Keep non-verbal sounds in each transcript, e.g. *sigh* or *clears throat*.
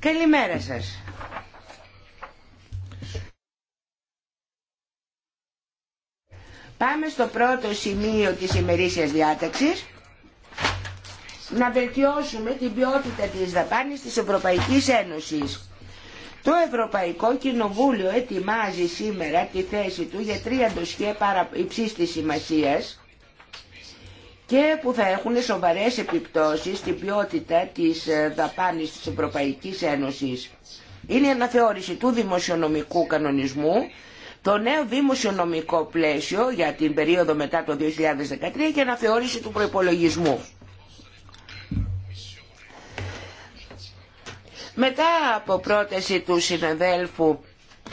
Καλημέρα σα. Πάμε στο πρώτο σημείο της ημερήσιας διάταξης να βελτιώσουμε την ποιότητα της δαπάνης της Ευρωπαϊκής Ένωσης. Το Ευρωπαϊκό Κοινοβούλιο ετοιμάζει σήμερα τη θέση του για τρία ντοσιέ υψής της σημασίας και που θα έχουν σοβαρές επιπτώσεις στην ποιότητα της ε, δαπάνης της Ευρωπαϊκής Ένωσης. Είναι η αναθεώρηση του δημοσιονομικού κανονισμού, το νέο δημοσιονομικό πλαίσιο για την περίοδο μετά το 2013 και αναθεώρηση του προϋπολογισμού. Μετά από πρόταση του συναδέλφου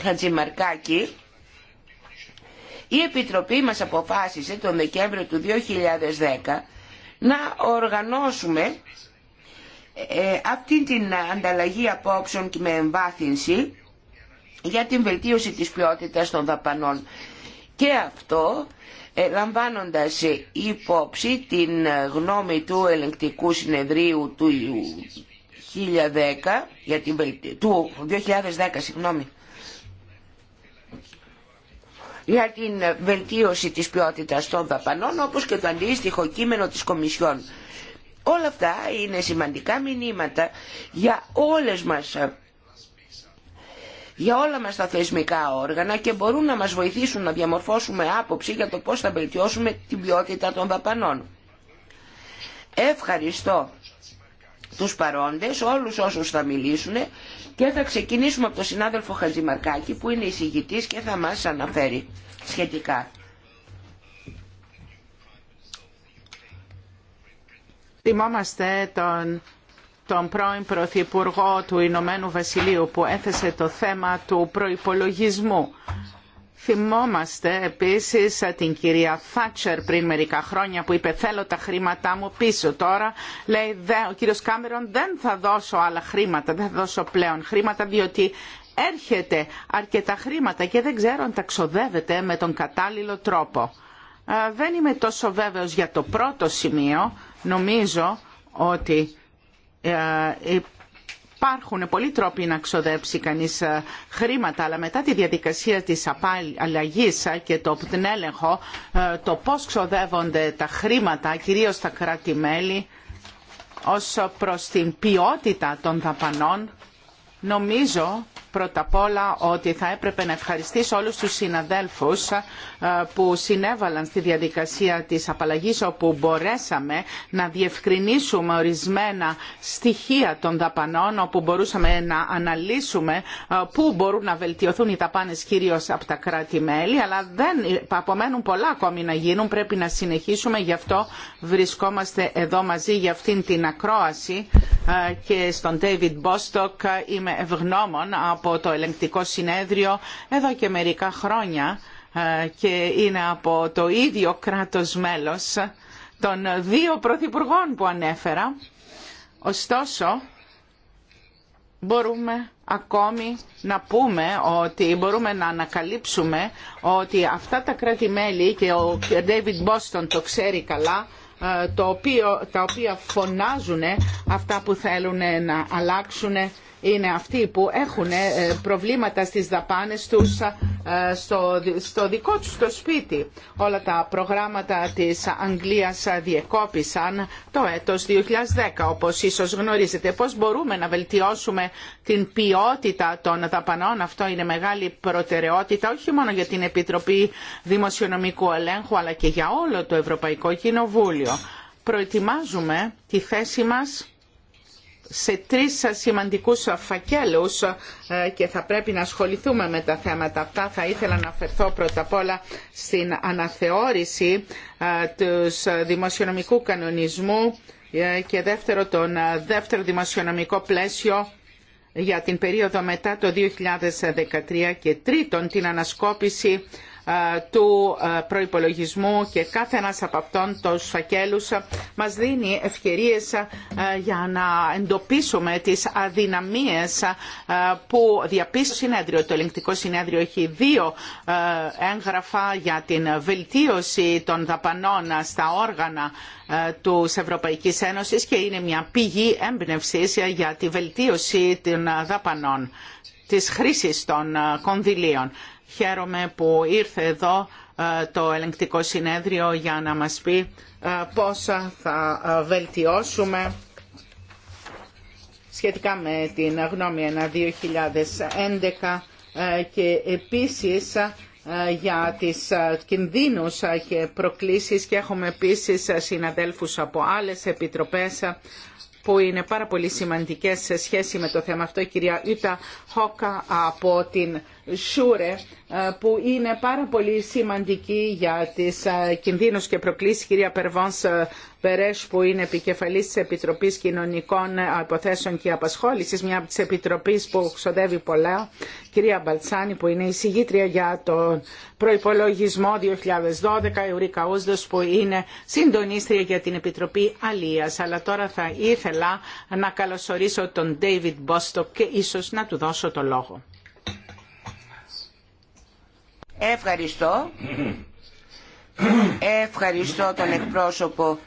Χατζημαρκάκη, η Επιτροπή μας αποφάσισε τον Δεκέμβριο του 2010 να οργανώσουμε ε, αυτή την ανταλλαγή απόψεων και με εμβάθυνση για την βελτίωση της ποιότητας των δαπανών. Και αυτό ε, λαμβάνοντας υπόψη την γνώμη του ελεγκτικού συνεδρίου του 2010, για την, του 2010 συγγνώμη, για την βελτίωση της ποιότητας των δαπανών όπως και το αντίστοιχο κείμενο της Κομισιόν. Όλα αυτά είναι σημαντικά μηνύματα για όλες μας για όλα μας τα θεσμικά όργανα και μπορούν να μας βοηθήσουν να διαμορφώσουμε άποψη για το πώς θα βελτιώσουμε την ποιότητα των δαπανών. Ευχαριστώ τους παρόντες, όλους όσους θα μιλήσουν και θα ξεκινήσουμε από τον συνάδελφο Χατζημαρκάκη που είναι εισηγητής και θα μας αναφέρει σχετικά. Θυμόμαστε τον, τον πρώην Πρωθυπουργό του Ηνωμένου Βασιλείου που έθεσε το θέμα του προϋπολογισμού Θυμόμαστε επίσης την κυρία Θάτσερ πριν μερικά χρόνια που είπε θέλω τα χρήματά μου πίσω. Τώρα λέει ο κύριος Κάμερον δεν θα δώσω άλλα χρήματα, δεν θα δώσω πλέον χρήματα διότι έρχεται αρκετά χρήματα και δεν ξέρω αν τα ξοδεύεται με τον κατάλληλο τρόπο. Ε, δεν είμαι τόσο βέβαιος για το πρώτο σημείο. Νομίζω ότι ε, Υπάρχουν πολλοί τρόποι να ξοδέψει κανείς ε, χρήματα, αλλά μετά τη διαδικασία της αλλαγής και το, την ε, το πώς ξοδεύονται τα χρήματα, κυρίως τα κράτη-μέλη, ως προς την ποιότητα των δαπανών, Νομίζω πρώτα απ' όλα ότι θα έπρεπε να ευχαριστήσω όλους τους συναδέλφους ε, που συνέβαλαν στη διαδικασία της απαλλαγής όπου μπορέσαμε να διευκρινίσουμε ορισμένα στοιχεία των δαπανών όπου μπορούσαμε να αναλύσουμε ε, πού μπορούν να βελτιωθούν οι δαπάνες κυρίως από τα κράτη-μέλη αλλά δεν ε, απομένουν πολλά ακόμη να γίνουν πρέπει να συνεχίσουμε γι' αυτό βρισκόμαστε εδώ μαζί για αυτήν την ακρόαση και στον David Bostock ευγνώμων από το ελεγκτικό συνέδριο εδώ και μερικά χρόνια ε, και είναι από το ίδιο κράτος μέλος των δύο πρωθυπουργών που ανέφερα. Ωστόσο, μπορούμε ακόμη να πούμε ότι μπορούμε να ανακαλύψουμε ότι αυτά τα κράτη-μέλη και ο David Boston το ξέρει καλά ε, το οποίο, τα οποία φωνάζουν αυτά που θέλουν να αλλάξουν είναι αυτοί που έχουν ε, προβλήματα στις δαπάνες τους ε, στο, στο δικό τους το σπίτι. Όλα τα προγράμματα της Αγγλίας διεκόπησαν το έτος 2010, όπως ίσως γνωρίζετε. Πώς μπορούμε να βελτιώσουμε την ποιότητα των δαπανών, αυτό είναι μεγάλη προτεραιότητα, όχι μόνο για την Επιτροπή Δημοσιονομικού Ελέγχου, αλλά και για όλο το Ευρωπαϊκό Κοινοβούλιο. Προετοιμάζουμε τη θέση μας σε τρεις σημαντικούς φακέλους ε, και θα πρέπει να ασχοληθούμε με τα θέματα αυτά. Θα ήθελα να αφαιρθώ πρώτα απ' όλα στην αναθεώρηση ε, του δημοσιονομικού κανονισμού ε, και δεύτερο τον δεύτερο δημοσιονομικό πλαίσιο για την περίοδο μετά το 2013 και τρίτον την ανασκόπηση ε, του ε, προϋπολογισμού και κάθε ένας από αυτών τους φακέλους μας δίνει ευκαιρίες ε, για να εντοπίσουμε τις αδυναμίες που διαπίστωσε το συνέδριο. Το ελεγκτικό συνέδριο έχει δύο έγγραφα για την βελτίωση των δαπανών στα όργανα του Ευρωπαϊκή Ένωσης και είναι μια πηγή έμπνευσή για τη βελτίωση των δαπανών της χρήσης των κονδυλίων. Χαίρομαι που ήρθε εδώ ε, το ελεγκτικό συνέδριο για να μας πει ε, πώς θα ε, βελτιώσουμε σχετικά με την γνώμη 1-2011 και επίσης για τις κινδύνους και προκλήσεις και έχουμε επίσης συναδέλφους από άλλες επιτροπές που είναι πάρα πολύ σημαντικές σε σχέση με το θέμα αυτό η κυρία Ιούτα Χόκα από την Σούρε ε, που είναι πάρα πολύ σημαντική για τις ε, κινδύνους και προκλήσεις. Κυρία Περβόνς ε, Περές που είναι επικεφαλής της Επιτροπής Κοινωνικών Αποθέσεων και Απασχόλησης, μια από τις επιτροπέ που ξοδεύει πολλά. Κυρία Μπαλτσάνη που είναι η για τον προϋπολογισμό 2012, Ευρή Ούσδος που είναι συντονίστρια για την Επιτροπή Αλίας. Αλλά τώρα θα ήθελα να καλωσορίσω τον David Bostock και ίσως να του δώσω το λόγο. Ευχαριστώ. Ευχαριστώ τον εκπρόσωπο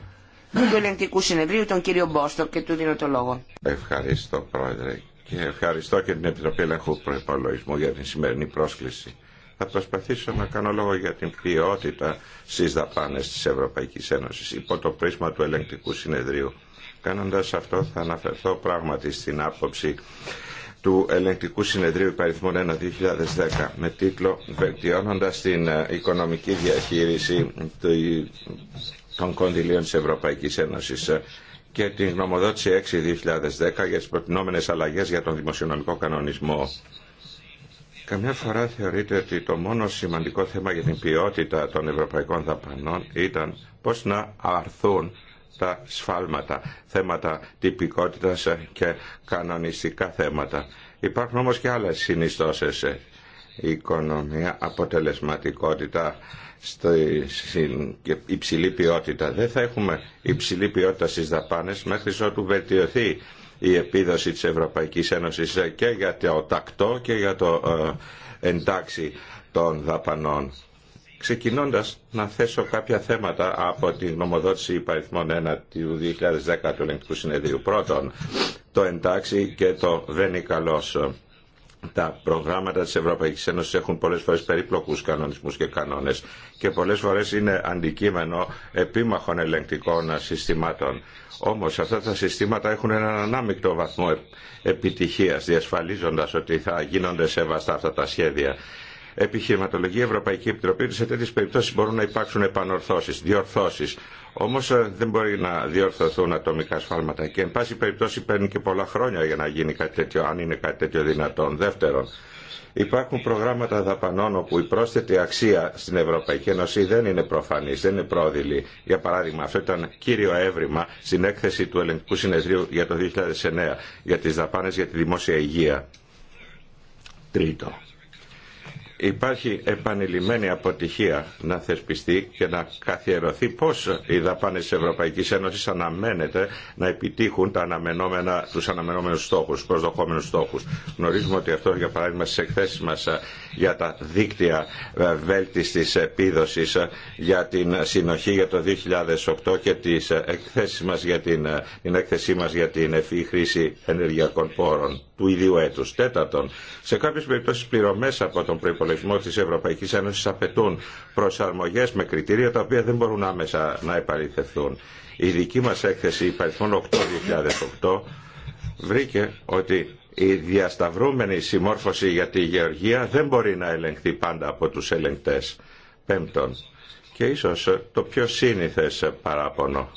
του Ελεγκτικού Συνεδρίου, τον κύριο Μπόστορ και του δίνω το λόγο. Ευχαριστώ πρόεδρε και ευχαριστώ και την Επιτροπή Ελεγχού Προπολογισμού για την σημερινή πρόσκληση. Θα προσπαθήσω να κάνω λόγο για την ποιότητα στι δαπάνε τη Ευρωπαϊκή Ένωση υπό το πρίσμα του Ελεγκτικού Συνεδρίου. Κάνοντα αυτό, θα αναφερθώ πράγματι στην άποψη του Ελεγκτικού Συνεδρίου Υπαριθμών 1 2010 με τίτλο «Βελτιώνοντας την ε, οικονομική διαχείριση των κονδυλίων της Ευρωπαϊκής Ένωσης» ε, και την γνωμοδότηση 6-2010 για τις προτινόμενες αλλαγές για τον δημοσιονομικό κανονισμό. Καμιά φορά θεωρείται ότι το μόνο σημαντικό θέμα για την ποιότητα των ευρωπαϊκών δαπανών ήταν πώς να αρθούν τα σφάλματα, θέματα τυπικότητας και κανονιστικά θέματα. Υπάρχουν όμως και άλλες συνιστώσεις. Η οικονομία, αποτελεσματικότητα, στην υψηλή ποιότητα. Δεν θα έχουμε υψηλή ποιότητα στις δαπάνες μέχρι ότου βελτιωθεί η επίδοση της Ευρωπαϊκής Ένωσης και για το τακτό και για το ε, εντάξει των δαπανών. Ξεκινώντας να θέσω κάποια θέματα από τη νομοδότηση υπαριθμών 1 του 2010 του Ελεγκτικού Συνεδρίου. Πρώτον, το εντάξει και το δεν είναι καλός. Τα προγράμματα της Ευρωπαϊκής Ένωσης έχουν πολλές φορές περίπλοκους κανονισμούς και κανόνες και πολλές φορές είναι αντικείμενο επίμαχων ελεγκτικών συστημάτων. Όμως αυτά τα συστήματα έχουν έναν ανάμεικτο βαθμό επιτυχίας διασφαλίζοντας ότι θα γίνονται σεβαστά αυτά τα σχέδια επιχειρηματολογία, Ευρωπαϊκή Επιτροπή ότι σε τέτοιε περιπτώσει μπορούν να υπάρξουν επανορθώσει, διορθώσει. Όμω ε, δεν μπορεί να διορθωθούν ατομικά σφάλματα και εν πάση περιπτώσει παίρνει και πολλά χρόνια για να γίνει κάτι τέτοιο, αν είναι κάτι τέτοιο δυνατόν. Δεύτερον, Υπάρχουν προγράμματα δαπανών όπου η πρόσθετη αξία στην Ευρωπαϊκή Ένωση δεν είναι προφανή, δεν είναι πρόδειλη. Για παράδειγμα, αυτό ήταν κύριο έβριμα στην έκθεση του Ελληνικού Συνεδρίου για το 2009 για τι δαπάνε για τη δημόσια υγεία. Τρίτο υπάρχει επανειλημμένη αποτυχία να θεσπιστεί και να καθιερωθεί πώς οι δαπάνες της Ευρωπαϊκής Ένωσης αναμένεται να επιτύχουν τα αναμενόμενα, τους αναμενόμενους στόχους, τους προσδοχόμενους στόχους. Γνωρίζουμε ότι αυτό για παράδειγμα στις εκθέσεις μας για τα δίκτυα ε, βέλτιστης επίδοσης ε, για την συνοχή για το 2008 και τις ε, μας για την, την έκθεσή μας για την ευφύ χρήση ενεργειακών πόρων του ίδιου έτους. Τέταρτον, σε κάποιες περιπτώσεις πληρωμές από τον προϋπολογισμό προπολογισμό τη Ευρωπαϊκή Ένωση απαιτούν προσαρμογέ με κριτήρια τα οποία δεν μπορούν άμεσα να επαληθευθούν. Η δική μα έκθεση υπαριθμών 8-2008 βρήκε ότι η διασταυρούμενη συμμόρφωση για τη γεωργία δεν μπορεί να ελεγχθεί πάντα από τους ελεγκτές. Πέμπτον, και ίσως το πιο σύνηθε παράπονο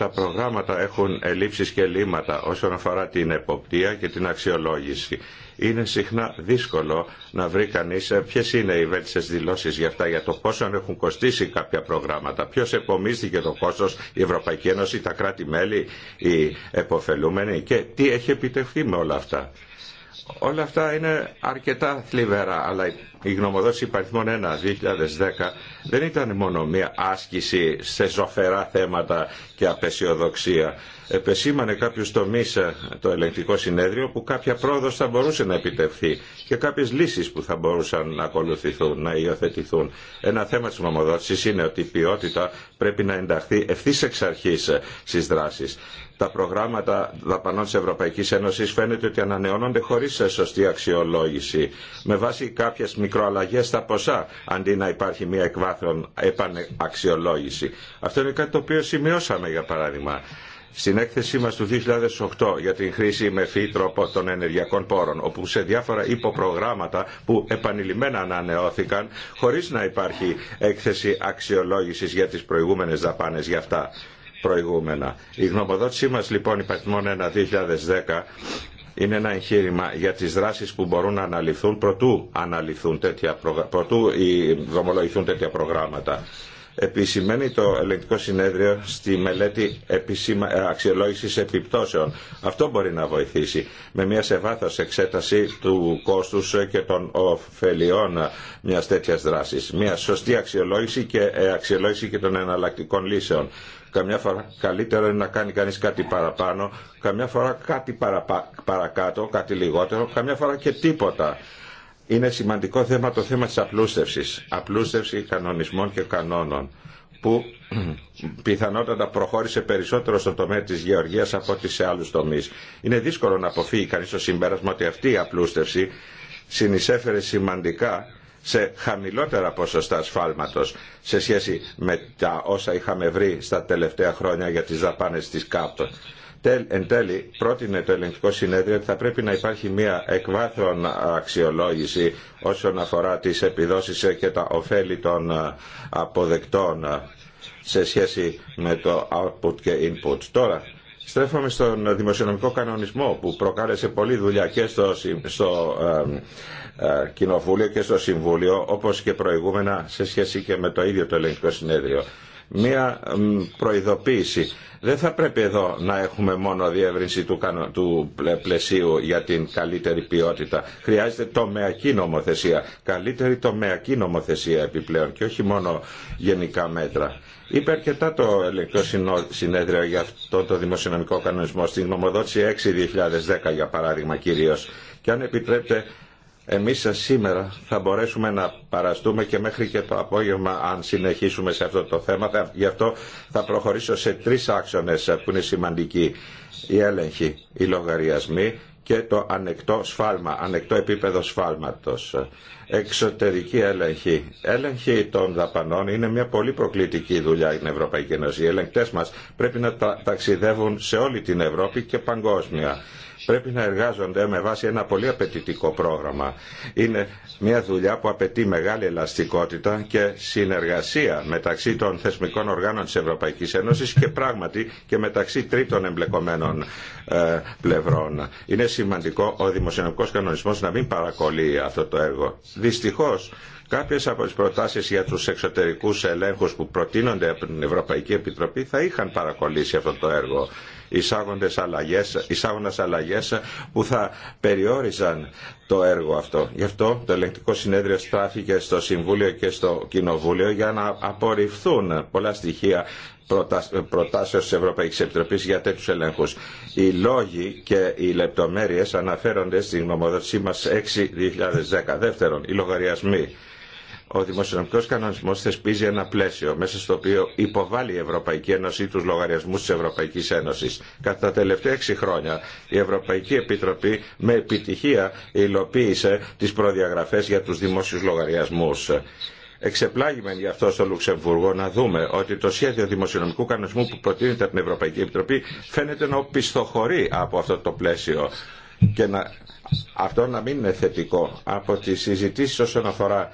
τα προγράμματα έχουν ελλείψεις και λύματα όσον αφορά την εποπτεία και την αξιολόγηση. Είναι συχνά δύσκολο να βρει κανείς ε, ποιες είναι οι βέλτιστες δηλώσεις για αυτά, για το πόσο έχουν κοστίσει κάποια προγράμματα, ποιος επομίστηκε το κόστος, η Ευρωπαϊκή Ένωση, τα κράτη-μέλη, οι εποφελούμενοι και τι έχει επιτευχθεί με όλα αυτά. Όλα αυτά είναι αρκετά θλιβερά, αλλά η γνωμοδότηση υπαριθμών 1 2010 δεν ήταν μόνο μια άσκηση σε ζωφερά θέματα και απεσιοδοξία. Επεσήμανε κάποιου τομεί ε, το ελεγκτικό συνέδριο που κάποια πρόοδο θα μπορούσε να επιτευχθεί και κάποιε λύσει που θα μπορούσαν να ακολουθηθούν, να υιοθετηθούν. Ένα θέμα τη γνωμοδότηση είναι ότι η ποιότητα πρέπει να ενταχθεί ευθύ εξ αρχή ε, στι δράσει τα προγράμματα δαπανών της Ευρωπαϊκής Ένωσης φαίνεται ότι ανανεώνονται χωρίς σωστή αξιολόγηση με βάση κάποιες μικροαλλαγές στα ποσά αντί να υπάρχει μια εκβάθρον επαναξιολόγηση. Αυτό είναι κάτι το οποίο σημειώσαμε για παράδειγμα στην έκθεσή μας του 2008 για την χρήση με φύ τρόπο των ενεργειακών πόρων, όπου σε διάφορα υποπρογράμματα που επανειλημμένα ανανεώθηκαν, χωρίς να υπάρχει έκθεση αξιολόγησης για τις προηγούμενες δαπάνες για αυτά προηγούμενα. Η γνωμοδότησή μας λοιπόν υπαριθμών 1-2010 είναι ένα εγχείρημα για τις δράσεις που μπορούν να αναλυθούν προτού, αναλυθούν τέτοια προτού δομολογηθούν τέτοια προγράμματα. Επισημαίνει το ελεγκτικό συνέδριο στη μελέτη επισημα... Ε, αξιολόγησης επιπτώσεων. Αυτό μπορεί να βοηθήσει με μια σε βάθος εξέταση του κόστους και των ωφελιών μιας τέτοιας δράσης. Μια σωστή αξιολόγηση και ε, αξιολόγηση και των εναλλακτικών λύσεων. Καμιά φορά καλύτερο είναι να κάνει κανείς κάτι παραπάνω, καμιά φορά κάτι παραπα... παρακάτω, κάτι λιγότερο, καμιά φορά και τίποτα. Είναι σημαντικό θέμα το θέμα της απλούστευσης. Απλούστευση κανονισμών και κανόνων που *clears throat* πιθανότατα προχώρησε περισσότερο στον τομέα της γεωργίας από ό,τι σε άλλους τομείς. Είναι δύσκολο να αποφύγει κανείς το συμπέρασμα ότι αυτή η απλούστευση συνεισέφερε σημαντικά σε χαμηλότερα ποσοστά σφάλματος σε σχέση με τα όσα είχαμε βρει στα τελευταία χρόνια για τις δαπάνες της ΚΑΠ. Εν τέλει, πρότεινε το ελεγκτικό συνέδριο ότι θα πρέπει να υπάρχει μια εκβάθρον αξιολόγηση όσον αφορά τις επιδόσεις και τα ωφέλη των αποδεκτών σε σχέση με το output και input. Τώρα, στρέφομαι στον δημοσιονομικό κανονισμό που προκάλεσε πολλή δουλειά και στο, στο ε, ε, κοινοβούλιο και στο Συμβούλιο, όπως και προηγούμενα σε σχέση και με το ίδιο το Ελληνικό Συνέδριο. Μία προειδοποίηση. Δεν θα πρέπει εδώ να έχουμε μόνο διεύρυνση του, του πλαισίου για την καλύτερη ποιότητα. Χρειάζεται τομεακή νομοθεσία. Καλύτερη τομεακή νομοθεσία επιπλέον και όχι μόνο γενικά μέτρα. Είπε αρκετά το Ελληνικό συνέδριο για αυτό το δημοσιονομικό κανονισμό στην νομοδότηση 6-2010 για παράδειγμα κυρίως. Και αν επιτρέπετε εμείς σήμερα θα μπορέσουμε να παραστούμε και μέχρι και το απόγευμα αν συνεχίσουμε σε αυτό το θέμα. Γι' αυτό θα προχωρήσω σε τρεις άξονες που είναι σημαντικοί. Η έλεγχη, οι λογαριασμοί και το ανεκτό σφάλμα, ανεκτό επίπεδο σφάλματος. Εξωτερική έλεγχη. Έλεγχη των δαπανών είναι μια πολύ προκλητική δουλειά στην Ευρωπαϊκή Ένωση. Οι ελεγκτές μας πρέπει να ταξιδεύουν σε όλη την Ευρώπη και παγκόσμια πρέπει να εργάζονται με βάση ένα πολύ απαιτητικό πρόγραμμα. Είναι μια δουλειά που απαιτεί μεγάλη ελαστικότητα και συνεργασία μεταξύ των θεσμικών οργάνων της Ευρωπαϊκής Ένωσης και πράγματι και μεταξύ τρίτων εμπλεκομένων ε, πλευρών. Είναι σημαντικό ο δημοσιονομικός κανονισμός να μην παρακολεί αυτό το έργο. Δυστυχώς Κάποιες από τις προτάσεις για τους εξωτερικούς ελέγχους που προτείνονται από την Ευρωπαϊκή Επιτροπή θα είχαν παρακολλήσει αυτό το έργο αλλαγές, εισάγοντας αλλαγές που θα περιόριζαν το έργο αυτό. Γι' αυτό το ελεγκτικό συνέδριο στράφηκε στο Συμβούλιο και στο Κοινοβούλιο για να απορριφθούν πολλά στοιχεία προτάσεως της Ευρωπαϊκής Επιτροπής για τέτοιους ελέγχους. Οι λόγοι και οι λεπτομέρειες αναφέρονται στην νομοδότησή μας 6-2010. Δεύτερον, οι λογαριασμοί. Ο δημοσιονομικός κανονισμός θεσπίζει ένα πλαίσιο μέσα στο οποίο υποβάλλει η Ευρωπαϊκή Ένωση τους λογαριασμούς της Ευρωπαϊκής Ένωσης. Κατά τα τελευταία έξι χρόνια η Ευρωπαϊκή Επιτροπή με επιτυχία υλοποίησε τις προδιαγραφές για τους δημόσιους λογαριασμούς. Εξεπλάγημεν γι' αυτό στο Λουξεμβούργο να δούμε ότι το σχέδιο δημοσιονομικού κανονισμού που προτείνεται από την Ευρωπαϊκή Επιτροπή φαίνεται να οπισθοχωρεί από αυτό το πλαίσιο και να... αυτό να μην είναι θετικό από τις συζητήσεις όσον αφορά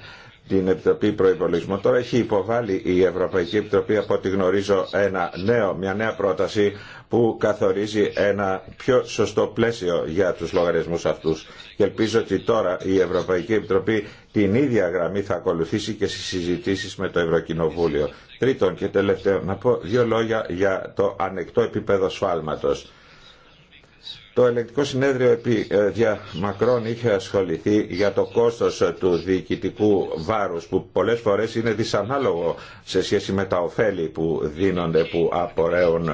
την Επιτροπή Προϋπολογισμού. Τώρα έχει υποβάλει η Ευρωπαϊκή Επιτροπή, από ό,τι γνωρίζω, ένα νέο, μια νέα πρόταση που καθορίζει ένα πιο σωστό πλαίσιο για τους λογαριασμούς αυτούς. Και ελπίζω ότι τώρα η Ευρωπαϊκή Επιτροπή την ίδια γραμμή θα ακολουθήσει και στις συζητήσεις με το Ευρωκοινοβούλιο. Τρίτον και τελευταίο, να πω δύο λόγια για το ανεκτό επίπεδο σφάλματος. Το ελεκτικό συνέδριο επί ε, δια Μακρόν είχε ασχοληθεί για το κόστος ε, του διοικητικού βάρους που πολλές φορές είναι δυσανάλογο σε σχέση με τα ωφέλη που δίνονται, που απορρέουν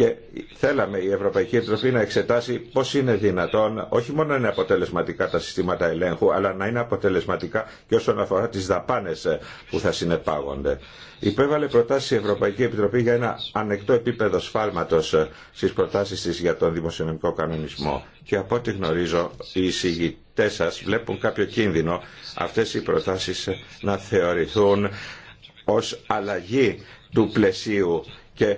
και θέλαμε η Ευρωπαϊκή Επιτροπή να εξετάσει πώ είναι δυνατόν όχι μόνο να είναι αποτελεσματικά τα συστήματα ελέγχου αλλά να είναι αποτελεσματικά και όσον αφορά τι δαπάνε ε, που θα συνεπάγονται. Υπέβαλε προτάσει η Ευρωπαϊκή Επιτροπή για ένα ανεκτό επίπεδο σφάλματο ε, στι προτάσει τη για τον δημοσιονομικό κανονισμό και από ό,τι γνωρίζω οι εισηγητέ σα βλέπουν κάποιο κίνδυνο αυτέ οι προτάσει ε, να θεωρηθούν ως αλλαγή του πλαισίου και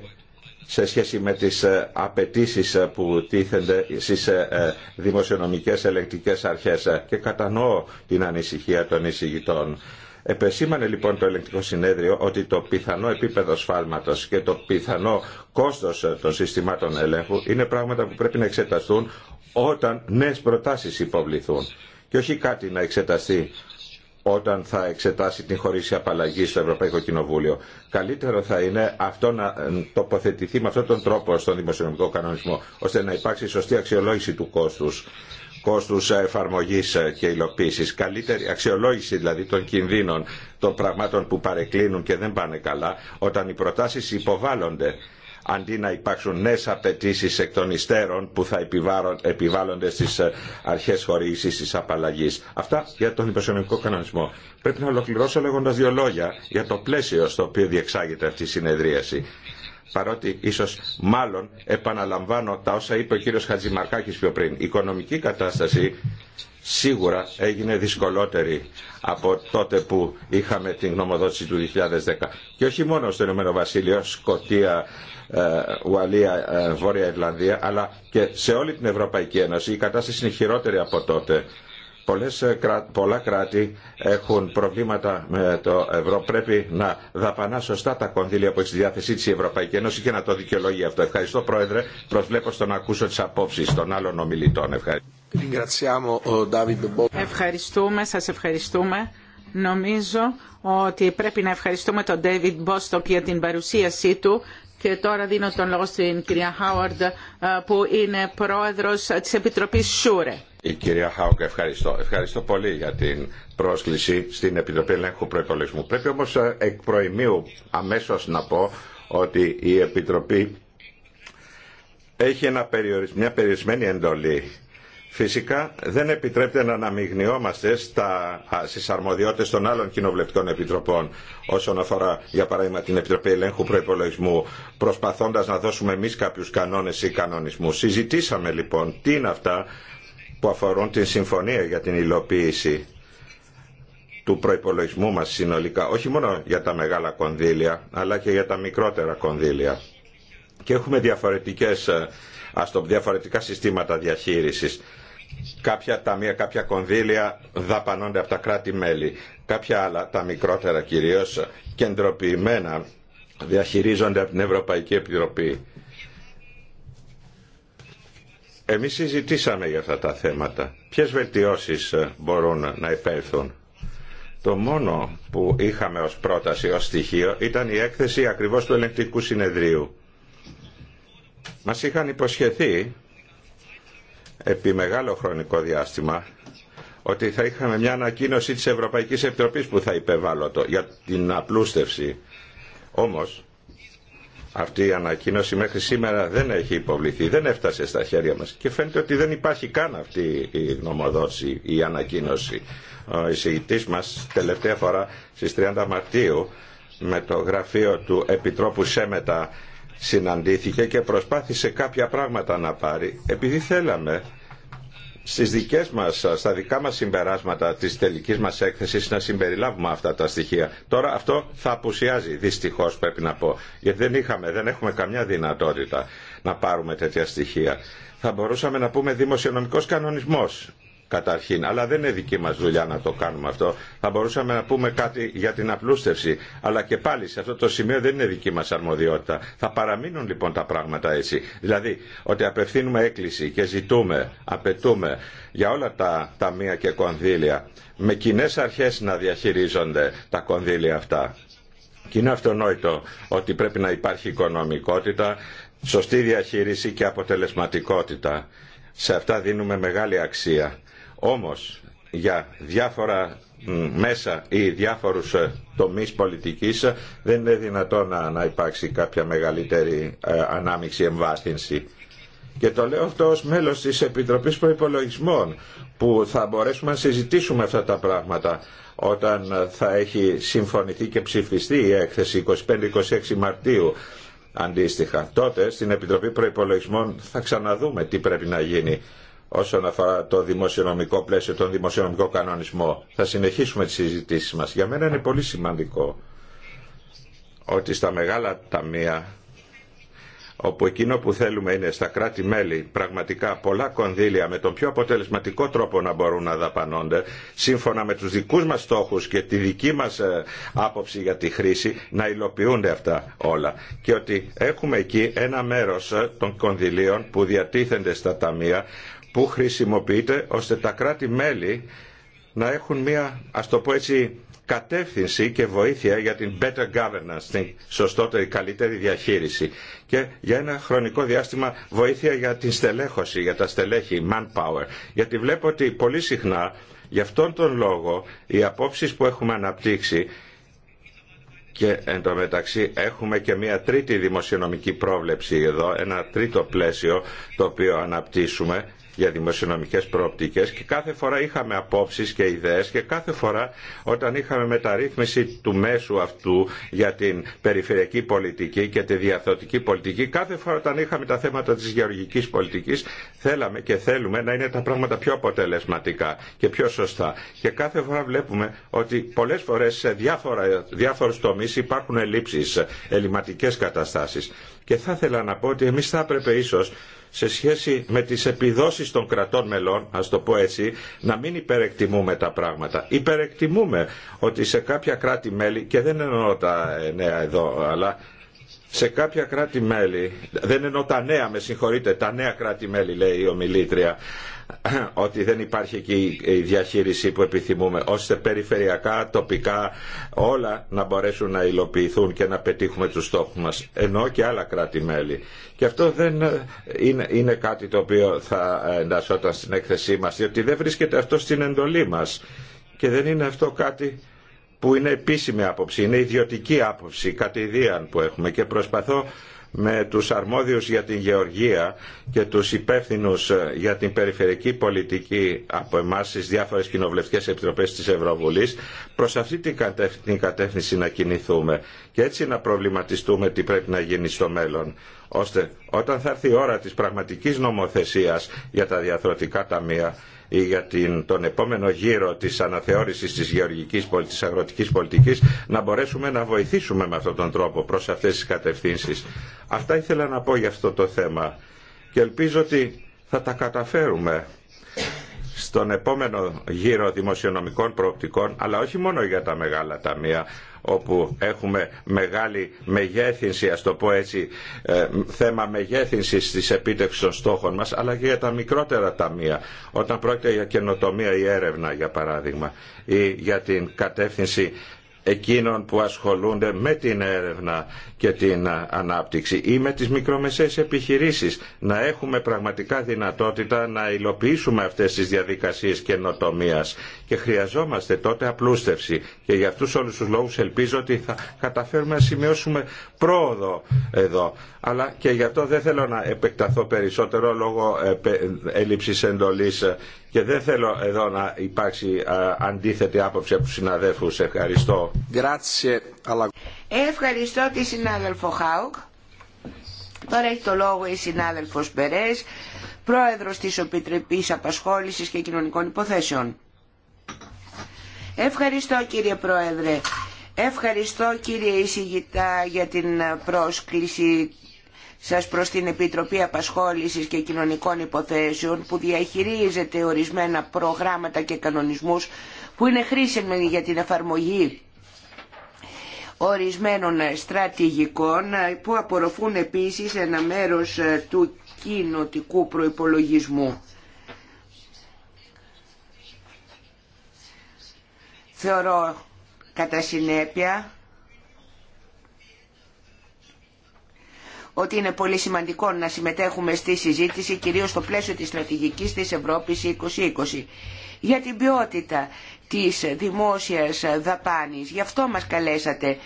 σε σχέση με τις ε, απαιτήσει ε, που τίθενται στις ε, δημοσιονομικές ελεγκτικές αρχές και κατανοώ την ανησυχία των εισηγητών. Επεσήμανε λοιπόν το ελεγκτικό συνέδριο ότι το πιθανό επίπεδο σφάλματος και το πιθανό κόστος των συστημάτων ελέγχου είναι πράγματα που πρέπει να εξεταστούν όταν νέες προτάσεις υποβληθούν και όχι κάτι να εξεταστεί όταν θα εξετάσει την χωρίση απαλλαγή στο Ευρωπαϊκό Κοινοβούλιο. Καλύτερο θα είναι αυτό να τοποθετηθεί με αυτόν τον τρόπο στον δημοσιονομικό κανονισμό, ώστε να υπάρξει σωστή αξιολόγηση του κόστους κόστους εφαρμογής και υλοποίησης, καλύτερη αξιολόγηση δηλαδή των κινδύνων των πραγμάτων που παρεκκλίνουν και δεν πάνε καλά, όταν οι προτάσεις υποβάλλονται αντί να υπάρξουν νέε απαιτήσει εκ των υστέρων που θα επιβάλλονται στι ε, αρχέ χωρίσει τη απαλλαγή, Αυτά για τον υποσυνομικό κανονισμό. Πρέπει να ολοκληρώσω λέγοντας δύο λόγια για το πλαίσιο στο οποίο διεξάγεται αυτή η συνεδρίαση παρότι ίσω μάλλον επαναλαμβάνω τα όσα είπε ο κύριο Χατζημαρκάκη πιο πριν. Η οικονομική κατάσταση σίγουρα έγινε δυσκολότερη από τότε που είχαμε την γνωμοδότηση του 2010. Και όχι μόνο στο Ηνωμένο Βασίλειο, Σκοτία, ε, Ουαλία, ε, Βόρεια Ιρλανδία, αλλά και σε όλη την Ευρωπαϊκή Ένωση η κατάσταση είναι χειρότερη από τότε. Πολλές, ε, πολλά κράτη έχουν προβλήματα με το ευρώ. Πρέπει να δαπανά σωστά τα κονδύλια που έχει στη διάθεσή τη η Ευρωπαϊκή Ένωση και να το δικαιολογεί αυτό. Ευχαριστώ, Πρόεδρε. Προσβλέπω στο να ακούσω τι απόψει των άλλων ομιλητών. Ευχαριστώ. Ευχαριστούμε, σα ευχαριστούμε. Νομίζω ότι πρέπει να ευχαριστούμε τον David Μπόστοκ για την παρουσίασή του και τώρα δίνω τον λόγο στην κυρία Χάουαρντ ε, που είναι πρόεδρος της Επιτροπής ΣΟΥΡΕ. Η κυρία Χάουκ, ευχαριστώ. Ευχαριστώ πολύ για την πρόσκληση στην Επιτροπή Ελέγχου Προϋπολογισμού. Πρέπει όμως ε, εκ προημίου αμέσως να πω ότι η Επιτροπή έχει μια περιορισμένη εντολή Φυσικά δεν επιτρέπεται να αναμειγνιόμαστε στι στις αρμοδιότητες των άλλων κοινοβουλευτικών επιτροπών όσον αφορά για παράδειγμα την Επιτροπή Ελέγχου Προϋπολογισμού προσπαθώντας να δώσουμε εμείς κάποιους κανόνες ή κανονισμού. Συζητήσαμε λοιπόν τι είναι αυτά που αφορούν την συμφωνία για την υλοποίηση του προϋπολογισμού μα συνολικά, όχι μόνο για τα μεγάλα κονδύλια, αλλά και για τα μικρότερα κονδύλια. Και έχουμε διαφορετικές, ας διαφορετικά συστήματα διαχείρισης κάποια ταμεία, κάποια κονδύλια δαπανώνται από τα κράτη-μέλη. Κάποια άλλα, τα μικρότερα κυρίως, κεντροποιημένα διαχειρίζονται από την Ευρωπαϊκή Επιτροπή. Εμείς συζητήσαμε για αυτά τα θέματα. Ποιες βελτιώσεις ε, μπορούν να υπέρθουν. Το μόνο που είχαμε ως πρόταση, ως στοιχείο, ήταν η έκθεση ακριβώς του ελεγκτικού συνεδρίου. Μας είχαν υποσχεθεί επί μεγάλο χρονικό διάστημα ότι θα είχαμε μια ανακοίνωση της Ευρωπαϊκής Επιτροπής που θα υπεβάλλω το, για την απλούστευση. Όμως, αυτή η ανακοίνωση μέχρι σήμερα δεν έχει υποβληθεί, δεν έφτασε στα χέρια μας και φαίνεται ότι δεν υπάρχει καν αυτή η γνωμοδότηση, η ανακοίνωση. Ο εισηγητής μας τελευταία φορά στις 30 Μαρτίου με το γραφείο του Επιτρόπου Σέμετα συναντήθηκε και προσπάθησε κάποια πράγματα να πάρει επειδή θέλαμε στις δικές μας, στα δικά μας συμπεράσματα της τελικής μας έκθεσης να συμπεριλάβουμε αυτά τα στοιχεία. Τώρα αυτό θα απουσιάζει δυστυχώς πρέπει να πω γιατί δεν είχαμε, δεν έχουμε καμιά δυνατότητα να πάρουμε τέτοια στοιχεία. Θα μπορούσαμε να πούμε δημοσιονομικός κανονισμός καταρχήν. Αλλά δεν είναι δική μας δουλειά να το κάνουμε αυτό. Θα μπορούσαμε να πούμε κάτι για την απλούστευση. Αλλά και πάλι σε αυτό το σημείο δεν είναι δική μας αρμοδιότητα. Θα παραμείνουν λοιπόν τα πράγματα έτσι. Δηλαδή ότι απευθύνουμε έκκληση και ζητούμε, απαιτούμε για όλα τα ταμεία και κονδύλια με κοινέ αρχές να διαχειρίζονται τα κονδύλια αυτά. Και είναι αυτονόητο ότι πρέπει να υπάρχει οικονομικότητα, σωστή διαχείριση και αποτελεσματικότητα. Σε αυτά δίνουμε μεγάλη αξία. Όμως για διάφορα μέσα ή διάφορους ε, τομείς πολιτικής ε, δεν είναι δυνατόν να, να υπάρξει κάποια μεγαλύτερη ε, ανάμειξη εμβάθυνση. Και το λέω αυτό ως μέλος της Επιτροπής Προϋπολογισμών που θα μπορέσουμε να συζητήσουμε αυτά τα πράγματα όταν θα έχει συμφωνηθεί και ψηφιστεί η έκθεση 25-26 Μαρτίου αντίστοιχα. Τότε στην Επιτροπή Προϋπολογισμών θα ξαναδούμε τι πρέπει να γίνει όσον αφορά το δημοσιονομικό πλαίσιο, τον δημοσιονομικό κανονισμό. Θα συνεχίσουμε τις συζητήσεις μας. Για μένα είναι πολύ σημαντικό ότι στα μεγάλα ταμεία όπου εκείνο που θέλουμε είναι στα κράτη-μέλη πραγματικά πολλά κονδύλια με τον πιο αποτελεσματικό τρόπο να μπορούν να δαπανώνται, σύμφωνα με τους δικούς μας στόχους και τη δική μας ε, άποψη για τη χρήση, να υλοποιούνται αυτά όλα. Και ότι έχουμε εκεί ένα μέρος ε, των κονδυλίων που διατίθενται στα ταμεία, που χρησιμοποιείται ώστε τα κράτη-μέλη να έχουν μια, ας το πω έτσι, κατεύθυνση και βοήθεια για την better governance, την σωστότερη, καλύτερη διαχείριση και για ένα χρονικό διάστημα βοήθεια για την στελέχωση, για τα στελέχη, manpower. Γιατί βλέπω ότι πολύ συχνά, γι' αυτόν τον λόγο, οι απόψεις που έχουμε αναπτύξει και εν τω μεταξύ έχουμε και μια τρίτη δημοσιονομική πρόβλεψη εδώ, ένα τρίτο πλαίσιο το οποίο αναπτύσσουμε για δημοσιονομικές προοπτικές και κάθε φορά είχαμε απόψεις και ιδέες και κάθε φορά όταν είχαμε μεταρρύθμιση του μέσου αυτού για την περιφερειακή πολιτική και τη διαθωτική πολιτική κάθε φορά όταν είχαμε τα θέματα της γεωργικής πολιτικής θέλαμε και θέλουμε να είναι τα πράγματα πιο αποτελεσματικά και πιο σωστά και κάθε φορά βλέπουμε ότι πολλές φορές σε διάφορου τομεί υπάρχουν ελλείψεις, ελληματικές καταστάσεις. Και θα ήθελα να πω ότι εμείς θα έπρεπε ίσως σε σχέση με τις επιδόσεις των κρατών μελών, ας το πω έτσι, να μην υπερεκτιμούμε τα πράγματα. Υπερεκτιμούμε ότι σε κάποια κράτη-μέλη, και δεν εννοώ τα νέα εδώ, αλλά σε κάποια κράτη-μέλη, δεν εννοώ τα νέα, με συγχωρείτε, τα νέα κράτη-μέλη λέει η ομιλήτρια, ότι δεν υπάρχει εκεί η διαχείριση που επιθυμούμε, ώστε περιφερειακά, τοπικά, όλα να μπορέσουν να υλοποιηθούν και να πετύχουμε τους στόχους μας, ενώ και άλλα κράτη-μέλη. Και αυτό δεν ε, είναι, είναι κάτι το οποίο θα εντασσόταν στην έκθεσή μας, διότι δεν βρίσκεται αυτό στην εντολή μας. Και δεν είναι αυτό κάτι που είναι επίσημη άποψη, είναι ιδιωτική άποψη, κατηδίαν που έχουμε και προσπαθώ με τους αρμόδιους για την γεωργία και τους υπεύθυνους ε, για την περιφερειακή πολιτική από εμάς στις διάφορες κοινοβουλευτικές επιτροπές της Ευρωβουλής προς αυτή την κατεύθυνση να κινηθούμε και έτσι να προβληματιστούμε τι πρέπει να γίνει στο μέλλον ώστε όταν θα έρθει η ώρα της πραγματικής νομοθεσίας για τα διαθροτικά ταμεία για την, τον επόμενο γύρο της αναθεώρησης της γεωργικής της αγροτικής πολιτικής να μπορέσουμε να βοηθήσουμε με αυτόν τον τρόπο προς αυτές τις κατευθύνσεις. Αυτά ήθελα να πω για αυτό το θέμα και ελπίζω ότι θα τα καταφέρουμε στον επόμενο γύρο δημοσιονομικών προοπτικών, αλλά όχι μόνο για τα μεγάλα ταμεία, όπου έχουμε μεγάλη μεγέθυνση, ας το πω έτσι, ε, θέμα μεγέθυνσης της επίτευξης των στόχων μας, αλλά και για τα μικρότερα ταμεία, όταν πρόκειται για καινοτομία ή έρευνα, για παράδειγμα, ή για την κατεύθυνση εκείνων που ασχολούνται με την έρευνα και την ε, ανάπτυξη ή με τις μικρομεσαίες επιχειρήσεις να έχουμε πραγματικά δυνατότητα να υλοποιήσουμε αυτές τις διαδικασίες καινοτομίας και χρειαζόμαστε τότε απλούστευση. Και για αυτούς όλους τους λόγους ελπίζω ότι θα καταφέρουμε να σημειώσουμε πρόοδο εδώ. Αλλά και γι' αυτό δεν θέλω να επεκταθώ περισσότερο λόγω ε, έλλειψης εντολής και δεν θέλω εδώ να υπάρξει αντίθετη άποψη από τους συναδέλφους. Ευχαριστώ. Ευχαριστώ τη συνάδελφο Χάουκ. Τώρα έχει το λόγο η συνάδελφος Μπερές, πρόεδρος της Οπιτρεπής Απασχόλησης και Κοινωνικών Υποθέσεων. Ευχαριστώ κύριε Πρόεδρε. Ευχαριστώ κύριε Ισηγητά για την πρόσκληση σας προς την Επιτροπή Απασχόλησης και Κοινωνικών Υποθέσεων που διαχειρίζεται ορισμένα προγράμματα και κανονισμούς που είναι χρήσιμοι για την εφαρμογή ορισμένων στρατηγικών που απορροφούν επίσης ένα μέρος του κοινοτικού προϋπολογισμού. Θεωρώ κατά συνέπεια ότι είναι πολύ σημαντικό να συμμετέχουμε στη συζήτηση κυρίως στο πλαίσιο της στρατηγικής της Ευρώπης 2020 για την ποιότητα της δημόσιας δαπάνης. Γι' αυτό μας καλέσατε.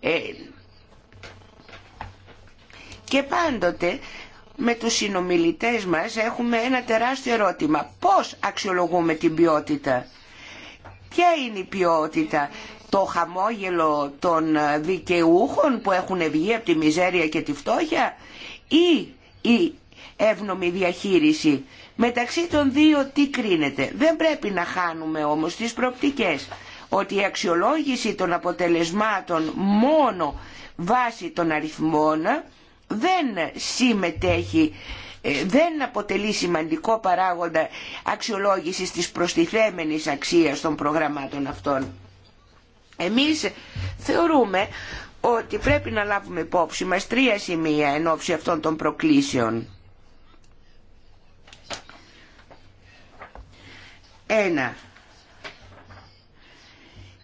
Ε, και πάντοτε με τους συνομιλητές μας έχουμε ένα τεράστιο ερώτημα. Πώς αξιολογούμε την ποιότητα. Ποια είναι η ποιότητα, το χαμόγελο των δικαιούχων που έχουν βγει από τη μιζέρια και τη φτώχεια ή η εύνομη διαχείριση. Μεταξύ των δύο τι κρίνεται. Δεν πρέπει να χάνουμε όμως τις προπτικές ότι η αξιολόγηση των αποτελεσμάτων μόνο βάσει των αριθμών δεν συμμετέχει ε, δεν αποτελεί σημαντικό παράγοντα αξιολόγησης της προστιθέμενης αξίας των προγραμμάτων αυτών. Εμείς θεωρούμε ότι πρέπει να λάβουμε υπόψη μας τρία σημεία εν ώψη αυτών των προκλήσεων. Ένα,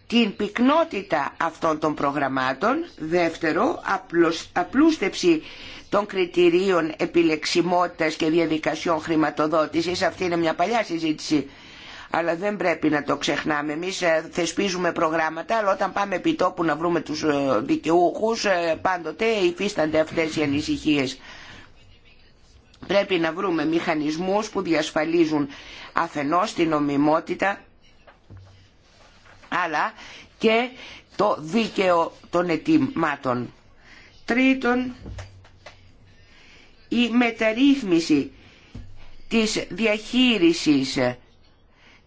την πυκνότητα αυτών των προγραμμάτων, δεύτερο απλούστευση των κριτηρίων επιλεξιμότητας και διαδικασιών χρηματοδότησης, αυτή είναι μια παλιά συζήτηση, αλλά δεν πρέπει να το ξεχνάμε. Εμείς ε, θεσπίζουμε προγράμματα, αλλά όταν πάμε επί τόπου να βρούμε τους ε, δικαιούχους, ε, πάντοτε υφίστανται αυτές οι ανησυχίες. Πρέπει να βρούμε μηχανισμούς που διασφαλίζουν αφενός την ομιμότητα αλλά και το δίκαιο των ετοιμάτων. Τρίτον, η μεταρρύθμιση της διαχείρισης,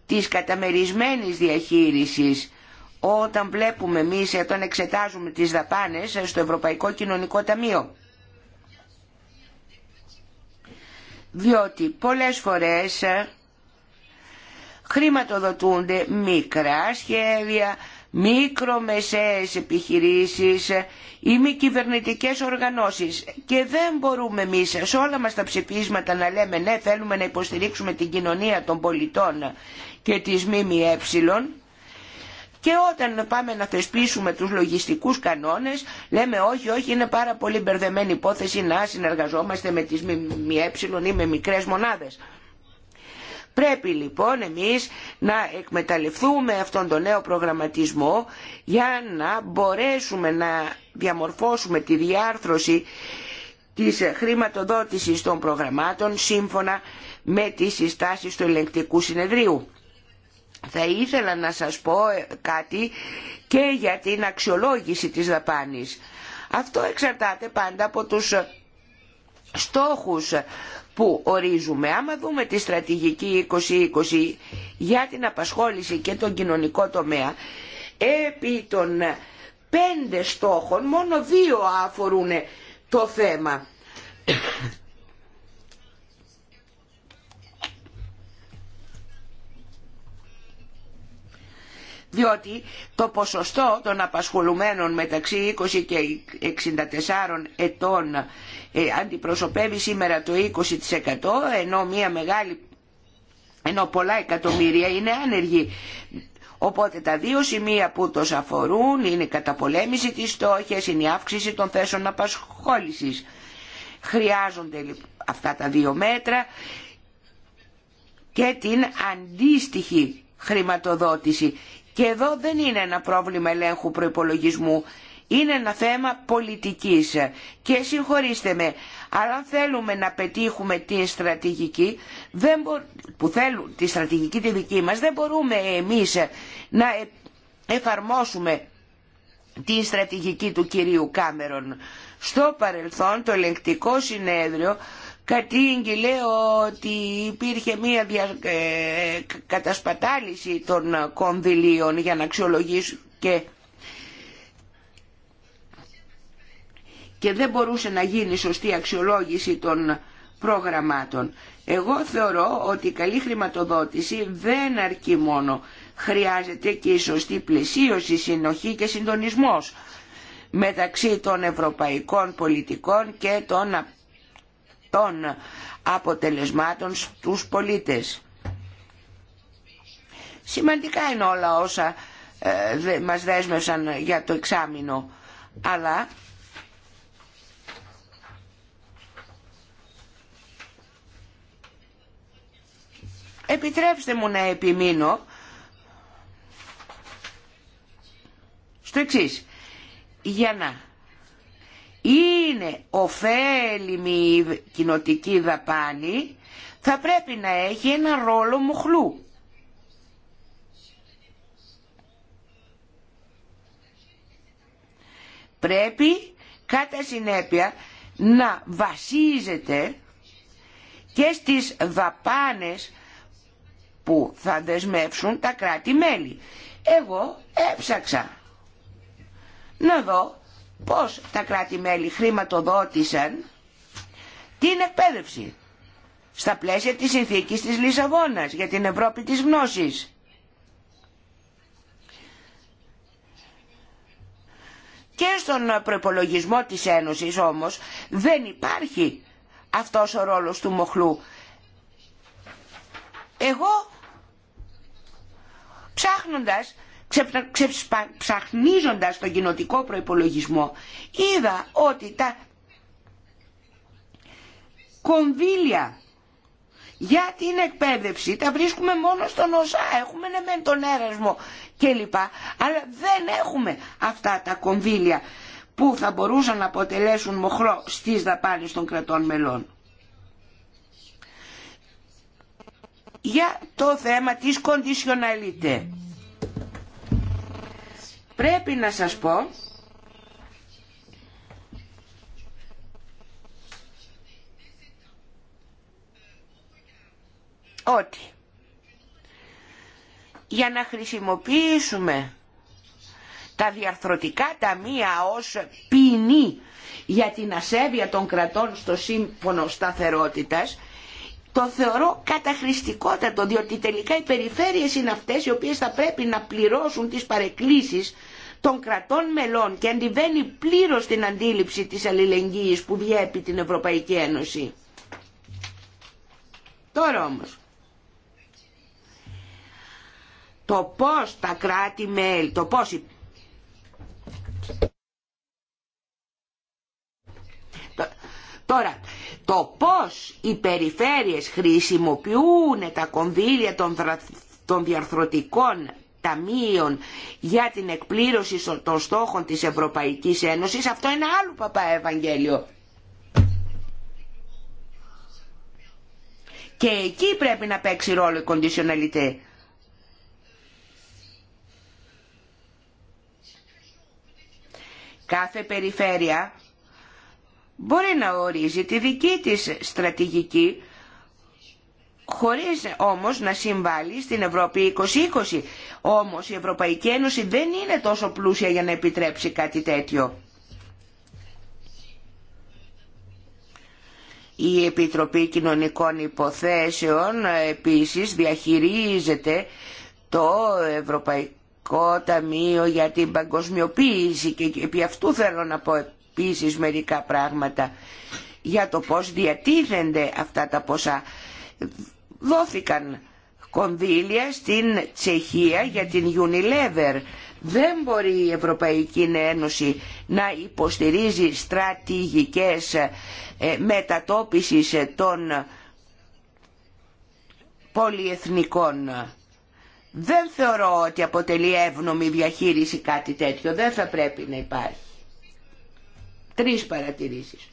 της καταμερισμένης διαχείρισης, όταν βλέπουμε εμεί όταν εξετάζουμε τις δαπάνες στο Ευρωπαϊκό Κοινωνικό Ταμείο. Διότι πολλές φορές χρηματοδοτούνται μικρά σχέδια, μικρομεσαίες επιχειρήσεις ή μη κυβερνητικέ οργανώσεις. Και δεν μπορούμε εμεί σε όλα μας τα ψηφίσματα να λέμε ναι θέλουμε να υποστηρίξουμε την κοινωνία των πολιτών και της ΜΜΕ και όταν πάμε να θεσπίσουμε τους λογιστικούς κανόνες λέμε όχι, όχι είναι πάρα πολύ μπερδεμένη υπόθεση να συνεργαζόμαστε με τις ΜΜΕ ή με μικρές μονάδες. Πρέπει λοιπόν εμείς να εκμεταλλευτούμε αυτόν τον νέο προγραμματισμό για να μπορέσουμε να διαμορφώσουμε τη διάρθρωση της χρηματοδότησης των προγραμμάτων σύμφωνα με τις συστάσεις του ελεγκτικού συνεδρίου. Θα ήθελα να σας πω ε, κάτι και για την αξιολόγηση της δαπάνης. Αυτό εξαρτάται πάντα από τους ε, στόχους που ορίζουμε. Άμα δούμε τη στρατηγική 2020 για την απασχόληση και τον κοινωνικό τομέα, επί των πέντε στόχων μόνο δύο αφορούν το θέμα διότι το ποσοστό των απασχολουμένων μεταξύ 20 και 64 ετών ε, αντιπροσωπεύει σήμερα το 20% ενώ μια μεγάλη ενώ πολλά εκατομμύρια είναι άνεργοι. Οπότε τα δύο σημεία που τους αφορούν είναι η καταπολέμηση της στόχης, είναι η αύξηση των θέσεων απασχόλησης. Χρειάζονται αυτά τα δύο μέτρα και την αντίστοιχη χρηματοδότηση. Και εδώ δεν είναι ένα πρόβλημα ελέγχου προϋπολογισμού, είναι ένα θέμα πολιτικής. Και συγχωρήστε με, αλλά αν θέλουμε να πετύχουμε τη στρατηγική, δεν μπο... που θέλουν τη στρατηγική τη δική μας, δεν μπορούμε εμείς να ε- εφαρμόσουμε τη στρατηγική του κυρίου Κάμερον. Στο παρελθόν το ελεγκτικό συνέδριο κατήγγειλε ότι υπήρχε μία δια... Ε, κατασπατάληση των κονδυλίων για να αξιολογήσουν και... και δεν μπορούσε να γίνει σωστή αξιολόγηση των προγραμμάτων. Εγώ θεωρώ ότι η καλή χρηματοδότηση δεν αρκεί μόνο. Χρειάζεται και η σωστή πλαισίωση, συνοχή και συντονισμός μεταξύ των ευρωπαϊκών πολιτικών και των των αποτελεσμάτων στους πολίτες. Σημαντικά είναι όλα όσα ε, μας δέσμευσαν για το εξάμεινο, αλλά επιτρέψτε μου να επιμείνω στο εξής, για να είναι ωφέλιμη η κοινοτική δαπάνη θα πρέπει να έχει ένα ρόλο μουχλού. Πρέπει κατά συνέπεια να βασίζεται και στις δαπάνες που θα δεσμεύσουν τα κράτη-μέλη. Εγώ έψαξα να δω πώς τα κράτη-μέλη χρηματοδότησαν την εκπαίδευση στα πλαίσια της συνθήκης της Λισαβόνας για την Ευρώπη της γνώσης. Και στον προπολογισμό της Ένωσης όμως δεν υπάρχει αυτός ο ρόλος του μοχλού. Εγώ ψάχνοντας ψαχνίζοντας τον κοινοτικό προϋπολογισμό είδα ότι τα κονδύλια για την εκπαίδευση τα βρίσκουμε μόνο στον ΩΣΑ, έχουμε ναι τον έρασμο κλπ. Αλλά δεν έχουμε αυτά τα κονδύλια που θα μπορούσαν να αποτελέσουν μοχρό στις δαπάνες των κρατών μελών. Για το θέμα της κοντισιοναλίτε. Πρέπει να σας πω ότι για να χρησιμοποιήσουμε τα διαρθρωτικά ταμεία ως ποινή για την ασέβεια των κρατών στο σύμφωνο σταθερότητας, το θεωρώ καταχρηστικότατο, διότι τελικά οι περιφέρειες είναι αυτές οι οποίες θα πρέπει να πληρώσουν τις παρεκκλήσεις των κρατών μελών και αντιβαίνει πλήρως την αντίληψη της αλληλεγγύης που διέπει την Ευρωπαϊκή Ένωση. Τώρα όμως, το πώς τα κράτη-μέλη, το πώς Τώρα, το πώς οι περιφέρειες χρησιμοποιούν τα κονδύλια των, διαρθρωτικών ταμείων για την εκπλήρωση των στόχων της Ευρωπαϊκής Ένωσης, αυτό είναι άλλο παπά Ευαγγέλιο. Και εκεί πρέπει να παίξει ρόλο η κοντισιοναλιτέ. Κάθε περιφέρεια μπορεί να ορίζει τη δική της στρατηγική χωρίς όμως να συμβάλλει στην Ευρώπη 2020. Όμως η Ευρωπαϊκή Ένωση δεν είναι τόσο πλούσια για να επιτρέψει κάτι τέτοιο. Η Επιτροπή Κοινωνικών Υποθέσεων ε, επίσης διαχειρίζεται το Ευρωπαϊκό Ταμείο για την Παγκοσμιοποίηση και επί αυτού θέλω να πω επίσης μερικά πράγματα για το πώς διατίθενται αυτά τα ποσά δόθηκαν κονδύλια στην Τσεχία για την Unilever. Δεν μπορεί η Ευρωπαϊκή Ένωση να υποστηρίζει στρατηγικές ε, μετατόπισης ε, των πολιεθνικών. Δεν θεωρώ ότι αποτελεί εύνομη διαχείριση κάτι τέτοιο. Δεν θα πρέπει να υπάρχει. Τρεις παρατηρήσεις.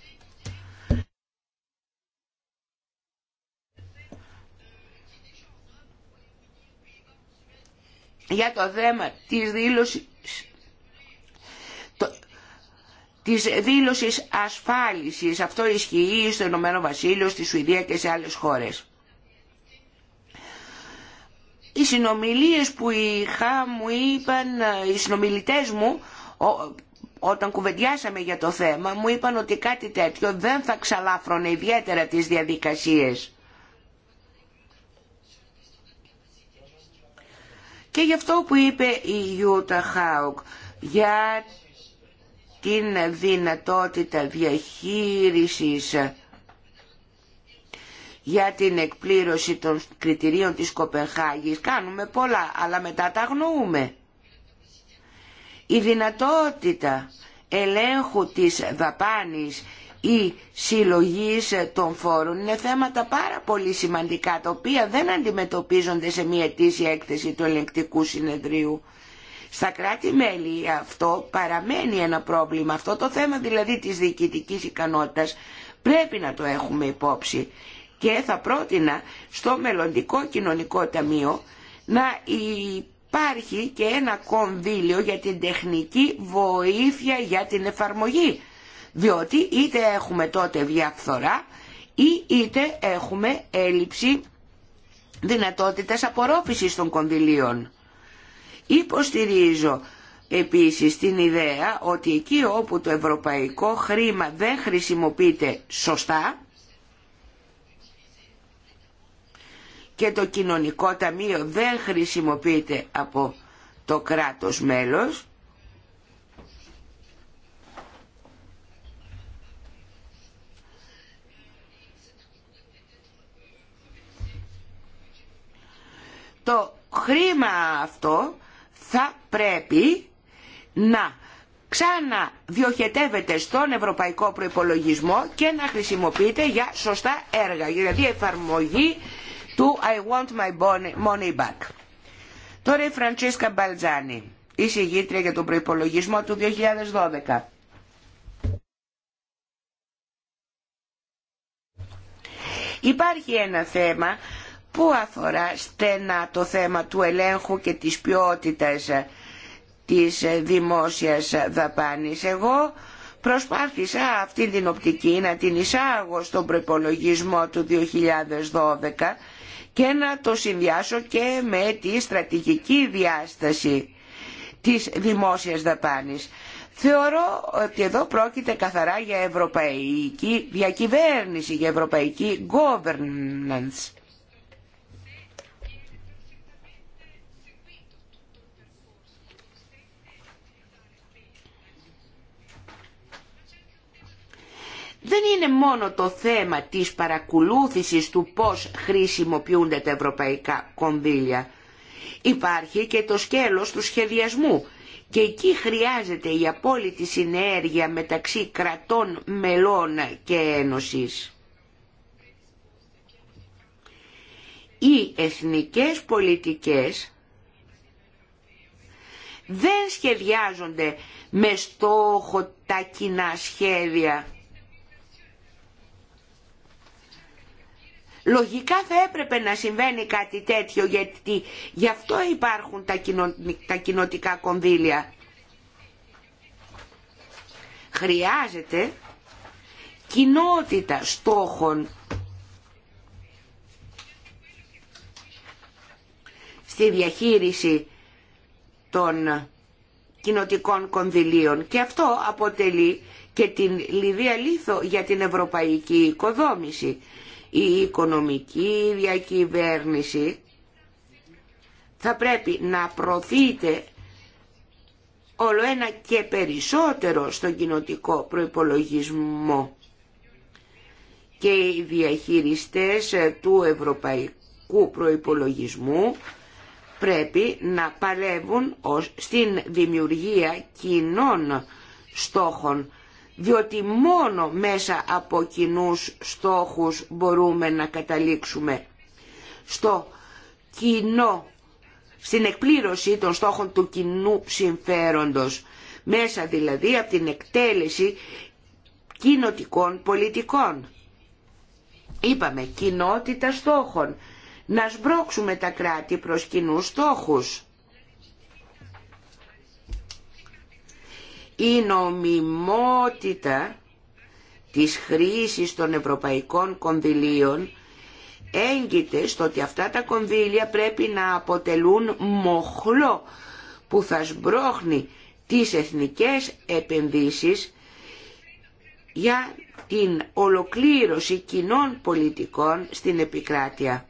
για το θέμα της δήλωσης, το, της δήλωσης ασφάλισης. Αυτό ισχύει στο Ηνωμένο Βασίλειο, στη Σουηδία και σε άλλες χώρες. Οι συνομιλίες που είχα μου είπαν, οι συνομιλητές μου, όταν κουβεντιάσαμε για το θέμα, μου είπαν ότι κάτι τέτοιο δεν θα ξαλάφρωνε ιδιαίτερα τις διαδικασίες. Και γι' αυτό που είπε η Ιούτα Χάουκ για την δυνατότητα διαχείρισης για την εκπλήρωση των κριτηρίων της Κοπεχάγης. Κάνουμε πολλά, αλλά μετά τα αγνοούμε. Η δυνατότητα ελέγχου της δαπάνης ή συλλογής ε, των φόρων. Είναι θέματα πάρα πολύ σημαντικά τα οποία δεν αντιμετωπίζονται σε μια ετήσια έκθεση του ελεγκτικού συνεδρίου. Στα κράτη-μέλη αυτό παραμένει ένα πρόβλημα. Αυτό το θέμα δηλαδή της διοικητικής ικανότητας πρέπει να το έχουμε υπόψη. Και θα πρότεινα στο μελλοντικό κοινωνικό ταμείο να υπάρχει και ένα κονδύλιο για την τεχνική βοήθεια για την εφαρμογή διότι είτε έχουμε τότε διαφθορά ή είτε έχουμε έλλειψη δυνατότητας απορρόφησης των κονδυλίων. Υποστηρίζω επίσης την ιδέα ότι εκεί όπου το ευρωπαϊκό χρήμα δεν χρησιμοποιείται σωστά και το κοινωνικό ταμείο δεν χρησιμοποιείται από το κράτος μέλος, το χρήμα αυτό θα πρέπει να ξαναδιοχετεύεται στον ευρωπαϊκό προϋπολογισμό και να χρησιμοποιείται για σωστά έργα, δηλαδή εφαρμογή του I want my money back. Τώρα η Φραντσίσκα Μπαλτζάνη, η συγγήτρια για τον προϋπολογισμό του 2012. Υπάρχει ένα θέμα που αφορά στενά το θέμα του ελέγχου και της ποιότητας της δημόσιας δαπάνης. Εγώ προσπάθησα αυτή την οπτική να την εισάγω στον προπολογισμό του 2012 και να το συνδυάσω και με τη στρατηγική διάσταση της δημόσιας δαπάνης. Θεωρώ ότι εδώ πρόκειται καθαρά για ευρωπαϊκή διακυβέρνηση, για ευρωπαϊκή governance. δεν είναι μόνο το θέμα της παρακολούθησης του πώς χρησιμοποιούνται τα ευρωπαϊκά κονδύλια. Υπάρχει και το σκέλος του σχεδιασμού και εκεί χρειάζεται η απόλυτη συνέργεια μεταξύ κρατών μελών και ένωσης. Οι εθνικές πολιτικές δεν σχεδιάζονται με στόχο τα κοινά σχέδια Λογικά θα έπρεπε να συμβαίνει κάτι τέτοιο γιατί γι' αυτό υπάρχουν τα, κοινοτικά κονδύλια. Χρειάζεται κοινότητα στόχων στη διαχείριση των κοινοτικών κονδυλίων και αυτό αποτελεί και την λιδία λίθο για την ευρωπαϊκή οικοδόμηση η οικονομική διακυβέρνηση θα πρέπει να προωθείται όλο ένα και περισσότερο στον κοινοτικό προϋπολογισμό και οι διαχειριστές του ευρωπαϊκού προϋπολογισμού πρέπει να παλεύουν στην δημιουργία κοινών στόχων διότι μόνο μέσα από κοινού στόχους μπορούμε να καταλήξουμε στο κοινό, στην εκπλήρωση των στόχων του κοινού συμφέροντος, μέσα δηλαδή από την εκτέλεση κοινοτικών πολιτικών. Είπαμε κοινότητα στόχων, να σμπρώξουμε τα κράτη προς κοινού στόχους. η νομιμότητα της χρήσης των ευρωπαϊκών κονδυλίων έγκυται στο ότι αυτά τα κονδύλια πρέπει να αποτελούν μοχλό που θα σμπρώχνει τις εθνικές επενδύσεις για την ολοκλήρωση κοινών πολιτικών στην επικράτεια.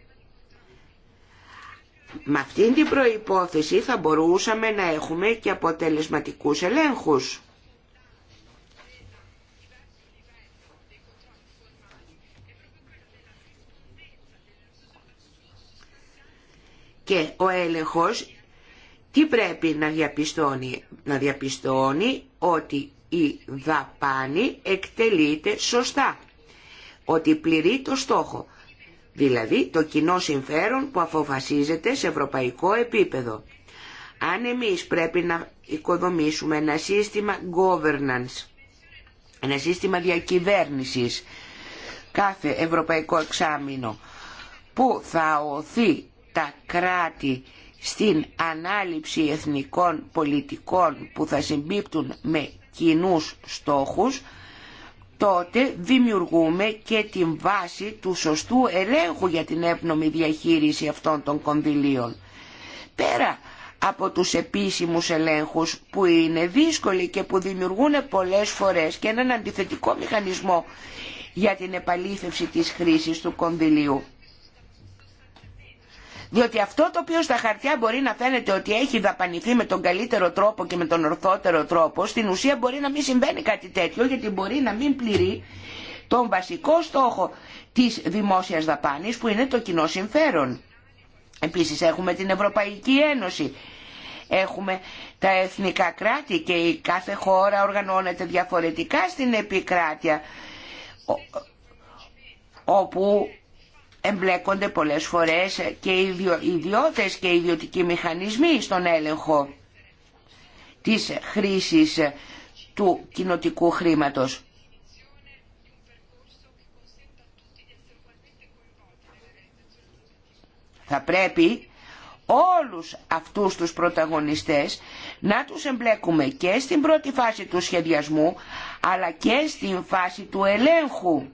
Με αυτήν την προϋπόθεση θα μπορούσαμε να έχουμε και αποτελεσματικούς ελέγχους. Και ο έλεγχος τι πρέπει να διαπιστώνει. Να διαπιστώνει ότι η δαπάνη εκτελείται σωστά. Ότι πληρεί το στόχο δηλαδή το κοινό συμφέρον που αποφασίζεται σε ευρωπαϊκό επίπεδο. Αν εμείς πρέπει να οικοδομήσουμε ένα σύστημα governance, ένα σύστημα διακυβέρνησης, κάθε ευρωπαϊκό εξάμεινο, που θα οθεί τα κράτη στην ανάληψη εθνικών πολιτικών που θα συμπίπτουν με κοινούς στόχους, τότε δημιουργούμε και την βάση του σωστού ελέγχου για την έπνομη διαχείριση αυτών των κονδυλίων. Πέρα από τους επίσημους ελέγχους που είναι δύσκολοι και που δημιουργούν πολλές φορές και έναν αντιθετικό μηχανισμό για την επαλήθευση της χρήσης του κονδυλίου. Διότι αυτό το οποίο στα χαρτιά μπορεί να φαίνεται ότι έχει δαπανηθεί με τον καλύτερο τρόπο και με τον ορθότερο τρόπο, στην ουσία μπορεί να μην συμβαίνει κάτι τέτοιο, γιατί μπορεί να μην πληρεί τον βασικό στόχο της δημόσιας δαπάνης που είναι το κοινό συμφέρον. Επίσης έχουμε την Ευρωπαϊκή Ένωση, έχουμε τα εθνικά κράτη και η κάθε χώρα οργανώνεται διαφορετικά στην επικράτεια όπου εμπλέκονται πολλές φορές και οι ιδιώτες και οι ιδιωτικοί μηχανισμοί στον έλεγχο της χρήσης του κοινοτικού χρήματος. Θα πρέπει όλους αυτούς τους πρωταγωνιστές να τους εμπλέκουμε και στην πρώτη φάση του σχεδιασμού αλλά και στην φάση του ελέγχου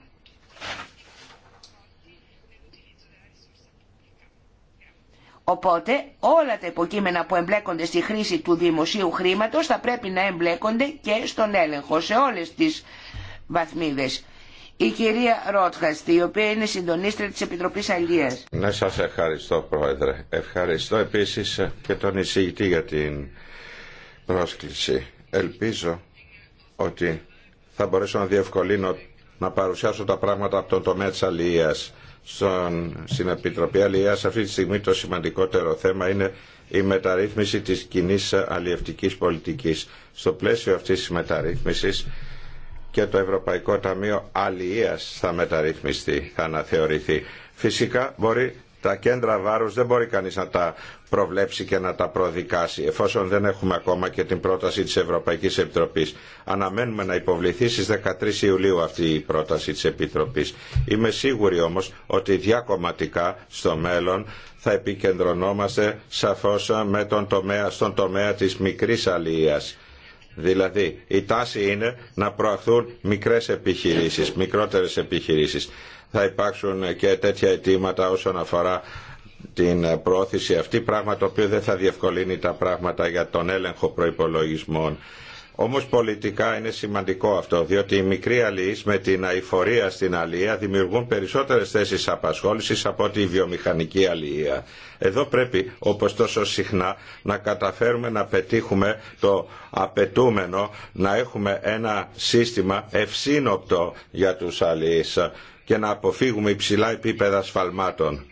Οπότε όλα τα υποκείμενα που εμπλέκονται στη χρήση του δημοσίου χρήματος θα πρέπει να εμπλέκονται και στον έλεγχο σε όλες τις βαθμίδες. Η κυρία Ρότχαστη, η οποία είναι συντονίστρια της Επιτροπής Αλίας. Να σας ευχαριστώ Πρόεδρε. Ευχαριστώ επίσης και τον εισηγητή για την πρόσκληση. Ελπίζω ότι θα μπορέσω να διευκολύνω να παρουσιάσω τα πράγματα από τον τομέα της Αλίας στον, στην Επιτροπή Αλληλείας αυτή τη στιγμή το σημαντικότερο θέμα είναι η μεταρρύθμιση της κοινή αλλιευτικής πολιτικής. Στο πλαίσιο αυτής της μεταρρύθμισης και το Ευρωπαϊκό Ταμείο Αλληλείας θα μεταρρυθμιστεί, θα αναθεωρηθεί. Φυσικά μπορεί τα κέντρα βάρους δεν μπορεί κανείς να τα προβλέψει και να τα προδικάσει εφόσον δεν έχουμε ακόμα και την πρόταση της Ευρωπαϊκής Επιτροπής. Αναμένουμε να υποβληθεί στις 13 Ιουλίου αυτή η πρόταση της Επιτροπής. Είμαι σίγουρη όμως ότι διακομματικά στο μέλλον θα επικεντρωνόμαστε σαφώς με τον τομέα, στον τομέα της μικρής αλληλείας. Δηλαδή η τάση είναι να προαχθούν μικρές επιχειρήσεις, μικρότερες επιχειρήσεις. Θα υπάρξουν και τέτοια αιτήματα όσον αφορά την πρόθεση αυτή, πράγμα το οποίο δεν θα διευκολύνει τα πράγματα για τον έλεγχο προϋπολογισμών. Όμω πολιτικά είναι σημαντικό αυτό, διότι οι μικροί αλληλεί με την αηφορία στην αλληλεία δημιουργούν περισσότερες θέσεις απασχόλησης από ότι η βιομηχανική αλληλεία. Εδώ πρέπει, όπω τόσο συχνά, να καταφέρουμε να πετύχουμε το απαιτούμενο, να έχουμε ένα σύστημα ευσύνοπτο για τους αλληλεί και να αποφύγουμε υψηλά επίπεδα σφαλμάτων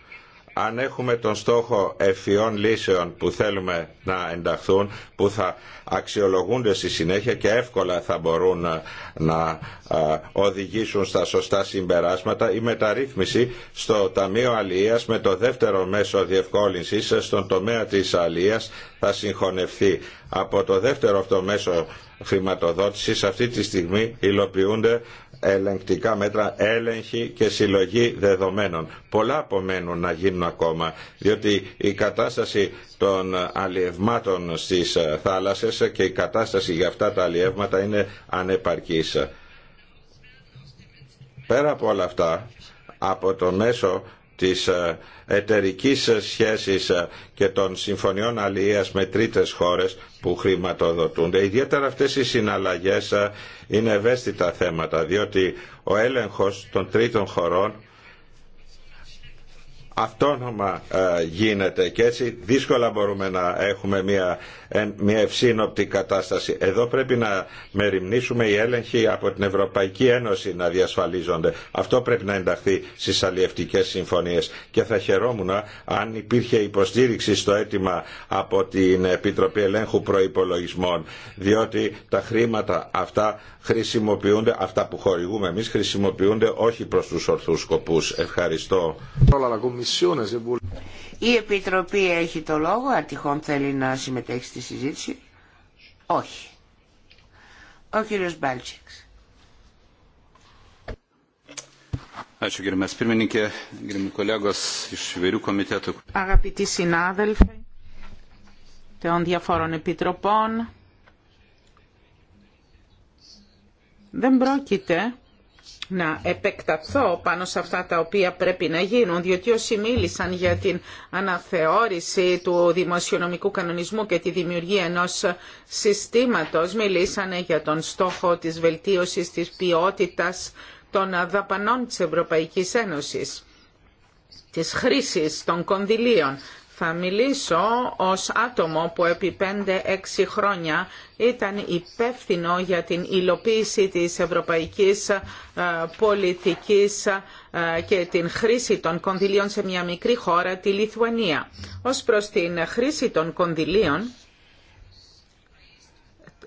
αν έχουμε τον στόχο ευφυών λύσεων που θέλουμε να ενταχθούν, που θα αξιολογούνται στη συνέχεια και εύκολα θα μπορούν να, οδηγήσουν στα σωστά συμπεράσματα η μεταρρύθμιση στο Ταμείο Αλίας με το δεύτερο μέσο διευκόλυνσης στον τομέα της Αλίας θα συγχωνευτεί. Από το δεύτερο αυτό μέσο χρηματοδότησης αυτή τη στιγμή υλοποιούνται ελεγκτικά μέτρα έλεγχη και συλλογή δεδομένων. Πολλά απομένουν να γίνουν ακόμα, διότι η κατάσταση των αλλιευμάτων στις ε, θάλασσες και η κατάσταση για αυτά τα αλλιεύματα είναι ανεπαρκής. Πέρα από όλα αυτά, από το μέσο της ε, εταιρικής σχέσης ε, και των συμφωνιών αλληλείας με τρίτες χώρες που χρηματοδοτούνται. Ιδιαίτερα αυτές οι συναλλαγές είναι ευαίσθητα θέματα, διότι ο έλεγχος των τρίτων χωρών αυτόνομα ε, γίνεται και έτσι δύσκολα μπορούμε να έχουμε μια, μια ευσύνοπτη κατάσταση. Εδώ πρέπει να μεριμνήσουμε οι έλεγχοι από την Ευρωπαϊκή Ένωση να διασφαλίζονται. Αυτό πρέπει να ενταχθεί στις αλλιευτικές συμφωνίες και θα χαιρόμουν αν υπήρχε υποστήριξη στο αίτημα από την Επιτροπή Ελέγχου Προϋπολογισμών διότι τα χρήματα αυτά χρησιμοποιούνται, αυτά που χορηγούμε εμείς χρησιμοποιούνται όχι προς τους ορθούς σκοπούς. Ευχαριστώ. Η Επιτροπή έχει το λόγο, αν θέλει να συμμετέχει στη συζήτηση. Όχι. Ο κύριος Μπάλτσιξ. Αγαπητοί συνάδελφοι των διαφόρων επιτροπών, δεν πρόκειται να επεκταθώ πάνω σε αυτά τα οποία πρέπει να γίνουν, διότι όσοι μίλησαν για την αναθεώρηση του δημοσιονομικού κανονισμού και τη δημιουργία ενός συστήματος, μίλησαν για τον στόχο της βελτίωσης της ποιότητας των δαπανών της Ευρωπαϊκής Ένωσης, της χρήσης των κονδυλίων. Θα μιλήσω ως άτομο που επί 5-6 χρόνια ήταν υπεύθυνο για την υλοποίηση της ευρωπαϊκής ε, πολιτικής ε, και την χρήση των κονδυλίων σε μια μικρή χώρα, τη Λιθουανία. Ως προς την χρήση των κονδυλίων,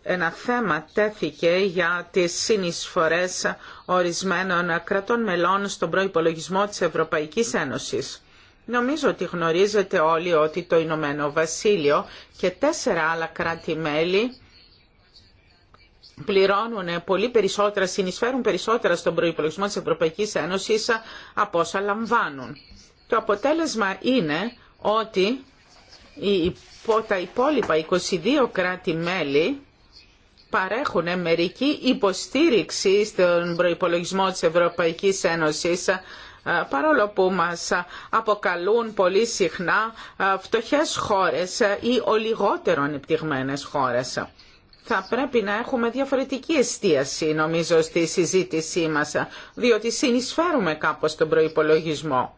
ένα θέμα τέθηκε για τις συνεισφορές ορισμένων κρατών μελών στον προϋπολογισμό της Ευρωπαϊκής Ένωσης Νομίζω ότι γνωρίζετε όλοι ότι το Ηνωμένο Βασίλειο και τέσσερα άλλα κράτη-μέλη πληρώνουν πολύ περισσότερα, συνεισφέρουν περισσότερα στον προϋπολογισμό της Ευρωπαϊκής Ένωσης από όσα λαμβάνουν. Το αποτέλεσμα είναι ότι τα υπόλοιπα 22 κράτη-μέλη παρέχουν μερική υποστήριξη στον προϋπολογισμό της Ευρωπαϊκής Ένωσης ε, παρόλο που μας αποκαλούν πολύ συχνά ε, φτωχές χώρες ε, ή ολιγότερο ανεπτυγμένες χώρες θα πρέπει να έχουμε διαφορετική εστίαση νομίζω στη συζήτησή μας, διότι συνεισφέρουμε κάπως τον προϋπολογισμό.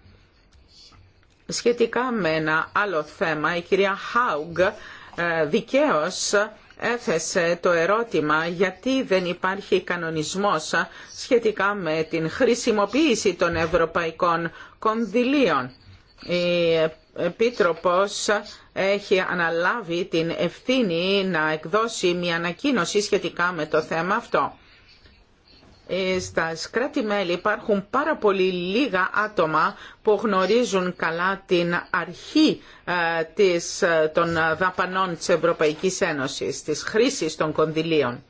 Σχετικά με ένα άλλο θέμα, η λιγοτερο ανεπτυγμενες χωρες θα πρεπει να εχουμε διαφορετικη εστιαση Χάουγκ δικαίως έθεσε το ερώτημα γιατί δεν υπάρχει κανονισμός σχετικά με την χρησιμοποίηση των ευρωπαϊκών κονδυλίων. Η Επίτροπος έχει αναλάβει την ευθύνη να εκδώσει μια ανακοίνωση σχετικά με το θέμα αυτό. Ε, στα κράτη-μέλη υπάρχουν πάρα πολύ λίγα άτομα που γνωρίζουν καλά την αρχή ε, της, ε, των δαπανών της Ευρωπαϊκής Ένωσης, της χρήσης των κονδυλίων.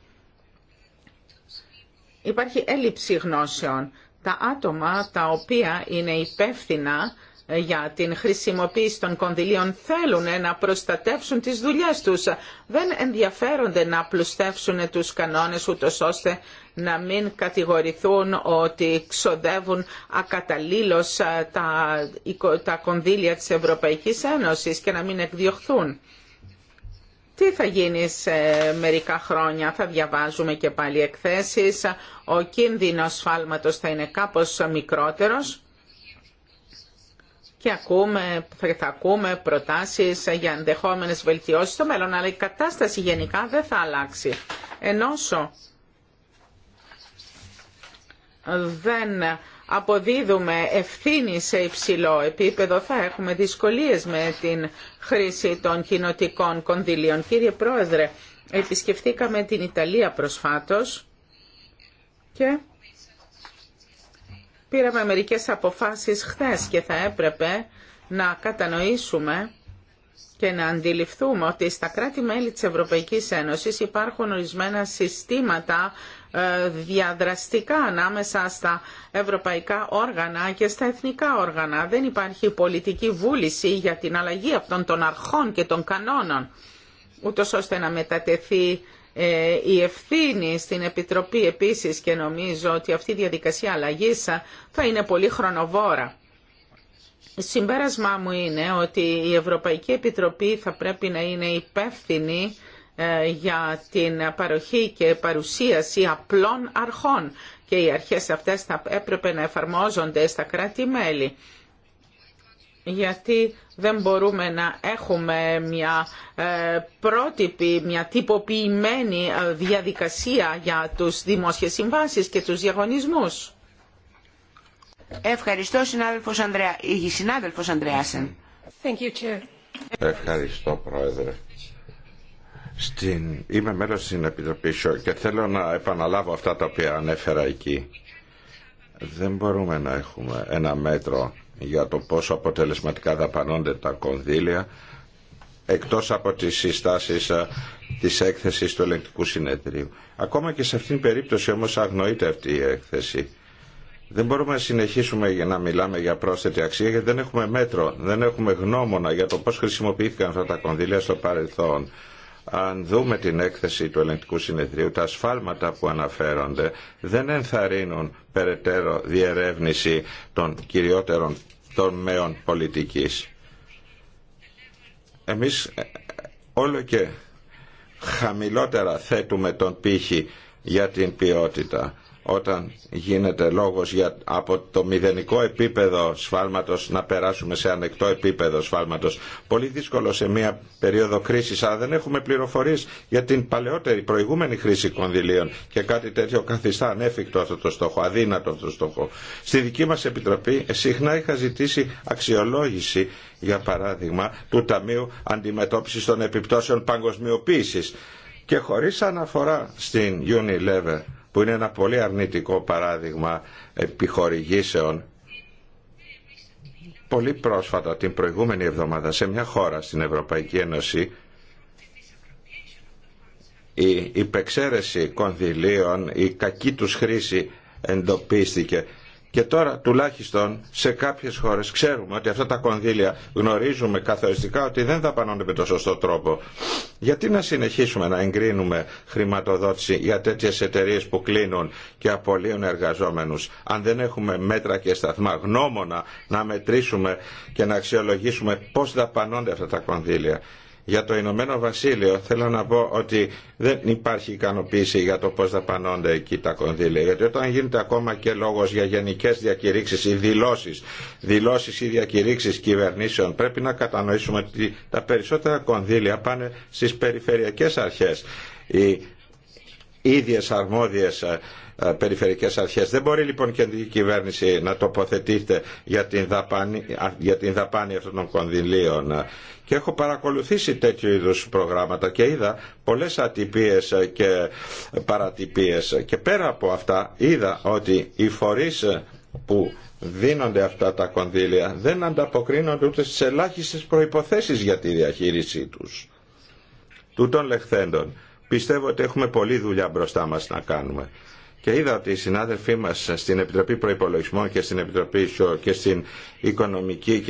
Υπάρχει έλλειψη γνώσεων. Τα άτομα τα οποία είναι υπεύθυνα για την χρησιμοποίηση των κονδυλίων θέλουν να προστατεύσουν τις δουλειές τους. Δεν ενδιαφέρονται να πλουστεύσουν τους κανόνες ούτως ώστε να μην κατηγορηθούν ότι ξοδεύουν ακαταλήλως ε, τα, τα κονδύλια της Ευρωπαϊκής Ένωσης και να μην εκδιωχθούν. Τι θα γίνει σε μερικά χρόνια, θα διαβάζουμε και πάλι εκθέσεις, ο κίνδυνος φάλματος θα είναι κάπως μικρότερος και ακούμε, θα ακούμε προτάσεις για ενδεχόμενε βελτιώσεις στο μέλλον, αλλά η κατάσταση γενικά δεν θα αλλάξει. Ενώσο δεν αποδίδουμε ευθύνη σε υψηλό επίπεδο, θα έχουμε δυσκολίες με την χρήση των κοινοτικών κονδυλίων. Κύριε Πρόεδρε, επισκεφτήκαμε την Ιταλία προσφάτως και Πήραμε μερικές αποφάσεις χθες και θα έπρεπε να κατανοήσουμε και να αντιληφθούμε ότι στα κράτη-μέλη της Ευρωπαϊκής Ένωσης υπάρχουν ορισμένα συστήματα ε, διαδραστικά ανάμεσα στα ευρωπαϊκά όργανα και στα εθνικά όργανα. Δεν υπάρχει πολιτική βούληση για την αλλαγή αυτών των αρχών και των κανόνων, ούτως ώστε να μετατεθεί ε, η ευθύνη στην Επιτροπή επίσης και νομίζω ότι αυτή η διαδικασία αλλαγής θα είναι πολύ χρονοβόρα. Συμπέρασμά μου είναι ότι η Ευρωπαϊκή Επιτροπή θα πρέπει να είναι υπεύθυνη ε, για την παροχή και παρουσίαση απλών αρχών και οι αρχές αυτές θα έπρεπε να εφαρμόζονται στα κράτη-μέλη γιατί δεν μπορούμε να έχουμε μια ε, πρότυπη, μια τυποποιημένη ε, διαδικασία για τους δημόσιες συμβάσεις και τους διαγωνισμούς. Ευχαριστώ συνάδελφος Ανδρέα, η συνάδελφος Ευχαριστώ Πρόεδρε. Στην... Είμαι μέλος στην Επιτροπή και θέλω να επαναλάβω αυτά τα οποία ανέφερα εκεί. Δεν μπορούμε να έχουμε ένα μέτρο για το πόσο αποτελεσματικά δαπανώνται τα κονδύλια εκτός από τις συστάσεις ε, της έκθεσης του ελεγκτικού συνεδρίου. Ακόμα και σε αυτήν την περίπτωση όμως αγνοείται αυτή η έκθεση. Δεν μπορούμε να συνεχίσουμε να μιλάμε για πρόσθετη αξία γιατί δεν έχουμε μέτρο, δεν έχουμε γνώμονα για το πώς χρησιμοποιήθηκαν αυτά τα κονδύλια στο παρελθόν αν δούμε την έκθεση του ελεγκτικού συνεδρίου, τα σφάλματα που αναφέρονται δεν ενθαρρύνουν περαιτέρω διερεύνηση των κυριότερων τομέων πολιτικής. Εμείς ε, όλο και χαμηλότερα θέτουμε τον πύχη για την ποιότητα όταν γίνεται λόγος για από το μηδενικό επίπεδο σφάλματος να περάσουμε σε ανεκτό επίπεδο σφάλματος. Πολύ δύσκολο σε μια περίοδο κρίσης, αλλά δεν έχουμε πληροφορίες για την παλαιότερη προηγούμενη χρήση κονδυλίων και κάτι τέτοιο καθιστά ανέφικτο αυτό το στόχο, αδύνατο αυτό το στόχο. Στη δική μας Επιτροπή ε, συχνά είχα ζητήσει αξιολόγηση για παράδειγμα του Ταμείου Αντιμετώπισης των Επιπτώσεων Παγκοσμιοποίησης και χωρίς αναφορά στην Unilever που είναι ένα πολύ αρνητικό παράδειγμα επιχορηγήσεων πολύ πρόσφατα την προηγούμενη εβδομάδα σε μια χώρα στην Ευρωπαϊκή Ένωση η υπεξαίρεση κονδυλίων, η κακή τους χρήση εντοπίστηκε και τώρα τουλάχιστον σε κάποιες χώρες ξέρουμε ότι αυτά τα κονδύλια γνωρίζουμε καθοριστικά ότι δεν δαπανώνται με τον σωστό τρόπο. Γιατί να συνεχίσουμε να εγκρίνουμε χρηματοδότηση για τέτοιες εταιρείες που κλείνουν και απολύουν εργαζόμενους αν δεν έχουμε μέτρα και σταθμά γνώμονα να μετρήσουμε και να αξιολογήσουμε πώς δαπανώνται αυτά τα κονδύλια. Για το Ηνωμένο Βασίλειο θέλω να πω ότι δεν υπάρχει ικανοποίηση για το πώς δαπανώνται εκεί τα κονδύλια. Γιατί όταν γίνεται ακόμα και λόγος για γενικές διακηρύξεις ή δηλώσεις, δηλώσεις ή διακηρύξεις κυβερνήσεων, πρέπει να κατανοήσουμε ότι τα περισσότερα κονδύλια πάνε στις περιφερειακές αρχές. Οι ίδιες αρμόδιες ε, ε, περιφερειακές αρχές. Δεν μπορεί λοιπόν η κυβέρνηση να τοποθετείται για την δαπάνη, για την δαπάνη αυτών των κονδυλίων. Και έχω παρακολουθήσει τέτοιου είδους προγράμματα και είδα πολλές ατυπίες και παρατυπίες. Και πέρα από αυτά είδα ότι οι φορείς που δίνονται αυτά τα κονδύλια δεν ανταποκρίνονται ούτε στις ελάχιστες προϋποθέσεις για τη διαχείρισή τους. Τούτων λεχθέντων. Πιστεύω ότι έχουμε πολλή δουλειά μπροστά μας να κάνουμε και είδα ότι οι συνάδελφοί μας στην Επιτροπή Προϋπολογισμών και στην Επιτροπή και στην Οικονομική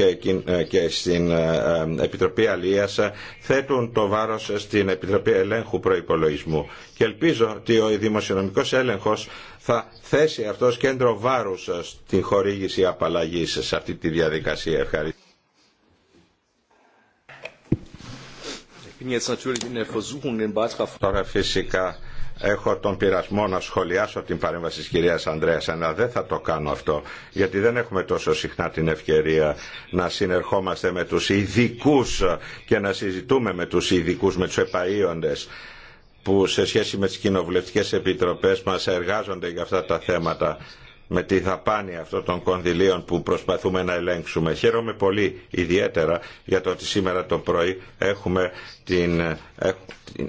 και στην ε, ε, Επιτροπή Αλίας ε, θέτουν το βάρος στην Επιτροπή Ελέγχου Προϋπολογισμού και ελπίζω ότι ο δημοσιονομικός έλεγχος θα θέσει αυτός κέντρο βάρους στην χορήγηση απαλλαγής σε αυτή τη διαδικασία. Ευχαριστώ. Τώρα φυσικά έχω τον πειρασμό να σχολιάσω την παρέμβαση της κυρίας Ανδρέας αλλά δεν θα το κάνω αυτό γιατί δεν έχουμε τόσο συχνά την ευκαιρία να συνερχόμαστε με τους ειδικού και να συζητούμε με τους ειδικού, με τους επαείοντες που σε σχέση με τις κοινοβουλευτικές επιτροπές μας εργάζονται για αυτά τα θέματα με τη δαπάνη αυτών των κονδυλίων που προσπαθούμε να ελέγξουμε. Χαίρομαι πολύ ιδιαίτερα για το ότι σήμερα το πρωί έχουμε την ε,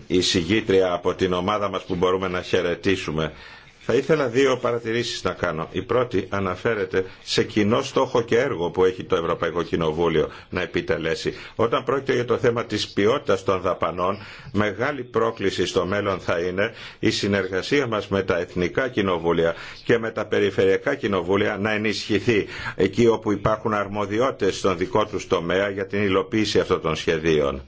εισηγήτρια από την ομάδα μας που μπορούμε να χαιρετήσουμε θα ήθελα δύο παρατηρήσεις να κάνω. Η πρώτη αναφέρεται σε κοινό στόχο και έργο που έχει το Ευρωπαϊκό Κοινοβούλιο να επιτελέσει. Όταν πρόκειται για το θέμα της ποιότητας των δαπανών, μεγάλη πρόκληση στο μέλλον θα είναι η συνεργασία μας με τα εθνικά κοινοβούλια και με τα περιφερειακά κοινοβούλια να ενισχυθεί εκεί όπου υπάρχουν αρμοδιότητες στον δικό τους τομέα για την υλοποίηση αυτών των σχεδίων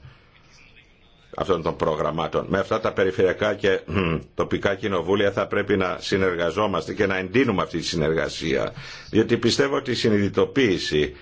αυτών των προγραμμάτων. Με αυτά τα περιφερειακά και hm, τοπικά κοινοβούλια θα πρέπει να συνεργαζόμαστε και να εντείνουμε αυτή τη συνεργασία. Διότι πιστεύω ότι η συνειδητοποίηση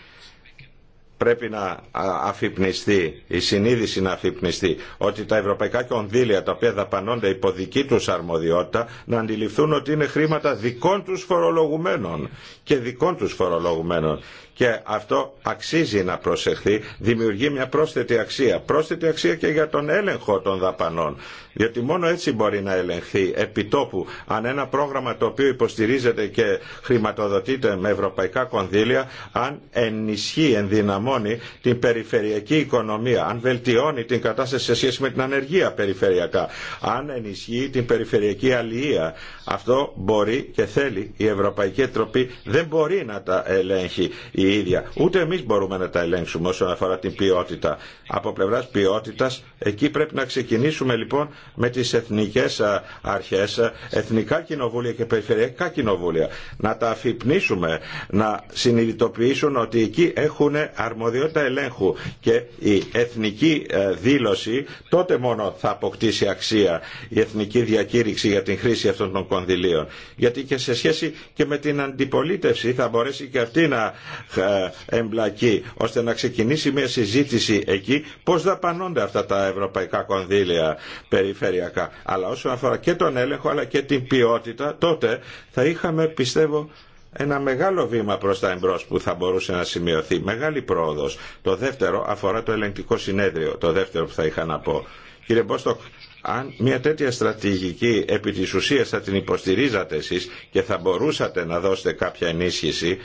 πρέπει να αφυπνιστεί, η συνείδηση να αφυπνιστεί, ότι τα ευρωπαϊκά κονδύλια τα οποία δαπανώνται υπό δική τους αρμοδιότητα να αντιληφθούν ότι είναι χρήματα δικών τους φορολογουμένων και δικών τους φορολογουμένων και αυτό αξίζει να προσεχθεί, δημιουργεί μια πρόσθετη αξία. Πρόσθετη αξία και για τον έλεγχο των δαπανών. Διότι μόνο έτσι μπορεί να ελεγχθεί επιτόπου αν ένα πρόγραμμα το οποίο υποστηρίζεται και χρηματοδοτείται με ευρωπαϊκά κονδύλια, αν ενισχύει, ενδυναμώνει την περιφερειακή οικονομία, αν βελτιώνει την κατάσταση σε σχέση με την ανεργία περιφερειακά, αν ενισχύει την περιφερειακή αλληλεία. Αυτό μπορεί και θέλει η Ευρωπαϊκή Ετροπή δεν μπορεί να τα ελέγχει ίδια. Ούτε εμεί μπορούμε να τα ελέγξουμε όσον αφορά την ποιότητα. Από πλευρά ποιότητα, εκεί πρέπει να ξεκινήσουμε λοιπόν με τις εθνικές αρχές, εθνικά κοινοβούλια και περιφερειακά κοινοβούλια. Να τα αφυπνίσουμε, να συνειδητοποιήσουν ότι εκεί έχουν αρμοδιότητα ελέγχου και η εθνική ε, δήλωση τότε μόνο θα αποκτήσει αξία η εθνική διακήρυξη για την χρήση αυτών των κονδυλίων. Γιατί και σε σχέση και με την αντιπολίτευση θα μπορέσει και αυτή να ε, εμπλακεί ώστε να ξεκινήσει μια συζήτηση εκεί πώς δαπανώνται αυτά τα ευρωπαϊκά κονδύλια περιφερειακά. Αλλά όσον αφορά και τον έλεγχο αλλά και την ποιότητα τότε θα είχαμε πιστεύω ένα μεγάλο βήμα προς τα εμπρός που θα μπορούσε να σημειωθεί. Μεγάλη πρόοδος. Το δεύτερο αφορά το ελεγκτικό συνέδριο. Το δεύτερο που θα είχα να πω. Κύριε Μπόστοκ, αν μια τέτοια στρατηγική επί της ουσίας θα την υποστηρίζατε εσεί και θα μπορούσατε να δώσετε κάποια ενίσχυση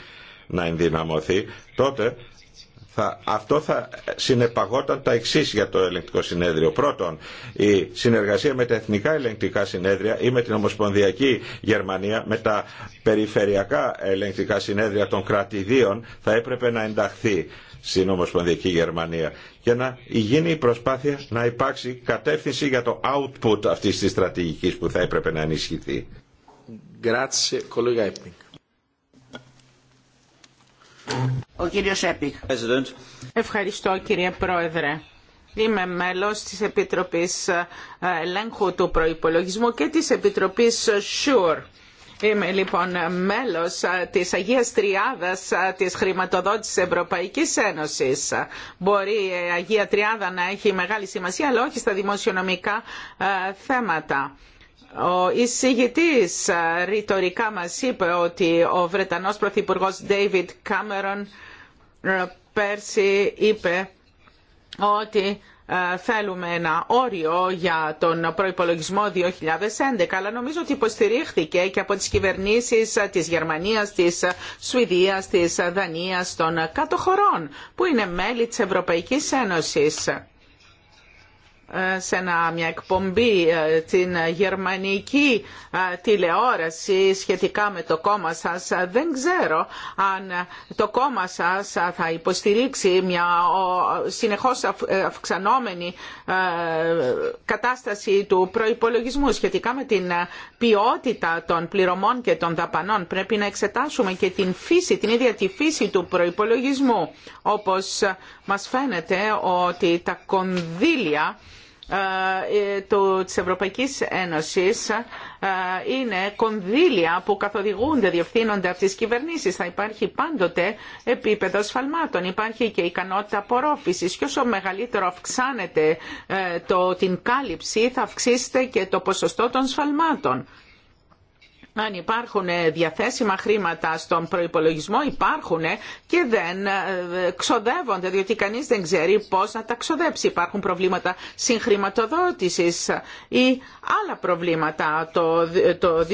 να ενδυναμωθεί, τότε θα, αυτό θα συνεπαγόταν τα εξή για το ελεγκτικό συνέδριο. Πρώτον, η συνεργασία με τα εθνικά ελεγκτικά συνέδρια ή με την Ομοσπονδιακή Γερμανία, με τα περιφερειακά ελεγκτικά συνέδρια των κρατηδίων θα έπρεπε να ενταχθεί στην Ομοσπονδιακή Γερμανία και να γίνει η προσπάθεια να υπάρξει κατεύθυνση για το output αυτής της στρατηγικής που θα έπρεπε να ενισχυθεί. Grazie, Ευχαριστώ κύριε Πρόεδρε. Είμαι μέλος της Επιτροπής ε, Ελέγχου του Προϋπολογισμού και της Επιτροπής ΣΥΟΡ. Είμαι λοιπόν μέλος ε, της Αγίας Τριάδας ε, της χρηματοδότησης Ευρωπαϊκής Ένωσης. Μπορεί η Αγία Τριάδα να έχει μεγάλη σημασία, αλλά όχι στα δημοσιονομικά θέματα ο εισηγητής ρητορικά μας είπε ότι ο Βρετανός Πρωθυπουργός David Cameron ε, πέρσι είπε ότι ε, θέλουμε ένα όριο για τον προϋπολογισμό 2011, αλλά νομίζω ότι υποστηρίχθηκε και από τις κυβερνήσεις ε, της Γερμανίας, της Σουηδίας, της Δανίας, των κάτω χωρών, που είναι μέλη της Ευρωπαϊκής Ένωσης ε, σε ένα, μια εκπομπή ε, την γερμανική ε, τηλεόραση σχετικά με το κόμμα σας. Δεν ξέρω αν το κόμμα σας θα υποστηρίξει μια συνεχώς αυξανόμενη κατάσταση του προϋπολογισμού σχετικά με την ποιότητα των πληρωμών και των δαπανών. Πρέπει να εξετάσουμε και την φύση, την ίδια τη φύση του προϋπολογισμού. Όπως μας φαίνεται ότι τα κονδύλια ε, ε, της Ευρωπαϊκής Ένωσης ε, είναι κονδύλια που καθοδηγούνται, διευθύνονται από τις κυβερνήσεις. Θα υπάρχει πάντοτε επίπεδο σφαλμάτων. Υπάρχει και ικανότητα απορρόφησης. Και όσο μεγαλύτερο αυξάνεται το, την κάλυψη θα αυξήσετε και το ποσοστό των σφαλμάτων αν υπάρχουν διαθέσιμα χρήματα στον προϋπολογισμό, υπάρχουν και δεν ε, ξοδεύονται, διότι κανείς δεν ξέρει πώς να τα ξοδέψει. Υπάρχουν προβλήματα συγχρηματοδότησης ή άλλα προβλήματα. Το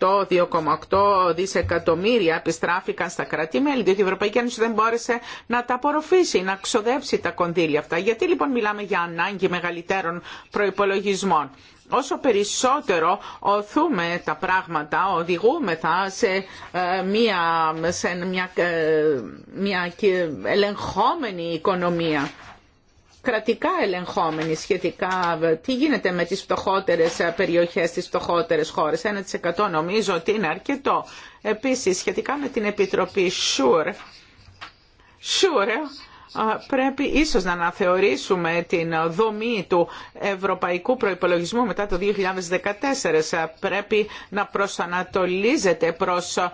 2008 2,8 δισεκατομμύρια επιστράφηκαν στα κράτη-μέλη, διότι η Ευρωπαϊκή Ένωση δεν μπόρεσε να τα απορροφήσει, να ξοδέψει τα κονδύλια αυτά. Γιατί λοιπόν μιλάμε για ανάγκη μεγαλύτερων προϋπολογισμών όσο περισσότερο οθούμε τα πράγματα, οδηγούμεθα σε ε, μια, σε μια, ε, μια ελεγχόμενη οικονομία κρατικά ελεγχόμενη σχετικά τι γίνεται με τις φτωχότερες ε, περιοχές, τις φτωχότερες χώρες. 1% νομίζω ότι είναι αρκετό. Επίσης, σχετικά με την Επιτροπή ΣΟΥΡ, sure, πρέπει ίσως να αναθεωρήσουμε την δομή του ευρωπαϊκού προϋπολογισμού μετά το 2014. Πρέπει να προσανατολίζεται προς ε,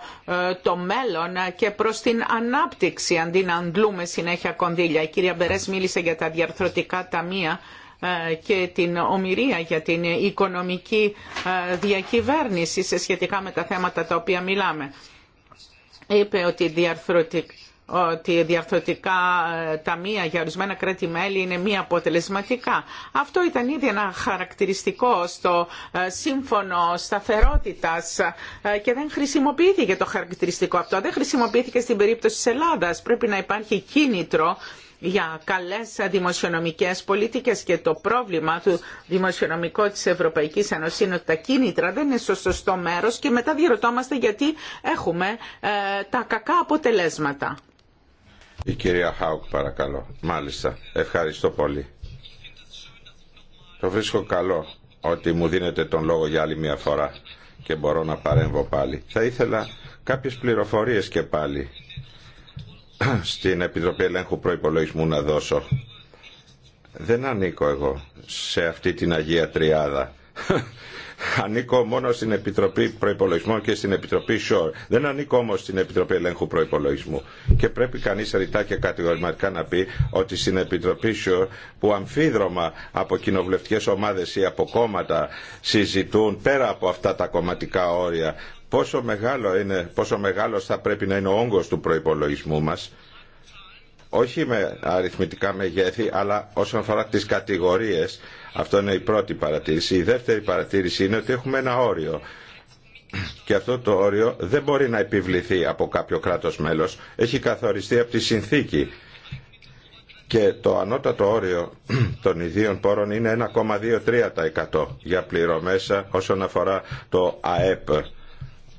το μέλλον και προς την ανάπτυξη αντί να αντλούμε συνέχεια κονδύλια. Η κυρία Μπερές μίλησε για τα διαρθρωτικά ταμεία ε, και την ομοιρία για την οικονομική ε, διακυβέρνηση σε σχετικά με τα θέματα τα οποία μιλάμε. Είπε ότι διαρθρωτικά ότι διαρθωτικά ε, ταμεία για ορισμένα κράτη-μέλη είναι μη αποτελεσματικά. Αυτό ήταν ήδη ένα χαρακτηριστικό στο ε, σύμφωνο σταθερότητας ε, και δεν χρησιμοποιήθηκε το χαρακτηριστικό αυτό. Δεν χρησιμοποιήθηκε στην περίπτωση της Ελλάδας. Πρέπει να υπάρχει κίνητρο για καλές δημοσιονομικές πολιτικές και το πρόβλημα του δημοσιονομικού της Ευρωπαϊκής Ένωση είναι ότι τα κίνητρα δεν είναι στο σωστό μέρος και μετά διερωτόμαστε γιατί έχουμε τα κακά αποτελέσματα. Η κυρία Χάουκ παρακαλώ. Μάλιστα. Ευχαριστώ πολύ. Το βρίσκω καλό ότι μου δίνετε τον λόγο για άλλη μια φορά και μπορώ να παρέμβω πάλι. Θα ήθελα κάποιες πληροφορίες και πάλι στην Επιτροπή Ελέγχου Προϋπολογισμού να δώσω. Δεν ανήκω εγώ σε αυτή την Αγία Τριάδα ανήκω μόνο στην Επιτροπή Προπολογισμών και στην Επιτροπή Σόρ. Δεν ανήκω όμω στην Επιτροπή Ελέγχου Προπολογισμού. Και πρέπει κανεί ρητά και κατηγορηματικά να πει ότι στην Επιτροπή ΣΟΡ, που αμφίδρομα από κοινοβουλευτικέ ομάδε ή από κόμματα συζητούν πέρα από αυτά τα κομματικά όρια πόσο μεγάλο είναι, πόσο μεγάλος θα πρέπει να είναι ο όγκος του προπολογισμού μα όχι με αριθμητικά μεγέθη, αλλά όσον αφορά τις κατηγορίες. Αυτό είναι η πρώτη παρατήρηση. Η δεύτερη παρατήρηση είναι ότι έχουμε ένα όριο. Και αυτό το όριο δεν μπορεί να επιβληθεί από κάποιο κράτος μέλος. Έχει καθοριστεί από τη συνθήκη. Και το ανώτατο όριο των ιδίων πόρων είναι 1,23% για πληρωμέσα ε, όσον αφορά το ΑΕΠ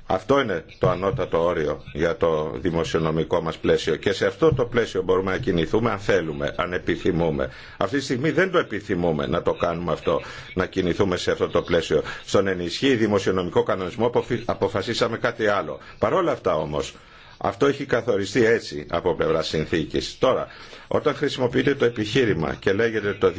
αυτό είναι το ανώτατο όριο για το δημοσιονομικό μας πλαίσιο και σε αυτό το πλαίσιο μπορούμε να κινηθούμε αν θέλουμε, αν επιθυμούμε. Αυτή τη στιγμή δεν το επιθυμούμε να το κάνουμε αυτό, να κινηθούμε σε αυτό το πλαίσιο. Στον ενισχύει δημοσιονομικό κανονισμό αποφασίσαμε κάτι άλλο. Παρόλα αυτά όμως αυτό έχει καθοριστεί έτσι από πλευρά συνθήκη. Τώρα, όταν χρησιμοποιείτε το επιχείρημα και λέγεται το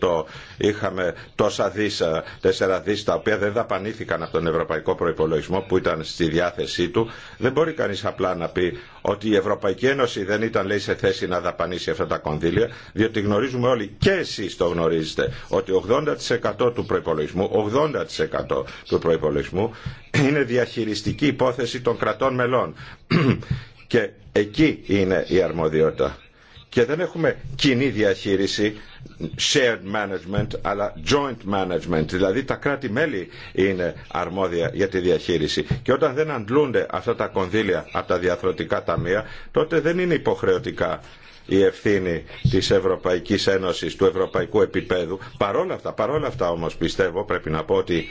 2008 είχαμε τόσα δίσα, ε, τέσσερα δίσα, τα οποία δεν δαπανήθηκαν από τον ευρωπαϊκό προπολογισμό που ήταν στη διάθεσή του, δεν μπορεί κανεί απλά να πει ότι η Ευρωπαϊκή Ένωση δεν ήταν λέει σε θέση να δαπανήσει αυτά τα κονδύλια, διότι γνωρίζουμε όλοι και εσεί το γνωρίζετε ότι 80% του προπολογισμού, 80% του προπολογισμού είναι διαχειριστική υπόθεση των κρατών μελών. *clears throat* Και εκεί είναι η αρμοδιότητα. Και δεν έχουμε κοινή διαχείριση, shared management, αλλά joint management. Δηλαδή τα κράτη-μέλη είναι αρμόδια για τη διαχείριση. Και όταν δεν αντλούνται αυτά τα κονδύλια από τα διαθροτικά ταμεία, τότε δεν είναι υποχρεωτικά η ευθύνη της Ευρωπαϊκής Ένωσης, του ευρωπαϊκού επίπεδου. Παρόλα αυτά, παρόλα αυτά όμως πιστεύω, πρέπει να πω ότι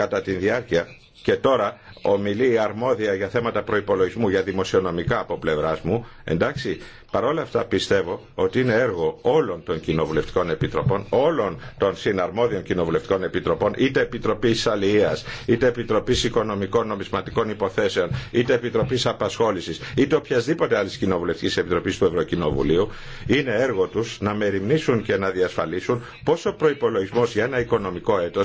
κατά τη διάρκεια και τώρα ομιλεί αρμόδια για θέματα προϋπολογισμού, για δημοσιονομικά από πλευρά μου. Εντάξει, παρόλα αυτά πιστεύω ότι είναι έργο όλων των κοινοβουλευτικών επιτροπών, όλων των συναρμόδιων κοινοβουλευτικών επιτροπών, είτε Επιτροπή Αλληλεία, είτε Επιτροπή Οικονομικών Νομισματικών Υποθέσεων, είτε Επιτροπή Απασχόληση, είτε οποιασδήποτε άλλη κοινοβουλευτική επιτροπή του Ευρωκοινοβουλίου. Είναι έργο του να μεριμνήσουν και να διασφαλίσουν πόσο προπολογισμό για ένα οικονομικό έτο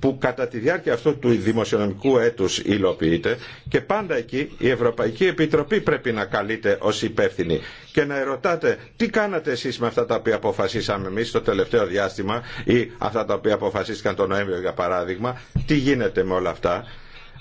που κατά τη διάρκεια αυτού του δημοσιονομικού έτου υλοποιείται και πάντα εκεί η Ευρωπαϊκή Επιτροπή πρέπει να καλείται ως υπεύθυνη και να ερωτάτε τι κάνατε εσείς με αυτά τα οποία αποφασίσαμε εμείς το τελευταίο διάστημα ή αυτά τα οποία αποφασίστηκαν τον Νοέμβριο για παράδειγμα, τι γίνεται με όλα αυτά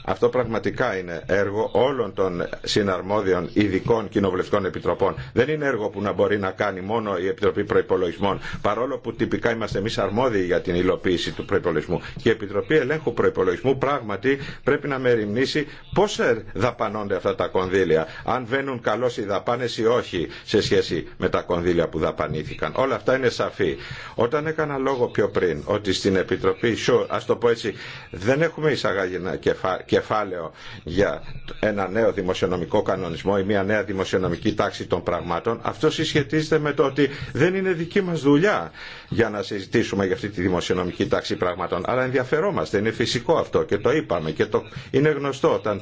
αυτό πραγματικά είναι έργο όλων των συναρμόδιων ειδικών κοινοβουλευτικών επιτροπών. Δεν είναι έργο που να μπορεί να κάνει μόνο η Επιτροπή Προπολογισμών, παρόλο που τυπικά είμαστε εμεί αρμόδιοι για την υλοποίηση του προπολογισμού. Και η Επιτροπή Ελέγχου Προπολογισμού πράγματι πρέπει να μεριμνήσει πώ ε, δαπανώνται αυτά τα κονδύλια, αν βαίνουν καλώ οι δαπάνε ή όχι σε σχέση με τα κονδύλια που δαπανήθηκαν. Όλα αυτά είναι σαφή. Όταν έκανα λόγο πιο πριν ότι στην Επιτροπή, sure, α το πω έτσι, δεν έχουμε εισαγάγει ένα κεφάλι κεφάλαιο για ένα νέο δημοσιονομικό κανονισμό ή μια νέα δημοσιονομική τάξη των πραγμάτων, αυτό συσχετίζεται με το ότι δεν είναι δική μας δουλειά για να συζητήσουμε για αυτή τη δημοσιονομική τάξη πραγμάτων. Αλλά ενδιαφερόμαστε, είναι φυσικό αυτό και το είπαμε και το είναι γνωστό όταν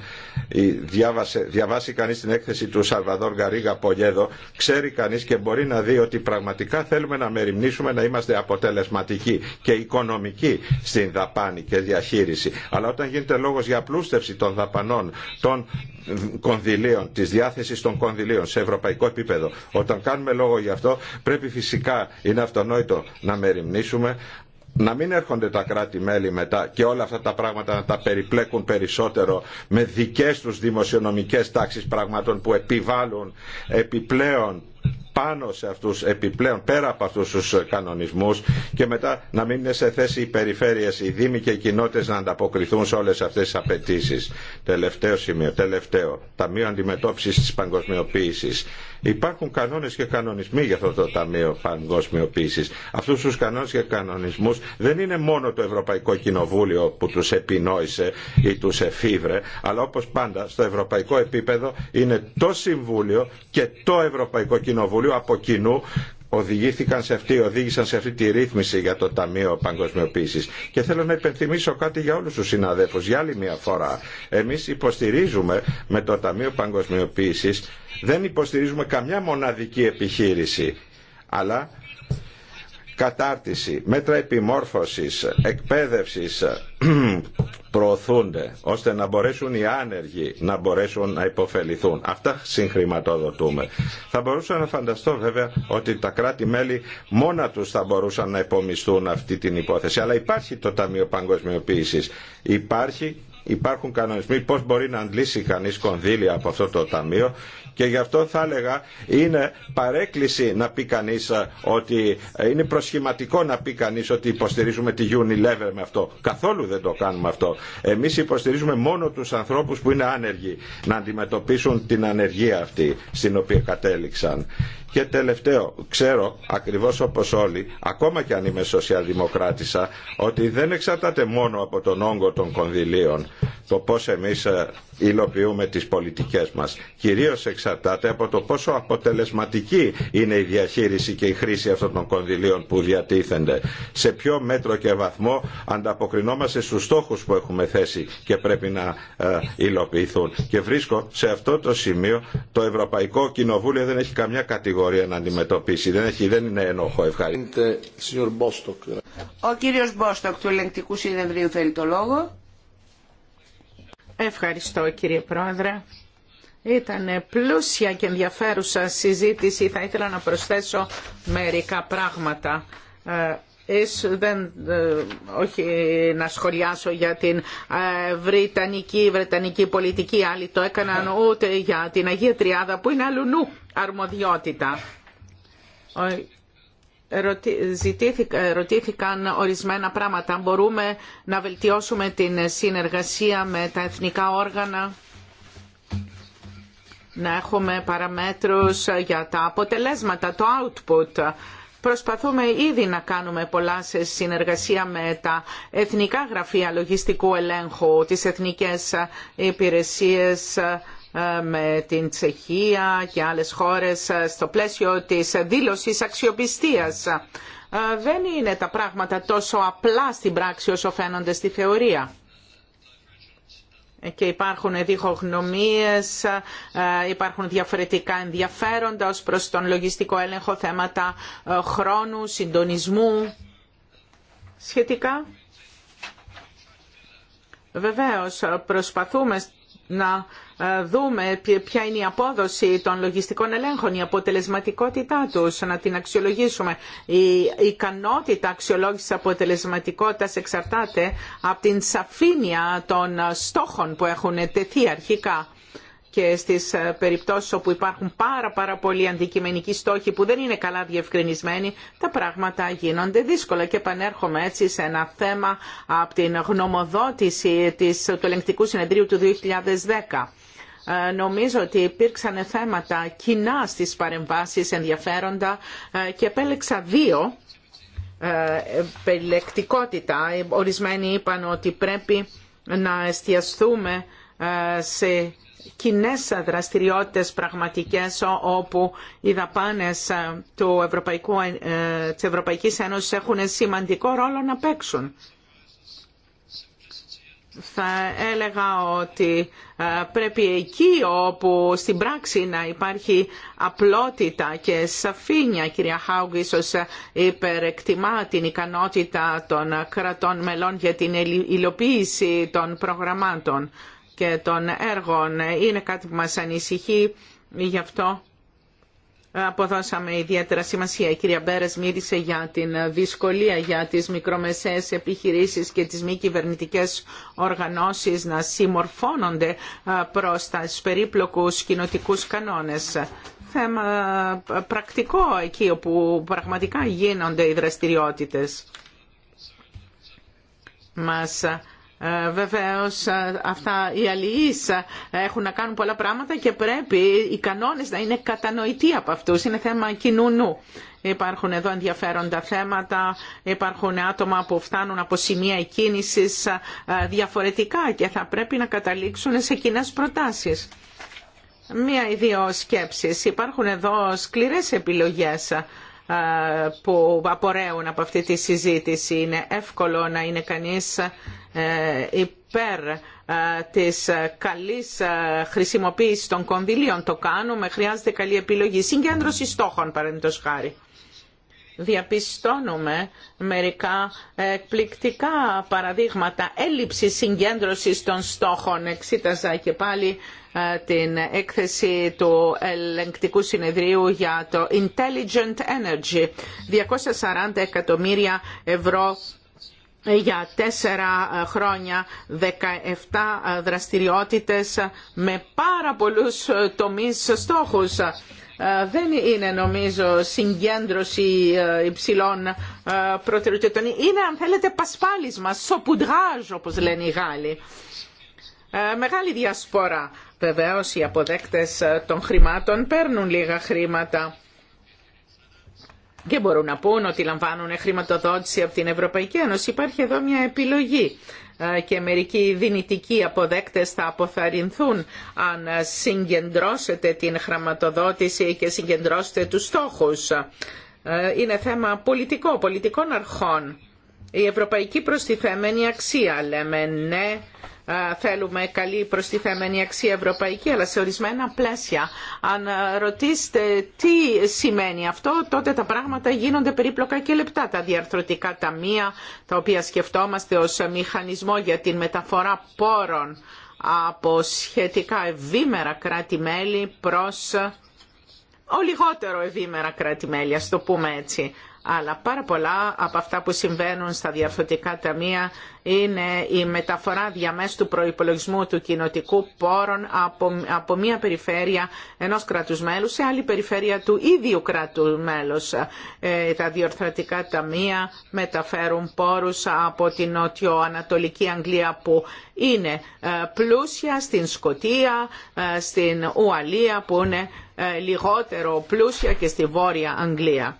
διάβασε, διαβάσει κανείς την έκθεση του Σαλβαδόρ Γκαρίγα Πολιέδο, ξέρει κανείς και μπορεί να δει ότι πραγματικά θέλουμε να μεριμνήσουμε να είμαστε αποτελεσματικοί και οικονομικοί στην δαπάνη και διαχείριση. Αλλά όταν γίνεται λόγος για απλούστευση των δαπανών, των κονδυλίων, της διάθεσης των κονδυλίων σε ευρωπαϊκό επίπεδο, όταν κάνουμε λόγο γι' αυτό πρέπει φυσικά, είναι αυτονόητο, να μεριμνήσουμε να μην έρχονται τα κράτη-μέλη μετά και όλα αυτά τα πράγματα να τα περιπλέκουν περισσότερο με δικές τους δημοσιονομικές τάξεις πραγμάτων που επιβάλλουν επιπλέον πάνω σε αυτούς επιπλέον, πέρα από αυτούς τους κανονισμούς και μετά να μην είναι σε θέση οι περιφέρειες, οι δήμοι και οι κοινότητες να ανταποκριθούν σε όλες αυτές τις απαιτήσεις. Τελευταίο σημείο, τελευταίο, Ταμείο Αντιμετώπισης της Παγκοσμιοποίησης. Υπάρχουν κανόνες και κανονισμοί για αυτό το Ταμείο Παγκοσμιοποίησης. Αυτούς τους κανόνες και κανονισμούς δεν είναι μόνο το Ευρωπαϊκό Κοινοβούλιο που τους επινόησε ή τους εφήβρε, αλλά όπως πάντα στο ευρωπαϊκό επίπεδο είναι το Συμβούλιο και το Ευρωπαϊκό Κοινοβούλιο από κοινού οδηγήθηκαν σε αυτή, οδήγησαν σε αυτή τη ρύθμιση για το Ταμείο Παγκοσμιοποίησης. Και θέλω να υπενθυμίσω κάτι για όλους τους συναδέλφους, για άλλη μια φορά. Εμείς υποστηρίζουμε με το Ταμείο Παγκοσμιοποίησης, δεν υποστηρίζουμε καμιά μοναδική επιχείρηση, αλλά κατάρτιση, μέτρα επιμόρφωσης, εκπαίδευσης *clears throat* προωθούνται ώστε να μπορέσουν οι άνεργοι να μπορέσουν να υποφεληθούν. Αυτά συγχρηματοδοτούμε. Θα μπορούσα να φανταστώ βέβαια ότι τα κράτη-μέλη μόνα τους θα μπορούσαν να υπομισθούν αυτή την υπόθεση. Αλλά υπάρχει το Ταμείο Παγκοσμιοποίησης. Υπάρχει υπάρχουν κανονισμοί πώς μπορεί να αντλήσει κανείς κονδύλια από αυτό το ταμείο και γι' αυτό θα έλεγα είναι παρέκκληση να πει κανεί ε, ότι ε, είναι προσχηματικό να πει κανεί ότι υποστηρίζουμε τη Unilever με αυτό. Καθόλου δεν το κάνουμε αυτό. Εμείς υποστηρίζουμε μόνο τους ανθρώπους που είναι άνεργοι να αντιμετωπίσουν την ανεργία αυτή στην οποία κατέληξαν. Και τελευταίο, ξέρω ακριβώς όπως όλοι, ακόμα και αν είμαι σοσιαλδημοκράτησα, ότι δεν εξαρτάται μόνο από τον όγκο των κονδυλίων το πώς εμείς ε, υλοποιούμε τις πολιτικές μας. Κυρίως εξαρτάται από το πόσο αποτελεσματική είναι η διαχείριση και η χρήση αυτών των κονδυλίων που διατίθενται. Σε ποιο μέτρο και βαθμό ανταποκρινόμαστε στους στόχους που έχουμε θέσει και πρέπει να ε, υλοποιηθούν. Και βρίσκω σε αυτό το σημείο το Ευρωπαϊκό Κοινοβούλιο δεν έχει καμιά κατηγορία κατηγορία να αντιμετωπίσει. Δεν, έχει, δεν είναι ενόχο. Ευχαριστώ. Ο κύριος Μπόστοκ του Ελεγκτικού Συνεδρίου θέλει το λόγο. Ευχαριστώ κύριε Πρόεδρε. Ήταν πλούσια και ενδιαφέρουσα συζήτηση. Θα ήθελα να προσθέσω μερικά πράγματα ε, δεν, ε, όχι να σχολιάσω για την ε, βρετανική, βρετανική πολιτική, άλλοι το έκαναν ναι. ούτε για την Αγία Τριάδα που είναι αλλού αρμοδιότητα. Ε, ρωτήθηκαν ορισμένα πράγματα. Μπορούμε να βελτιώσουμε την συνεργασία με τα εθνικά όργανα, να έχουμε παραμέτρους για τα αποτελέσματα, το output Προσπαθούμε ήδη να κάνουμε πολλά σε συνεργασία με τα Εθνικά Γραφεία Λογιστικού Ελέγχου, τις Εθνικές Υπηρεσίες ε, με την Τσεχία και άλλες χώρες ε, στο πλαίσιο της δήλωσης αξιοπιστίας. Ε, δεν είναι τα πράγματα τόσο απλά στην πράξη όσο φαίνονται στη θεωρία και υπάρχουν διχογνωμίες, ε, υπάρχουν διαφορετικά ενδιαφέροντα ως προς τον λογιστικό έλεγχο θέματα ε, χρόνου, συντονισμού σχετικά. Βεβαίως προσπαθούμε να ε, δούμε ποια είναι η απόδοση των λογιστικών ελέγχων, η αποτελεσματικότητά τους, να την αξιολογήσουμε. Η ικανότητα αξιολόγησης αποτελεσματικότητας εξαρτάται από την σαφήνεια των στόχων που έχουν τεθεί αρχικά και στις ε, περιπτώσεις όπου υπάρχουν πάρα πάρα πολλοί αντικειμενικοί στόχοι που δεν είναι καλά διευκρινισμένοι, τα πράγματα γίνονται δύσκολα και επανέρχομαι έτσι σε ένα θέμα από την γνωμοδότηση της, του ελεγκτικού συνεδρίου του 2010 ε, νομίζω ότι υπήρξαν θέματα κοινά στις παρεμβάσεις ενδιαφέροντα ε, και επέλεξα δύο ε, επιλεκτικότητα. Ορισμένοι είπαν ότι πρέπει να εστιαστούμε σε κοινέ δραστηριότητε πραγματικές όπου οι δαπάνε της ευρωπαϊκή Ένωσης έχουν σημαντικό ρόλο να παίξουν θα έλεγα ότι ε, πρέπει εκεί όπου στην πράξη να υπάρχει απλότητα και σαφήνεια. κυρία Χάουγκ ίσως ε, υπερεκτιμά την ικανότητα των κρατών μελών για την υλοποίηση των προγραμμάτων και των έργων. Είναι κάτι που μας ανησυχεί γι' αυτό αποδώσαμε ιδιαίτερα σημασία. Η κυρία Μπέρες μίλησε για την δυσκολία για τις μικρομεσαίες επιχειρήσεις και τις μη κυβερνητικέ οργανώσεις να συμμορφώνονται προς τα περίπλοκους κοινοτικού κανόνες. Θέμα πρακτικό εκεί όπου πραγματικά γίνονται οι δραστηριότητες. Μας ε, βεβαίως ε, αυτά οι αλληλείς ε, έχουν να κάνουν πολλά πράγματα και πρέπει οι κανόνες να είναι κατανοητοί από αυτούς. Είναι θέμα κοινού νου. Υπάρχουν εδώ ενδιαφέροντα θέματα, υπάρχουν άτομα που φτάνουν από σημεία κίνησης διαφορετικά και θα πρέπει να καταλήξουν σε κοινέ προτάσεις. Μία ή δύο σκέψεις. Υπάρχουν εδώ σκληρές επιλογές που απορρέουν από αυτή τη συζήτηση. Είναι εύκολο να είναι κανείς ε, υπέρ της καλής χρησιμοποίησης των κονδυλίων. Το κάνουμε, χρειάζεται καλή επιλογή. Συγκέντρωση στόχων, παραδείγματος χάρη διαπιστώνουμε μερικά εκπληκτικά παραδείγματα Έλλειψη συγκέντρωσης των στόχων. Εξήταζα και πάλι ε, την έκθεση του ελεγκτικού συνεδρίου για το Intelligent Energy. 240 εκατομμύρια ευρώ για τέσσερα ε, χρόνια 17 ε, δραστηριότητες με πάρα πολλούς τομείς στόχους. Δεν είναι νομίζω συγκέντρωση υψηλών προτεραιοτήτων. Είναι αν θέλετε πασπάλισμα, σοπουντράζ όπως λένε οι Γάλλοι. Ε, μεγάλη διασπορά. βεβαίω οι αποδέκτες ε, των χρημάτων παίρνουν λίγα χρήματα και μπορούν να πούν ότι λαμβάνουν χρηματοδότηση από την Ευρωπαϊκή Ένωση. Υπάρχει εδώ μια επιλογή ε, και μερικοί δυνητικοί αποδέκτες θα αποθαρρυνθούν αν συγκεντρώσετε την χρηματοδότηση και συγκεντρώσετε τους στόχους. Είναι θέμα πολιτικό, πολιτικών αρχών. Η ευρωπαϊκή προστιθέμενη αξία λέμε ναι θέλουμε καλή προστιθέμενη αξία ευρωπαϊκή, αλλά σε ορισμένα πλαίσια. Αν ρωτήσετε τι σημαίνει αυτό, τότε τα πράγματα γίνονται περίπλοκα και λεπτά. Τα διαρθρωτικά ταμεία, τα οποία σκεφτόμαστε ως μηχανισμό για την μεταφορά πόρων από σχετικά ευήμερα κράτη-μέλη προς ο λιγότερο ευήμερα κράτη-μέλη, ας το πούμε έτσι αλλά πάρα πολλά από αυτά που συμβαίνουν στα διαρθρωτικά ταμεία είναι η μεταφορά διαμέσου του προϋπολογισμού του κοινοτικού πόρων από, μία περιφέρεια ενός κρατούς μέλους σε άλλη περιφέρεια του ίδιου κράτους μέλους. Ε, τα διορθωτικά ταμεία μεταφέρουν πόρους από την νοτιοανατολική ανατολικη Αγγλία που είναι ε, πλούσια στην Σκοτία, ε, στην Ουαλία που είναι λιγότερο πλούσια και στη Βόρεια Αγγλία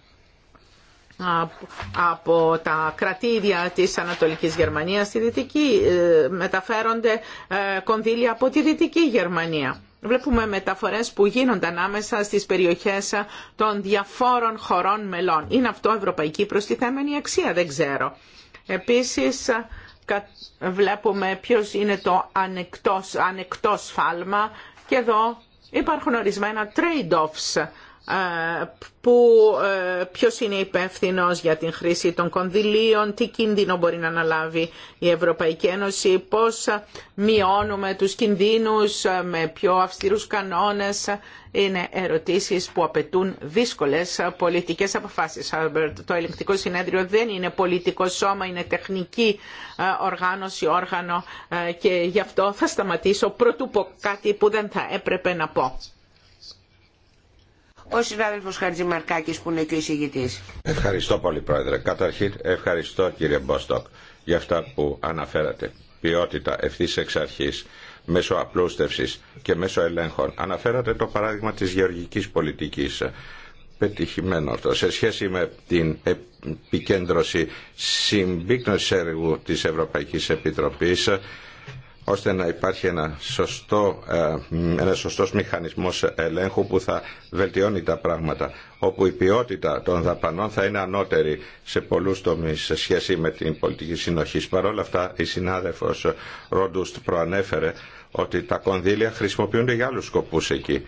από τα κρατήδια της Ανατολικής Γερμανίας στη Δυτική, ε, μεταφέρονται ε, κονδύλια από τη Δυτική Γερμανία. Βλέπουμε μεταφορές που γίνονται ανάμεσα στις περιοχές των διαφόρων χωρών μελών. Είναι αυτό ευρωπαϊκή προστιθέμενη αξία, δεν ξέρω. Επίσης, βλέπουμε ποιος είναι το ανεκτός ανεκτός φάλμα και εδώ υπάρχουν ορισμένα trade-offs που, ε, ποιος είναι υπεύθυνο για την χρήση των κονδυλίων, τι κίνδυνο μπορεί να αναλάβει η Ευρωπαϊκή Ένωση, πώς μειώνουμε τους κινδύνους ε, με πιο αυστηρούς κανόνες. Είναι ερωτήσεις που απαιτούν δύσκολες πολιτικές αποφάσεις. Το ελεγκτικό συνέδριο δεν είναι πολιτικό σώμα, είναι τεχνική ε, οργάνωση, όργανο και γι' αυτό θα σταματήσω πρωτού πω κάτι που δεν θα έπρεπε να πω ο συνάδελφο Χατζημαρκάκη που είναι και ο εισήγητή. Ευχαριστώ πολύ Πρόεδρε. Καταρχήν ευχαριστώ κύριε Μπόστοκ για αυτά που αναφέρατε. Ποιότητα ευθύ εξ αρχής μέσω απλούστευση και μέσω ελέγχων. Αναφέρατε το παράδειγμα της γεωργική πολιτικής. Ε, πετυχημένο αυτό. Σε σχέση με την επικέντρωση συμπίκνωση έργου τη Ευρωπαϊκή Επιτροπή. Ε, ώστε να υπάρχει ένα σωστό, ε, ένα σωστός μηχανισμός ελέγχου που θα βελτιώνει τα πράγματα όπου η ποιότητα των δαπανών θα είναι ανώτερη σε πολλούς τομείς σε σχέση με την πολιτική συνοχή. Παρ' όλα αυτά η συνάδελφος Ρόντουστ προανέφερε ότι τα κονδύλια χρησιμοποιούνται για άλλους σκοπούς εκεί.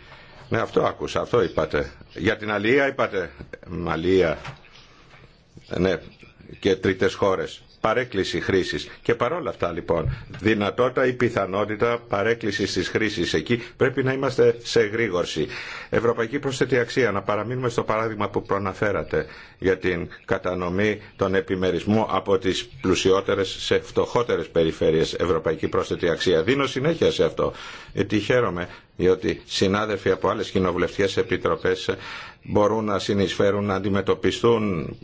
Ναι, αυτό άκουσα, αυτό είπατε. Για την Αλία είπατε. Μαλία. Ναι, και τρίτες χώρες παρέκκληση χρήσης. Και παρόλα αυτά λοιπόν, δυνατότητα ή πιθανότητα παρέκκλησης της χρήσης εκεί πρέπει να είμαστε σε γρήγορση. Ευρωπαϊκή προσθέτη αξία, να παραμείνουμε στο παράδειγμα που προναφέρατε για την κατανομή των επιμερισμού από τις πλουσιότερες σε φτωχότερες περιφέρειες Ευρωπαϊκή πρόσθετη αξία. Δίνω συνέχεια σε αυτό, γιατί ε, χαίρομαι διότι συνάδελφοι από άλλες κοινοβουλευτικές επιτροπές μπορούν να συνεισφέρουν να αντιμετωπιστούν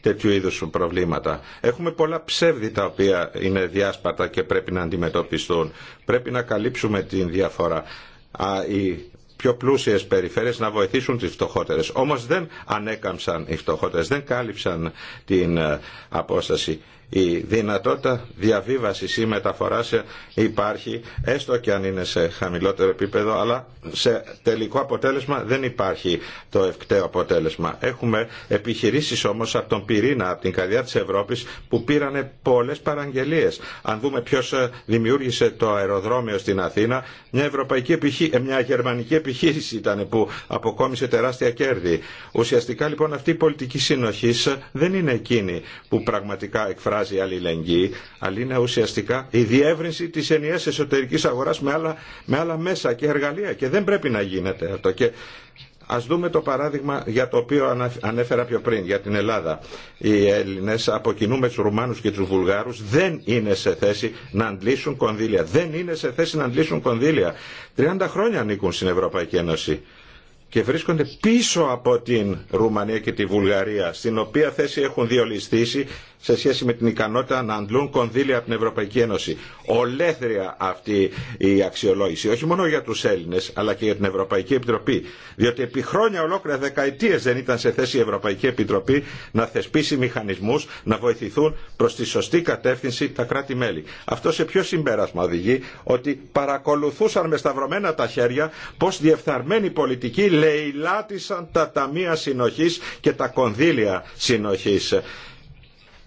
τέτοιου είδους προβλήματα. Έχουμε πολλά ψεύδη τα οποία είναι διάσπαρτα και πρέπει να αντιμετωπιστούν. Πρέπει να καλύψουμε την διαφορά. Α, οι πιο πλούσιες περιφέρειες να βοηθήσουν τις φτωχότερες. Όμως δεν ανέκαμψαν οι φτωχότερες, δεν κάλυψαν την ε, απόσταση η δυνατότητα διαβίβασης ή μεταφοράς υπάρχει έστω και αν είναι σε χαμηλότερο επίπεδο αλλά σε τελικό αποτέλεσμα δεν υπάρχει το ευκταίο αποτέλεσμα. Έχουμε επιχειρήσεις όμως από τον πυρήνα, από την καρδιά της Ευρώπης που πήραν πολλές παραγγελίες. Αν δούμε ποιος ε, δημιούργησε το αεροδρόμιο στην Αθήνα, μια, ευρωπαϊκή επιχεί... μια γερμανική επιχείρηση ήταν που αποκόμισε τεράστια κέρδη. Ουσιαστικά λοιπόν αυτή η πολιτική συνοχή ε, δεν είναι εκείνη που πραγματικά εκφράζει εκφράζει αλληλεγγύη, αλλά είναι ουσιαστικά η διεύρυνση της ενιαίας εσωτερικής αγοράς με άλλα, με μέσα και εργαλεία και δεν πρέπει να γίνεται αυτό. Και Ας δούμε το παράδειγμα για το οποίο ανέφερα πιο πριν, για την Ελλάδα. Οι Έλληνες από κοινού με τους Ρουμάνους και τους Βουλγάρους δεν είναι σε θέση να αντλήσουν κονδύλια. Δεν είναι σε θέση να αντλήσουν κονδύλια. 30 χρόνια ανήκουν στην Ευρωπαϊκή Ένωση και βρίσκονται πίσω από την Ρουμανία και τη Βουλγαρία, στην οποία θέση έχουν διολυστήσει σε σχέση με την ικανότητα να αντλούν κονδύλια από την Ευρωπαϊκή Ένωση. Ολέθρια αυτή η αξιολόγηση, όχι μόνο για του Έλληνε, αλλά και για την Ευρωπαϊκή Επιτροπή. Διότι επί χρόνια ολόκληρα δεκαετίε δεν ήταν σε θέση η Ευρωπαϊκή Επιτροπή να θεσπίσει μηχανισμού να βοηθηθούν προ τη σωστή κατεύθυνση τα κράτη-μέλη. Αυτό σε ποιο συμπέρασμα οδηγεί, ότι παρακολουθούσαν με σταυρωμένα τα χέρια πώ διεφθαρμένοι πολιτικοί λαιλάτισαν τα ταμεία συνοχή και τα κονδύλια συνοχή.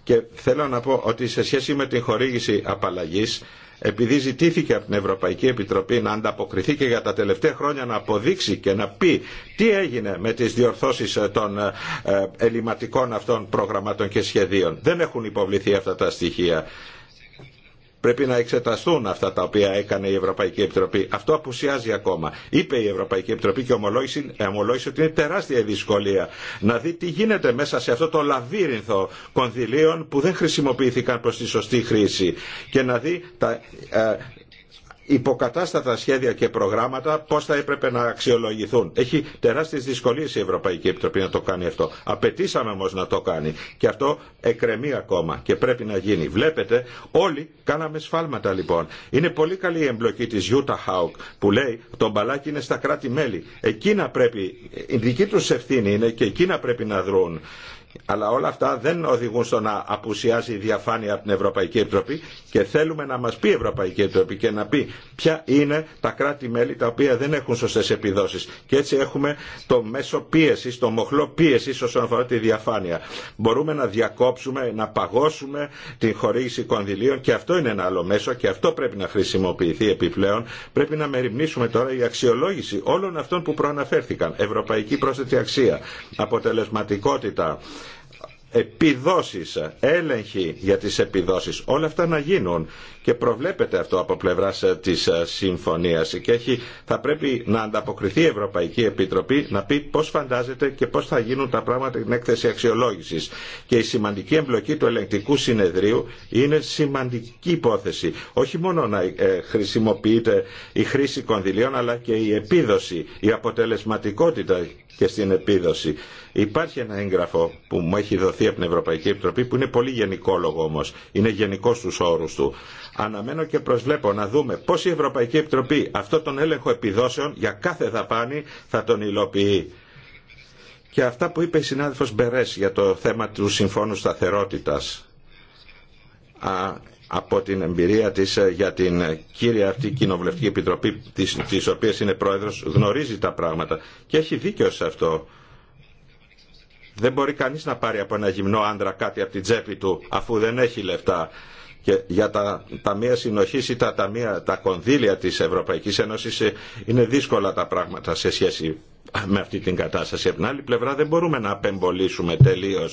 Και θέλω να πω ότι σε σχέση με την χορήγηση απαλλαγής, επειδή ζητήθηκε από την Ευρωπαϊκή Επιτροπή να ανταποκριθεί και για τα τελευταία χρόνια να αποδείξει και να πει τι έγινε με τις διορθώσεις ε, των ε, ε, ελληματικών αυτών προγραμμάτων και σχεδίων. Δεν έχουν υποβληθεί αυτά τα στοιχεία. Πρέπει να εξεταστούν αυτά τα οποία έκανε η Ευρωπαϊκή Επιτροπή. Αυτό απουσιάζει ακόμα. Είπε η Ευρωπαϊκή Επιτροπή και ομολόγησε, ομολόγησε ότι είναι τεράστια δυσκολία να δει τι γίνεται μέσα σε αυτό το λαβύρινθο κονδυλίων που δεν χρησιμοποιήθηκαν προς τη σωστή χρήση και να δει τα, ε, υποκατάστατα σχέδια και προγράμματα πώ θα έπρεπε να αξιολογηθούν. Έχει τεράστιε δυσκολίε η Ευρωπαϊκή Επιτροπή να το κάνει αυτό. Απαιτήσαμε όμω να το κάνει. Και αυτό εκρεμεί ακόμα και πρέπει να γίνει. Βλέπετε, όλοι κάναμε σφάλματα λοιπόν. Είναι πολύ καλή η εμπλοκή τη Utah Hawk που λέει το μπαλάκι είναι στα κράτη-μέλη. Εκείνα πρέπει, η δική του ευθύνη είναι και εκείνα πρέπει να δρουν. Αλλά όλα αυτά δεν οδηγούν στο να απουσιάζει η διαφάνεια από την Ευρωπαϊκή Επιτροπή και θέλουμε να μας πει η Ευρωπαϊκή Επιτροπή και να πει ποια είναι τα κράτη-μέλη τα οποία δεν έχουν σωστές επιδόσεις. Και έτσι έχουμε το μέσο πίεση, το μοχλό πίεση όσον αφορά τη διαφάνεια. Μπορούμε να διακόψουμε, να παγώσουμε την χορήγηση κονδυλίων και αυτό είναι ένα άλλο μέσο και αυτό πρέπει να χρησιμοποιηθεί επιπλέον. Πρέπει να μεριμνήσουμε τώρα η αξιολόγηση όλων αυτών που προαναφέρθηκαν. Ευρωπαϊκή πρόσθετη αξία, αποτελεσματικότητα, επιδόσεις, έλεγχη για τις επιδόσεις, όλα αυτά να γίνουν και προβλέπεται αυτό από πλευράς ε, της ε, συμφωνίας και έχει, θα πρέπει να ανταποκριθεί η Ευρωπαϊκή Επιτροπή να πει πώς φαντάζεται και πώς θα γίνουν τα πράγματα την έκθεση αξιολόγησης και η σημαντική εμπλοκή του ελεγκτικού συνεδρίου είναι σημαντική υπόθεση όχι μόνο να ε, χρησιμοποιείται η χρήση κονδυλίων αλλά και η επίδοση, η αποτελεσματικότητα και στην επίδοση. Υπάρχει ένα έγγραφο που μου έχει δοθεί από την Ευρωπαϊκή Επιτροπή που είναι πολύ λόγο όμω. Είναι γενικό στου όρου του. Αναμένω και προσβλέπω να δούμε πώ η Ευρωπαϊκή Επιτροπή αυτό τον έλεγχο επιδόσεων για κάθε δαπάνη θα τον υλοποιεί. Και αυτά που είπε η συνάδελφος Μπερές για το θέμα του Συμφώνου Σταθερότητας από την εμπειρία της ε, για την ε, κύρια αυτή κοινοβουλευτική επιτροπή της, της οποίας είναι πρόεδρος γνωρίζει τα πράγματα και έχει δίκιο σε αυτό. Δεν μπορεί κανείς να πάρει από ένα γυμνό άντρα κάτι από την τσέπη του αφού δεν έχει λεφτά. Και για τα ταμεία συνοχή ή τα, ταμεία, τα κονδύλια της Ευρωπαϊκής Ένωσης ε, είναι δύσκολα τα πράγματα σε σχέση με αυτή την κατάσταση. Από την άλλη πλευρά δεν μπορούμε να απεμπολίσουμε τελείω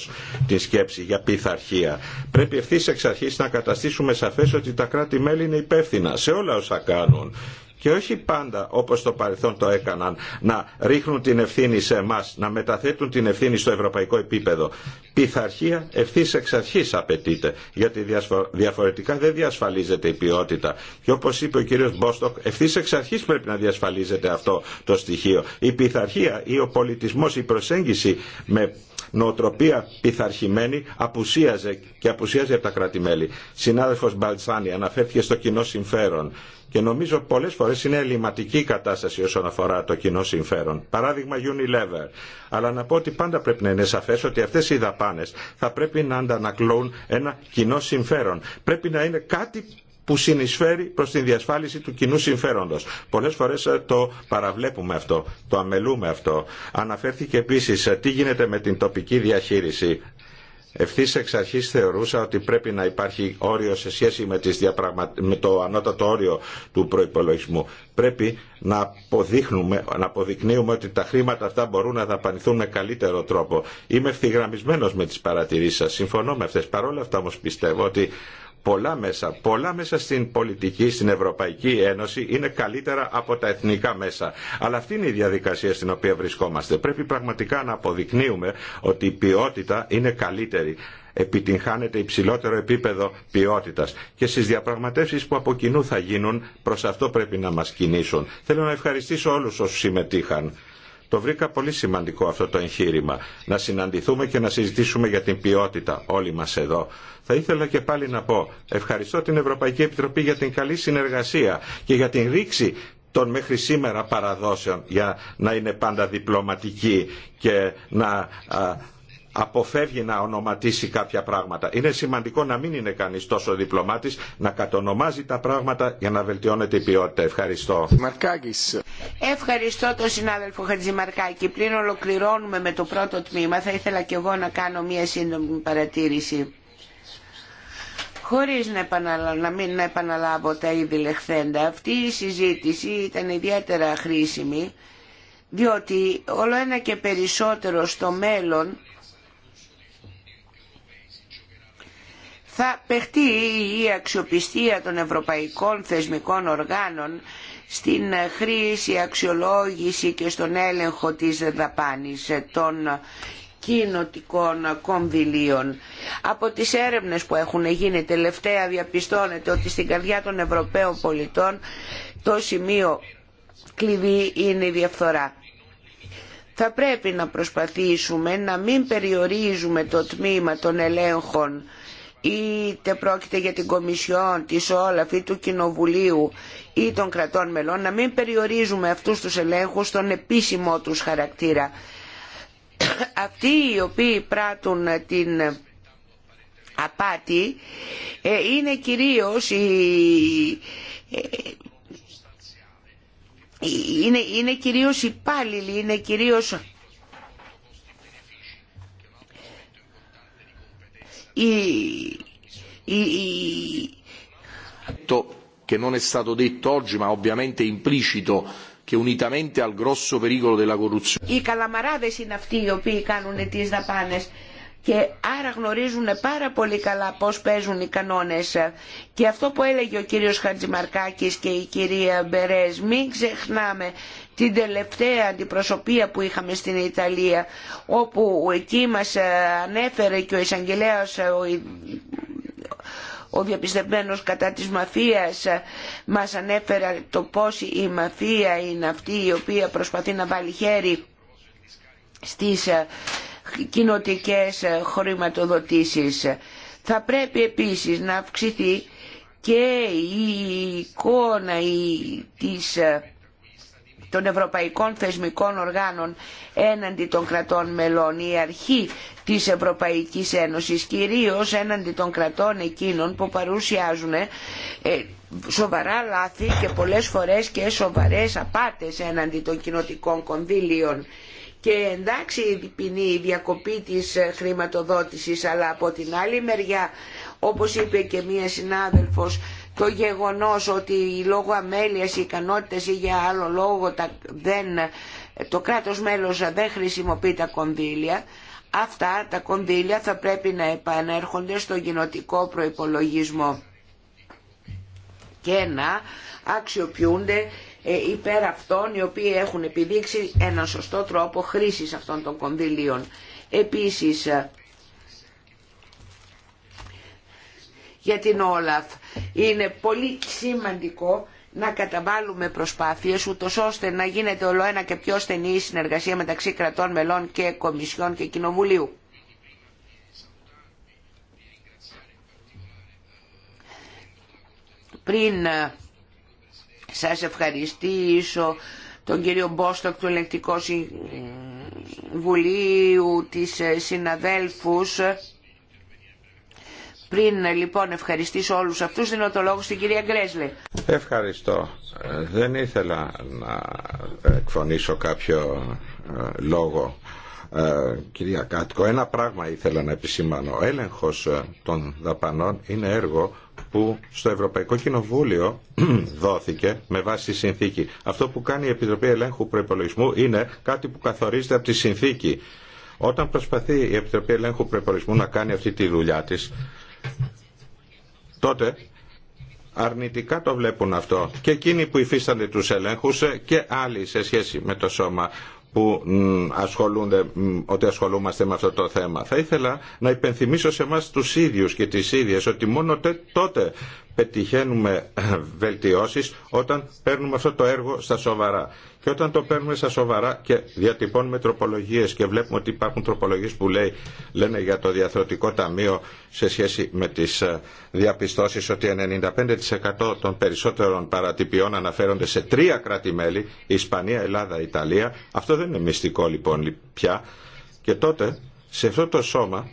τη σκέψη για πειθαρχία. Πρέπει ευθύ εξ αρχή να καταστήσουμε σαφέ ότι τα κράτη-μέλη είναι υπεύθυνα σε όλα όσα κάνουν και όχι πάντα όπως το παρελθόν το έκαναν να ρίχνουν την ευθύνη σε εμά, να μεταθέτουν την ευθύνη στο ευρωπαϊκό επίπεδο. Πειθαρχία ευθύ εξ αρχή απαιτείται, γιατί διαφορετικά δεν διασφαλίζεται η ποιότητα. Και όπω είπε ο κύριος Μπόστοκ, ευθύ εξ αρχή πρέπει να διασφαλίζεται αυτό το στοιχείο. Η πειθαρχία ή ο πολιτισμό, η προσέγγιση με νοοτροπία πειθαρχημένη απουσίαζε και απουσίαζε από τα κράτη-μέλη. Συνάδελφος Μπαλτσάνη αναφέρθηκε στο κοινό συμφέρον και νομίζω πολλές φορές είναι ελληματική η κατάσταση όσον αφορά το κοινό συμφέρον. Παράδειγμα Unilever. Αλλά να πω ότι πάντα πρέπει να είναι σαφές ότι αυτές οι δαπάνε θα πρέπει να αντανακλούν ένα κοινό συμφέρον. Πρέπει να είναι κάτι που συνεισφέρει προς την διασφάλιση του κοινού συμφέροντος. Πολλές φορές ε, το παραβλέπουμε αυτό, το αμελούμε αυτό. Αναφέρθηκε επίσης ε, τι γίνεται με την τοπική διαχείριση. Ευθύ εξ αρχή θεωρούσα ότι πρέπει να υπάρχει όριο σε σχέση με, το ανώτατο όριο του προπολογισμού. Πρέπει να, αποδείχνουμε, να αποδεικνύουμε ότι τα χρήματα αυτά μπορούν να δαπανηθούν με καλύτερο τρόπο. Είμαι ευθυγραμμισμένο με τι παρατηρήσει σα. Συμφωνώ με αυτέ. Παρ' όλα αυτά όμω πιστεύω ότι πολλά μέσα, πολλά μέσα στην πολιτική, στην Ευρωπαϊκή Ένωση είναι καλύτερα από τα εθνικά μέσα. Αλλά αυτή είναι η διαδικασία στην οποία βρισκόμαστε. Πρέπει πραγματικά να αποδεικνύουμε ότι η ποιότητα είναι καλύτερη επιτυγχάνεται υψηλότερο επίπεδο ποιότητα. Και στι διαπραγματεύσει που από κοινού θα γίνουν, προ αυτό πρέπει να μα κινήσουν. Θέλω να ευχαριστήσω όλου όσου συμμετείχαν. Το βρήκα πολύ σημαντικό αυτό το εγχείρημα. Να συναντηθούμε και να συζητήσουμε για την ποιότητα όλοι μας εδώ. Θα ήθελα και πάλι να πω ευχαριστώ την Ευρωπαϊκή Επιτροπή για την καλή συνεργασία και για την ρήξη των μέχρι σήμερα παραδόσεων για να είναι πάντα διπλωματική και να αποφεύγει να ονοματίσει κάποια πράγματα. Είναι σημαντικό να μην είναι κανείς τόσο διπλωμάτης, να κατονομάζει τα πράγματα για να βελτιώνεται η ποιότητα. Ευχαριστώ. Μαρκάκης. Ευχαριστώ τον συνάδελφο Χατζημαρκάκη. Πριν ολοκληρώνουμε με το πρώτο τμήμα, θα ήθελα και εγώ να κάνω μια σύντομη παρατήρηση. Χωρίς να, μην επαναλάβω τα ήδη λεχθέντα, αυτή η συζήτηση ήταν ιδιαίτερα χρήσιμη, διότι όλο ένα και περισσότερο στο μέλλον θα παιχτεί η αξιοπιστία των ευρωπαϊκών θεσμικών οργάνων στην χρήση, αξιολόγηση και στον έλεγχο της δαπάνης των κοινοτικών κονδυλίων. Από τις έρευνες που έχουν γίνει τελευταία διαπιστώνεται ότι στην καρδιά των Ευρωπαίων πολιτών το σημείο κλειδί είναι η διαφθορά. Θα πρέπει να προσπαθήσουμε να μην περιορίζουμε το τμήμα των ελέγχων είτε πρόκειται για την Κομισιόν, της Όλαφ ή του Κοινοβουλίου ή των κρατών μελών, να μην περιορίζουμε αυτούς τους ελέγχους στον επίσημό τους χαρακτήρα αυτοί οι οποίοι πράττουν την απάτη ε, είναι κυρίως οι... Ε, είναι, είναι κυρίως υπάλληλοι, είναι κυρίως η, η, η... che non è stato detto oggi ma ovviamente implicito οι καλαμαράδες είναι αυτοί οι οποίοι κάνουν τι δαπάνε και άρα γνωρίζουν πάρα πολύ καλά πώ παίζουν οι κανόνε. Και αυτό που έλεγε ο κύριο Χατζημαρκάκη και η κυρία Μπερές, μην ξεχνάμε την τελευταία αντιπροσωπεία που είχαμε στην Ιταλία, όπου εκεί μας ανέφερε και ο εισαγγελέας ο διαπιστευμένος κατά της μαφίας μας ανέφερε το πώς η μαφία είναι αυτή η οποία προσπαθεί να βάλει χέρι στις ε, κοινοτικές ε, χρηματοδοτήσεις. Θα πρέπει επίσης να αυξηθεί και η εικόνα της ε, των ευρωπαϊκών θεσμικών οργάνων έναντι των κρατών μελών. Η αρχή της Ευρωπαϊκής Ένωσης, κυρίως έναντι των κρατών εκείνων που παρουσιάζουν ε, σοβαρά λάθη και πολλές φορές και σοβαρές απάτες έναντι των κοινοτικών κονδύλιων. Και εντάξει η ποινή, η διακοπή της ε, χρηματοδότησης, αλλά από την άλλη μεριά, όπως είπε και μία συνάδελφος, το γεγονός ότι λόγω αμέλειας ή ικανότητες ή για άλλο λόγο δεν, το κράτος μέλος δεν χρησιμοποιεί τα κονδύλια, αυτά τα κονδύλια θα πρέπει να επανέρχονται στο κοινοτικό προϋπολογισμό και να αξιοποιούνται ε, υπέρ αυτών οι οποίοι έχουν επιδείξει έναν σωστό τρόπο χρήσης αυτών των κονδυλίων. Επίσης, ε, για την Όλαφ είναι πολύ σημαντικό να καταβάλουμε προσπάθειες ούτως ώστε να γίνεται ολοένα και πιο στενή η συνεργασία μεταξύ κρατών μελών και κομισιών και κοινοβουλίου. Πριν ε, σας ευχαριστήσω τον κύριο Μπόστοκ του Ελεκτικού Συμβουλίου, της ε, συναδέλφους πριν λοιπόν ευχαριστήσω όλους αυτούς, δίνω το λόγο στην κυρία Γκρέσλε. Ευχαριστώ. Δεν ήθελα να εκφωνήσω κάποιο ε, λόγο. Ε, κυρία Κάτκο, ένα πράγμα ήθελα να επισημάνω. Ο έλεγχος ε, των δαπανών είναι έργο που στο Ευρωπαϊκό Κοινοβούλιο *clears throat* δόθηκε με βάση τη συνθήκη. Αυτό που κάνει η Επιτροπή Ελέγχου Προπολογισμού είναι κάτι που καθορίζεται από τη συνθήκη. Όταν προσπαθεί η Επιτροπή Ελέγχου Προπολογισμού να κάνει αυτή τη δουλειά της, τότε αρνητικά το βλέπουν αυτό και εκείνοι που υφίστανται τους ελέγχους και άλλοι σε σχέση με το σώμα που ασχολούνται, ότι ασχολούμαστε με αυτό το θέμα. Θα ήθελα να υπενθυμίσω σε εμά τους ίδιους και τις ίδιες ότι μόνο τότε πετυχαίνουμε βελτιώσεις όταν παίρνουμε αυτό το έργο στα σοβαρά. Και όταν το παίρνουμε στα σοβαρά και διατυπώνουμε τροπολογίε και βλέπουμε ότι υπάρχουν τροπολογίε που λέει, λένε για το διαθροτικό ταμείο σε σχέση με τι ε, διαπιστώσει ότι 95% των περισσότερων παρατυπιών αναφέρονται σε τρία κράτη-μέλη, Ισπανία, Ελλάδα, Ιταλία. Αυτό δεν είναι μυστικό λοιπόν πια. Και τότε σε αυτό το σώμα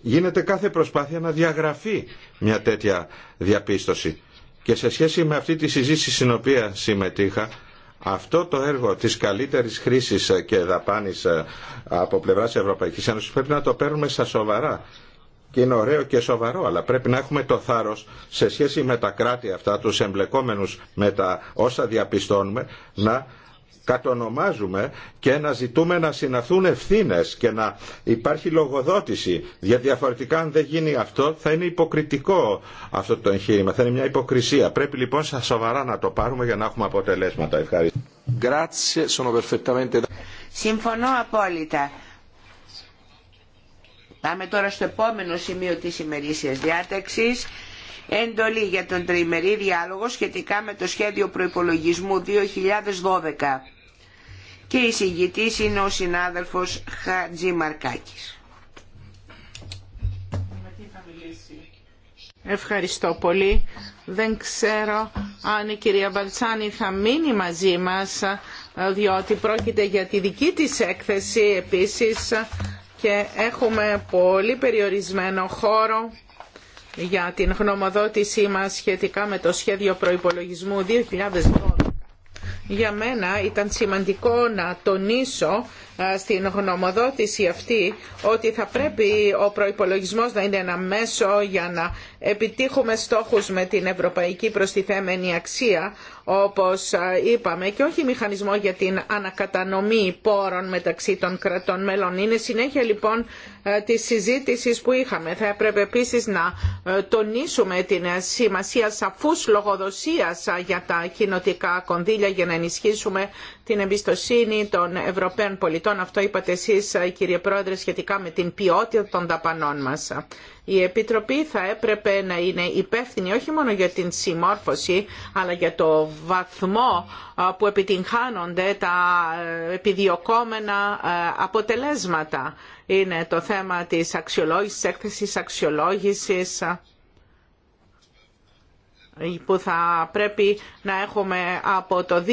γίνεται κάθε προσπάθεια να διαγραφεί μια τέτοια διαπίστωση. Και σε σχέση με αυτή τη συζήτηση στην οποία συμμετείχα, αυτό το έργο της καλύτερης χρήσης και δαπάνης ε, από πλευράς Ευρωπαϊκής Ένωσης πρέπει να το παίρνουμε στα σοβαρά. Και είναι ωραίο και σοβαρό, αλλά πρέπει να έχουμε το θάρρος σε σχέση με τα κράτη αυτά, τους εμπλεκόμενους με τα όσα διαπιστώνουμε, να κατονομάζουμε και να ζητούμε να συναθούν ευθύνε και να υπάρχει λογοδότηση. Για διαφορετικά αν δεν γίνει αυτό θα είναι υποκριτικό αυτό το εγχείρημα, θα είναι μια υποκρισία. Πρέπει λοιπόν σαν σοβαρά να το πάρουμε για να έχουμε αποτελέσματα. Ευχαριστώ. Συμφωνώ απόλυτα. Πάμε τώρα στο επόμενο σημείο της ημερήσιας διάταξης. Εντολή για τον τριημερή διάλογο σχετικά με το σχέδιο προϋπολογισμού 2012 και η συγγητής είναι ο συνάδελφος Χατζή Μαρκάκης. Ευχαριστώ πολύ. Δεν ξέρω αν η κυρία Μπαλτσάνη θα μείνει μαζί μας, διότι πρόκειται για τη δική της έκθεση επίσης και έχουμε πολύ περιορισμένο χώρο για την γνωμοδότησή μας σχετικά με το σχέδιο προϋπολογισμού 2012 για μένα ήταν σημαντικό να τονίσω στην γνωμοδότηση αυτή ότι θα πρέπει ο προϋπολογισμός να είναι ένα μέσο για να επιτύχουμε στόχους με την ευρωπαϊκή προστιθέμενη αξία όπως είπαμε και όχι μηχανισμό για την ανακατανομή πόρων μεταξύ των κρατών μέλων. Είναι συνέχεια λοιπόν τη συζήτηση που είχαμε. Θα έπρεπε επίσης να τονίσουμε την σημασία σαφούς λογοδοσίας για τα κοινοτικά κονδύλια για να ενισχύσουμε την εμπιστοσύνη των Ευρωπαίων πολιτών. Αυτό είπατε εσείς κύριε Πρόεδρε σχετικά με την ποιότητα των δαπανών μας. Η Επιτροπή θα έπρεπε να είναι υπεύθυνη όχι μόνο για την συμμόρφωση αλλά για το βαθμό που επιτυγχάνονται τα ε, επιδιωκόμενα ε, αποτελέσματα. Είναι το θέμα της αξιολόγησης, της έκθεσης αξιολόγησης που θα πρέπει να έχουμε από το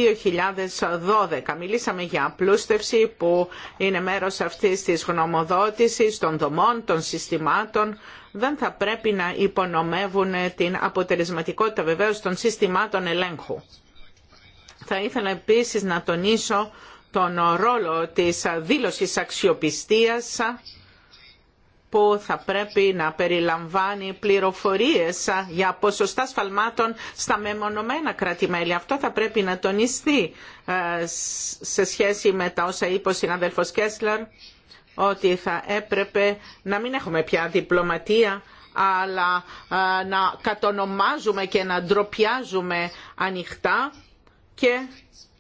2012. Μιλήσαμε για απλούστευση που είναι μέρος αυτής της γνωμοδότησης των δομών, των συστημάτων. Δεν θα πρέπει να υπονομεύουν την αποτελεσματικότητα βεβαίως των συστημάτων ελέγχου. Θα ήθελα επίσης να τονίσω τον ρόλο της δήλωσης αξιοπιστίας που θα πρέπει να περιλαμβάνει πληροφορίες για ποσοστά σφαλμάτων στα μεμονωμένα κράτη-μέλη. Αυτό θα πρέπει να τονιστεί ε, σε σχέση με τα όσα είπε ο συνάδελφος Κέσλερ ότι θα έπρεπε να μην έχουμε πια διπλωματία αλλά ε, να κατονομάζουμε και να ντροπιάζουμε ανοιχτά και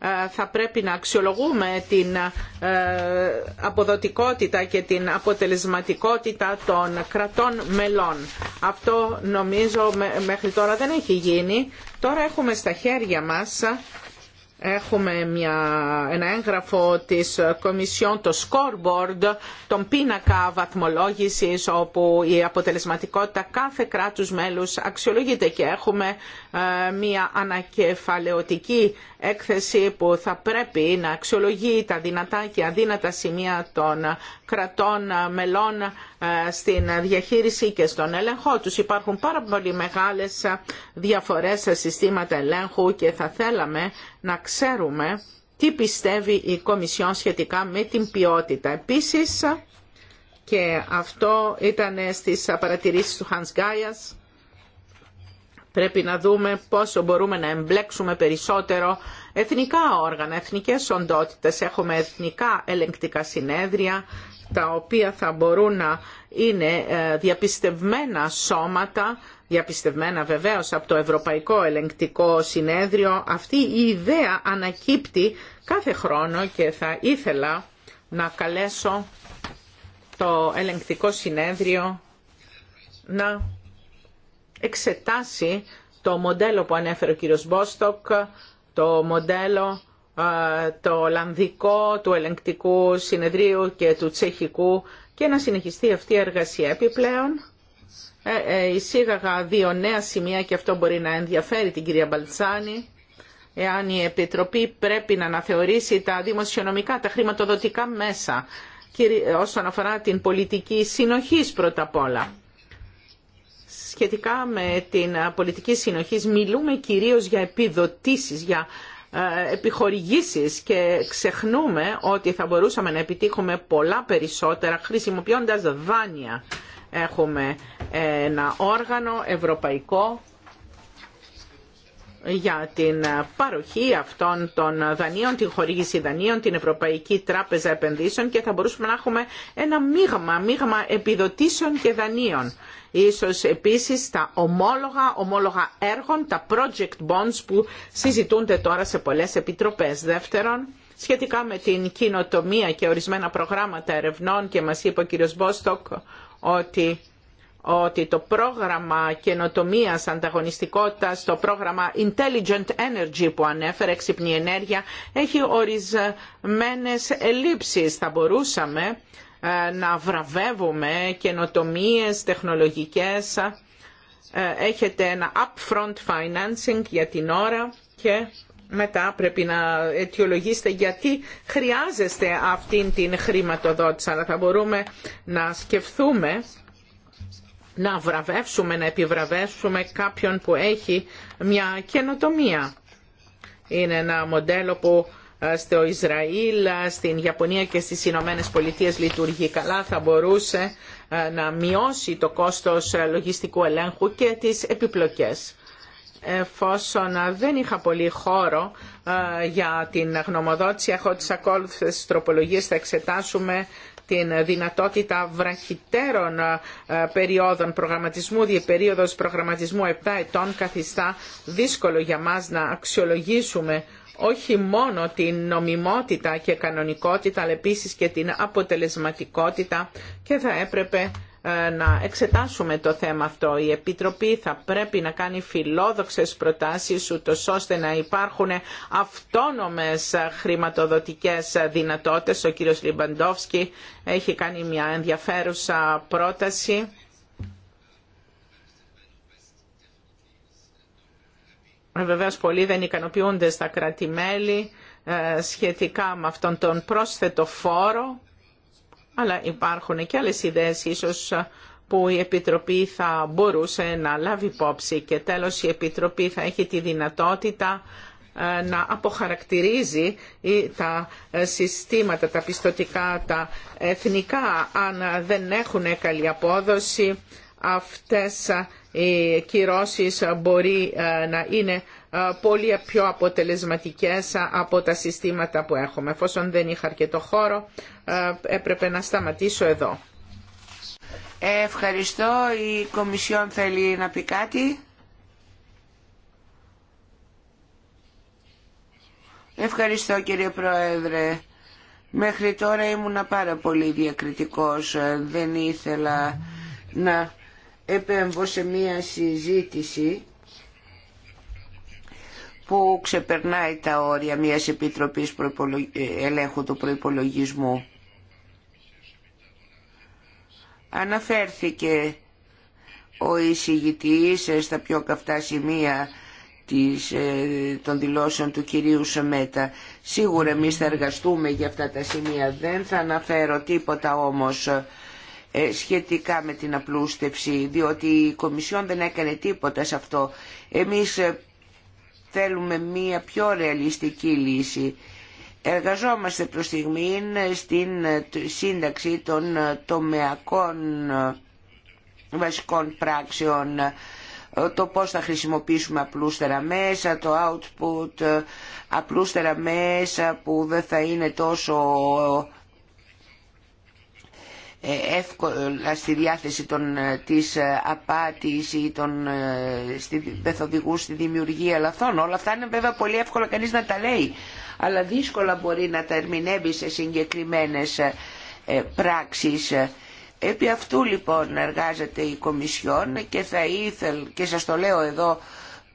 ε, θα πρέπει να αξιολογούμε την ε, αποδοτικότητα και την αποτελεσματικότητα των κρατών μελών. Αυτό νομίζω μέχρι τώρα δεν έχει γίνει. Τώρα έχουμε στα χέρια μας Έχουμε μια, ένα έγγραφο της Κομισιόν, το scoreboard, τον πίνακα βαθμολόγησης όπου η αποτελεσματικότητα κάθε κράτους μέλους αξιολογείται και έχουμε ε, μια ανακεφαλαιωτική έκθεση που θα πρέπει να αξιολογεί τα δυνατά και αδύνατα σημεία των κρατών μελών ε, στην διαχείριση και στον έλεγχό τους. Υπάρχουν πάρα πολύ μεγάλες διαφορές σε συστήματα ελέγχου και θα θέλαμε να ξέρουμε τι πιστεύει η Κομισιόν σχετικά με την ποιότητα. Επίσης, και αυτό ήταν στις παρατηρήσεις του Hans Γκάιας, πρέπει να δούμε πόσο μπορούμε να εμπλέξουμε περισσότερο εθνικά όργανα, εθνικές οντότητες. Έχουμε εθνικά ελεγκτικά συνέδρια τα οποία θα μπορούν να είναι ε, διαπιστευμένα σώματα, διαπιστευμένα βεβαίως από το Ευρωπαϊκό Ελεγκτικό Συνέδριο. Αυτή η ιδέα ανακύπτει κάθε χρόνο και θα ήθελα να καλέσω το Ελεγκτικό Συνέδριο να εξετάσει το μοντέλο που ανέφερε ο κύριος Μπόστοκ, το μοντέλο το Ολλανδικό, του Ελεγκτικού Συνεδρίου και του Τσεχικού και να συνεχιστεί αυτή η εργασία. Επιπλέον, ε, ε, εισήγαγα δύο νέα σημεία και αυτό μπορεί να ενδιαφέρει την κυρία Μπαλτσάνη. Εάν η Επιτροπή πρέπει να αναθεωρήσει τα δημοσιονομικά, τα χρηματοδοτικά μέσα, όσον αφορά την πολιτική συνοχής πρώτα απ' όλα. Σχετικά με την πολιτική συνοχής μιλούμε κυρίως για επιδοτήσεις, για ε, επιχορηγήσεις και ξεχνούμε ότι θα μπορούσαμε να επιτύχουμε πολλά περισσότερα χρησιμοποιώντας δάνεια. Έχουμε ένα όργανο ευρωπαϊκό για την παροχή αυτών των δανείων, την χορήγηση δανείων, την Ευρωπαϊκή Τράπεζα Επενδύσεων και θα μπορούσαμε να έχουμε ένα μείγμα, μείγμα επιδοτήσεων και δανείων. Ίσως επίσης τα ομόλογα, ομόλογα έργων, τα project bonds που συζητούνται τώρα σε πολλές επιτροπές. Δεύτερον, σχετικά με την κοινοτομία και ορισμένα προγράμματα ερευνών και μας είπε ο κ. Μπόστοκ ότι ότι το πρόγραμμα καινοτομίας ανταγωνιστικότητα το πρόγραμμα Intelligent Energy που ανέφερε, εξυπνή ενέργεια, έχει ορισμένες ελλείψει. Θα μπορούσαμε ε, να βραβεύουμε καινοτομίες τεχνολογικές. Ε, έχετε ένα upfront financing για την ώρα και μετά πρέπει να αιτιολογήσετε γιατί χρειάζεστε αυτήν την χρηματοδότηση. Αλλά θα μπορούμε να σκεφτούμε να βραβεύσουμε, να επιβραβεύσουμε κάποιον που έχει μια καινοτομία. Είναι ένα μοντέλο που ε, στο Ισραήλ, ε, στην Ιαπωνία και στις Ηνωμένε Πολιτείε λειτουργεί καλά, θα μπορούσε ε, να μειώσει το κόστος λογιστικού ελέγχου και τις επιπλοκές. Εφόσον δεν είχα πολύ χώρο για την γνωμοδότηση, έχω τις ακόλουθες τροπολογίες, θα εξετάσουμε την δυνατότητα βραχυτέρων ε, περιόδων προγραμματισμού, η προγραμματισμού 7 ετών καθιστά δύσκολο για μας να αξιολογήσουμε όχι μόνο την νομιμότητα και κανονικότητα, αλλά επίσης και την αποτελεσματικότητα και θα έπρεπε ε, να εξετάσουμε το θέμα αυτό. Η Επιτροπή θα πρέπει να κάνει φιλόδοξες προτάσεις ούτως ώστε να υπάρχουν αυτόνομες χρηματοδοτικές δυνατότητες. Ο κύριος Λιμπαντόφσκι έχει κάνει μια ενδιαφέρουσα πρόταση. Ε, Βεβαίω πολλοί δεν ικανοποιούνται στα κράτη-μέλη ε, σχετικά με αυτόν τον πρόσθετο φόρο αλλά υπάρχουν και άλλες ιδέες ίσως ε, που η Επιτροπή θα μπορούσε να λάβει υπόψη και τέλος η Επιτροπή θα έχει τη δυνατότητα ε, να αποχαρακτηρίζει τα ε, συστήματα, τα πιστοτικά, τα εθνικά, αν δεν έχουν καλή απόδοση, αυτές οι κυρώσεις μπορεί να είναι ε, πολύ πιο αποτελεσματικές ε, από τα συστήματα που έχουμε. Εφόσον δεν είχα αρκετό χώρο, ε, έπρεπε να σταματήσω εδώ. Ευχαριστώ. Η Κομισιόν θέλει να πει κάτι. Ευχαριστώ κύριε Πρόεδρε. Μέχρι τώρα ήμουνα πάρα πολύ διακριτικός. Δεν ήθελα να επέμβω σε μία συζήτηση που ξεπερνάει τα όρια μιας Επιτροπής Ελέγχου του Προϋπολογισμού. Αναφέρθηκε ο εισηγητής ε, στα πιο καυτά σημεία της, ε, των δηλώσεων του κυρίου Σεμέτα. Σίγουρα εμεί θα εργαστούμε για αυτά τα σημεία. Δεν θα αναφέρω τίποτα όμως ε, σχετικά με την απλούστευση, διότι η Κομισιόν δεν έκανε τίποτα σε αυτό. Εμείς θέλουμε μία πιο ρεαλιστική λύση. Εργαζόμαστε προς στιγμή στην ε, σύνταξη των ε, τομεακών ε, βασικών πράξεων, το πώς θα χρησιμοποιήσουμε απλούστερα μέσα, το output, απλούστερα μέσα που δεν θα είναι τόσο ε, εύκολα στη διάθεση ε, της ε, απάτης ή των πεθοδηγού στη δημιουργία λαθών. Όλα αυτά είναι βέβαια πολύ εύκολα κανείς να τα λέει, αλλά δύσκολα μπορεί να τα ερμηνεύει σε συγκεκριμένες πράξεις. Επί αυτού λοιπόν εργάζεται η Κομισιόν και θα ήθελ, και σας το λέω εδώ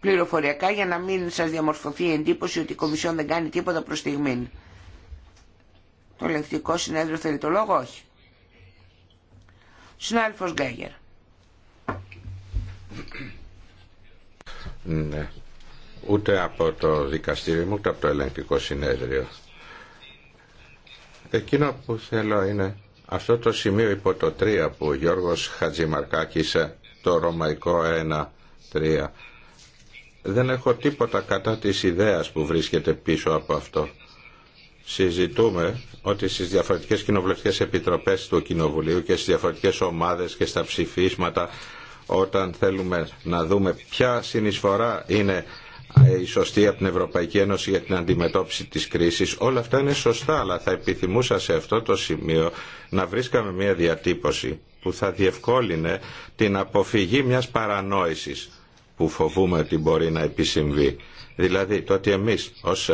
πληροφοριακά για να μην σας διαμορφωθεί η εντύπωση ότι η Κομισιόν δεν κάνει τίποτα προς στιγμήν. Το λεκτικό συνέδριο θέλει το λόγο, όχι. Συνάδελφος Γκέγερ. Ναι. Ούτε από το δικαστήριο μου, ούτε από το ελεγκτικό συνέδριο. Εκείνο που θέλω είναι αυτό το σημείο υπό το 3 που ο Γιώργος Χατζημαρκάκης το ρωμαϊκό 1-3. Δεν έχω τίποτα κατά της ιδέας που βρίσκεται πίσω από αυτό συζητούμε ότι στις διαφορετικές κοινοβουλευτικές επιτροπές του Κοινοβουλίου και στις διαφορετικές ομάδες και στα ψηφίσματα όταν θέλουμε να δούμε ποια συνεισφορά είναι η σωστή από την Ευρωπαϊκή Ένωση για την αντιμετώπιση της κρίσης. Όλα αυτά είναι σωστά, αλλά θα επιθυμούσα σε αυτό το σημείο να βρίσκαμε μια διατύπωση που θα διευκόλυνε την αποφυγή μιας παρανόησης που φοβούμε ότι μπορεί να επισυμβεί. Δηλαδή το ότι εμείς ως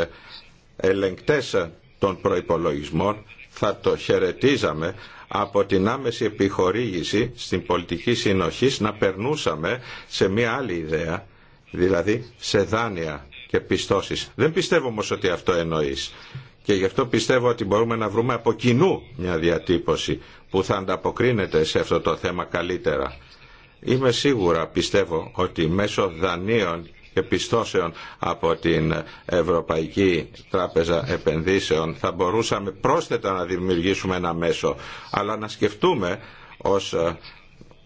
ελεγκτές των προϋπολογισμών θα το χαιρετίζαμε από την άμεση επιχορήγηση στην πολιτική συνοχή να περνούσαμε σε μια άλλη ιδέα, δηλαδή σε δάνεια και πιστώσεις. Δεν πιστεύω όμως ότι αυτό εννοείς. Και γι' αυτό πιστεύω ότι μπορούμε να βρούμε από κοινού μια διατύπωση που θα ανταποκρίνεται σε αυτό το θέμα καλύτερα. Είμαι σίγουρα, πιστεύω, ότι μέσω δανείων και από την Ευρωπαϊκή Τράπεζα Επενδύσεων θα μπορούσαμε πρόσθετα να δημιουργήσουμε ένα μέσο αλλά να σκεφτούμε ως ε,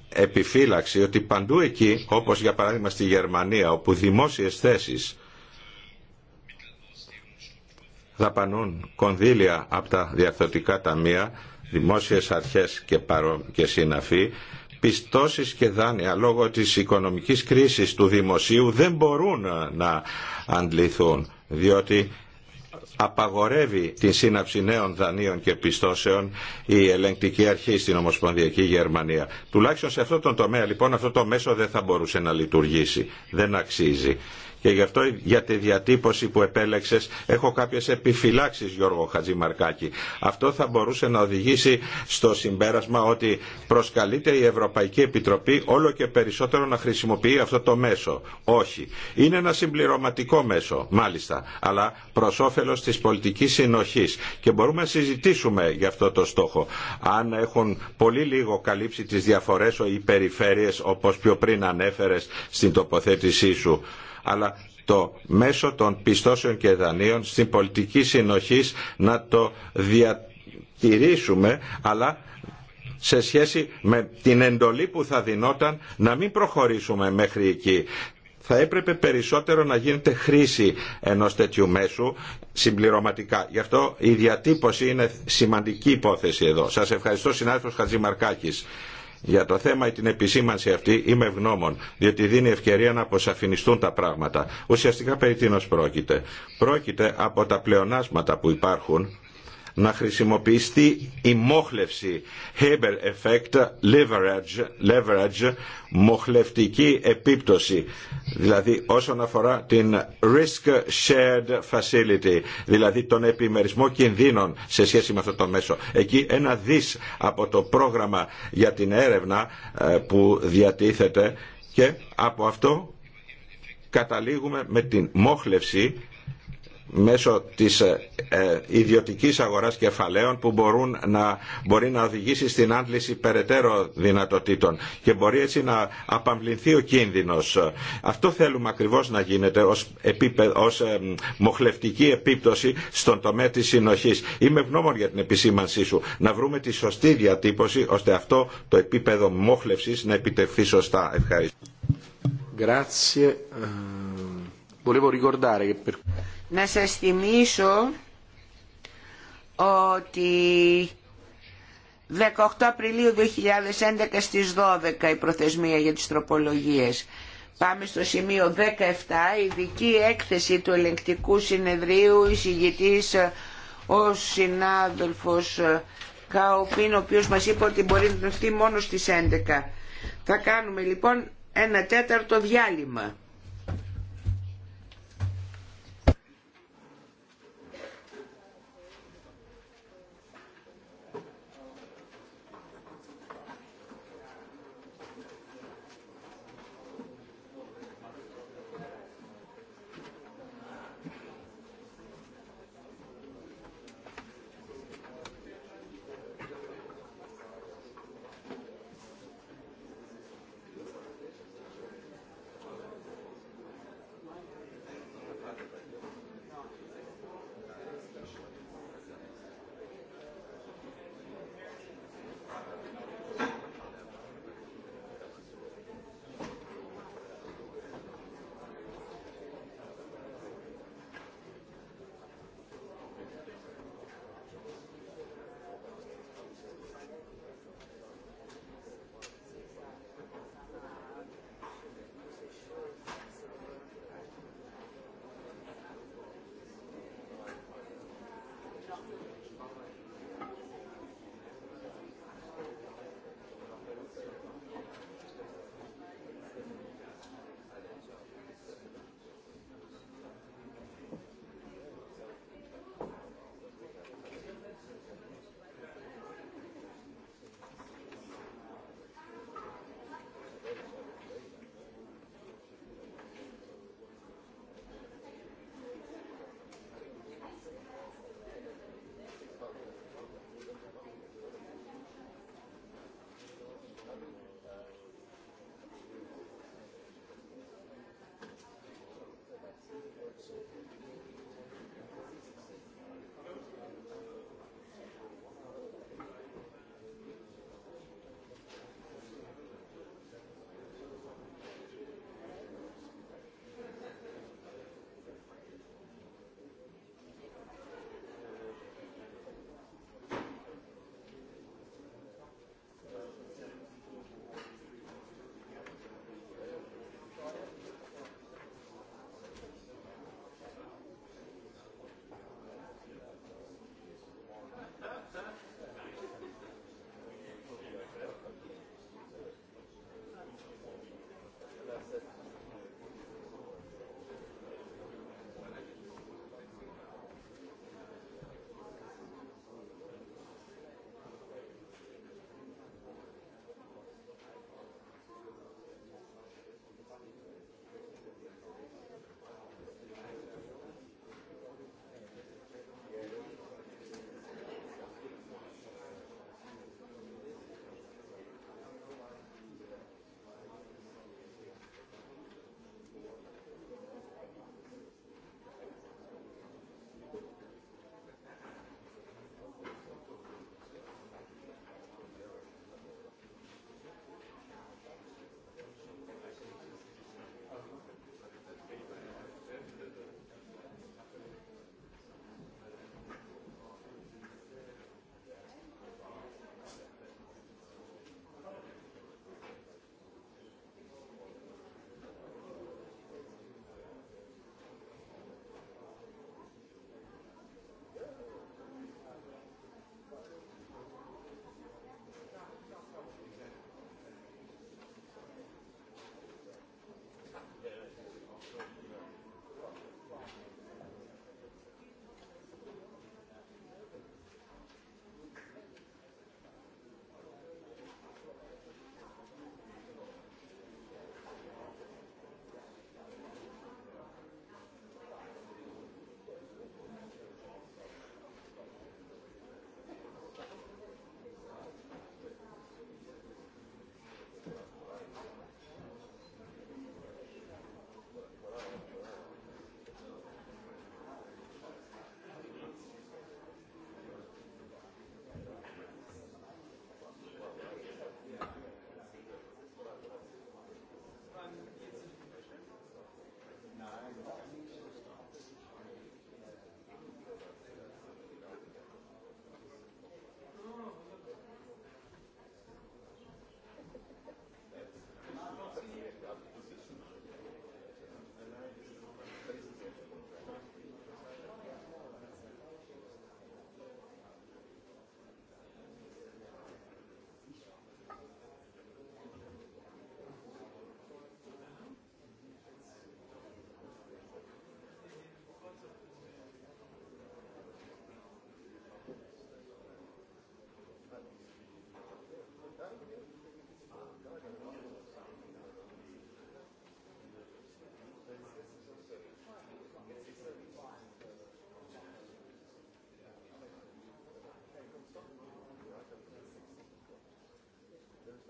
επιφύλαξη ότι παντού εκεί όπως για παράδειγμα στη Γερμανία όπου δημόσιες θέσεις δαπανούν κονδύλια από τα διαρθωτικά ταμεία δημόσιες αρχές και, παρο... και συναφή πιστώσεις και δάνεια λόγω της οικονομικής κρίσης του δημοσίου δεν μπορούν να αντληθούν διότι απαγορεύει την σύναψη νέων δανείων και πιστώσεων η ελεγκτική αρχή στην Ομοσπονδιακή Γερμανία. Τουλάχιστον σε αυτό τον τομέα λοιπόν αυτό το μέσο δεν θα μπορούσε να λειτουργήσει. Δεν αξίζει. Και γι' αυτό για τη διατύπωση που επέλεξες έχω κάποιες επιφυλάξεις Γιώργο Χατζημαρκάκη. Αυτό θα μπορούσε να οδηγήσει στο συμπέρασμα ότι προσκαλείται η Ευρωπαϊκή Επιτροπή όλο και περισσότερο να χρησιμοποιεί αυτό το μέσο. Όχι. Είναι ένα συμπληρωματικό μέσο, μάλιστα, αλλά προ όφελο τη πολιτική συνοχή. Και μπορούμε να συζητήσουμε γι' αυτό το στόχο. Αν έχουν πολύ λίγο καλύψει τι διαφορέ οι περιφέρειες όπω πιο πριν ανέφερε στην τοποθέτησή σου αλλά το μέσο των πιστώσεων και δανείων στην πολιτική συνοχής να το διατηρήσουμε, αλλά σε σχέση με την εντολή που θα δινόταν να μην προχωρήσουμε μέχρι εκεί. Θα έπρεπε περισσότερο να γίνεται χρήση ενός τέτοιου μέσου συμπληρωματικά. Γι' αυτό η διατύπωση είναι σημαντική υπόθεση εδώ. Σας ευχαριστώ συνάδελφος Χατζημαρκάκης. Για το θέμα ή την επισήμανση αυτή είμαι ευγνώμων, διότι δίνει ευκαιρία να αποσαφινιστούν τα πράγματα. Ουσιαστικά περί τίνος πρόκειται. Πρόκειται από τα πλεονάσματα που υπάρχουν να χρησιμοποιηθεί η μόχλευση Hebel effect, leverage, leverage, μοχλευτική επίπτωση, δηλαδή όσον αφορά την risk shared facility, δηλαδή τον επιμερισμό κινδύνων σε σχέση με αυτό το μέσο. Εκεί ένα δις από το πρόγραμμα για την έρευνα ε, που διατίθεται και από αυτό καταλήγουμε με την μόχλευση μέσω της ε, ε, ιδιωτικής αγοράς κεφαλαίων που μπορούν να, μπορεί να οδηγήσει στην άντληση περαιτέρω δυνατοτήτων και μπορεί έτσι να απαμβληθεί ο κίνδυνος. Αυτό θέλουμε ακριβώς να γίνεται ως, επίπε, ως ε, μοχλευτική επίπτωση στον τομέα της συνοχής. Είμαι ευγνώμων για την επισήμανσή σου. Να βρούμε τη σωστή διατύπωση ώστε αυτό το επίπεδο μόχλευσης να επιτευχθεί σωστά. Ευχαριστώ. Grazie. Volevo ricordare che per να σας θυμίσω ότι 18 Απριλίου 2011 στις 12 η προθεσμία για τις τροπολογίες. Πάμε στο σημείο 17, ειδική έκθεση του ελεγκτικού συνεδρίου, εισηγητής ο συνάδελφος Καοπίν, ο οποίος μας είπε ότι μπορεί να δεχτεί μόνο στις 11. Θα κάνουμε λοιπόν ένα τέταρτο διάλειμμα.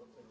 Υπότιτλοι AUTHORWAVE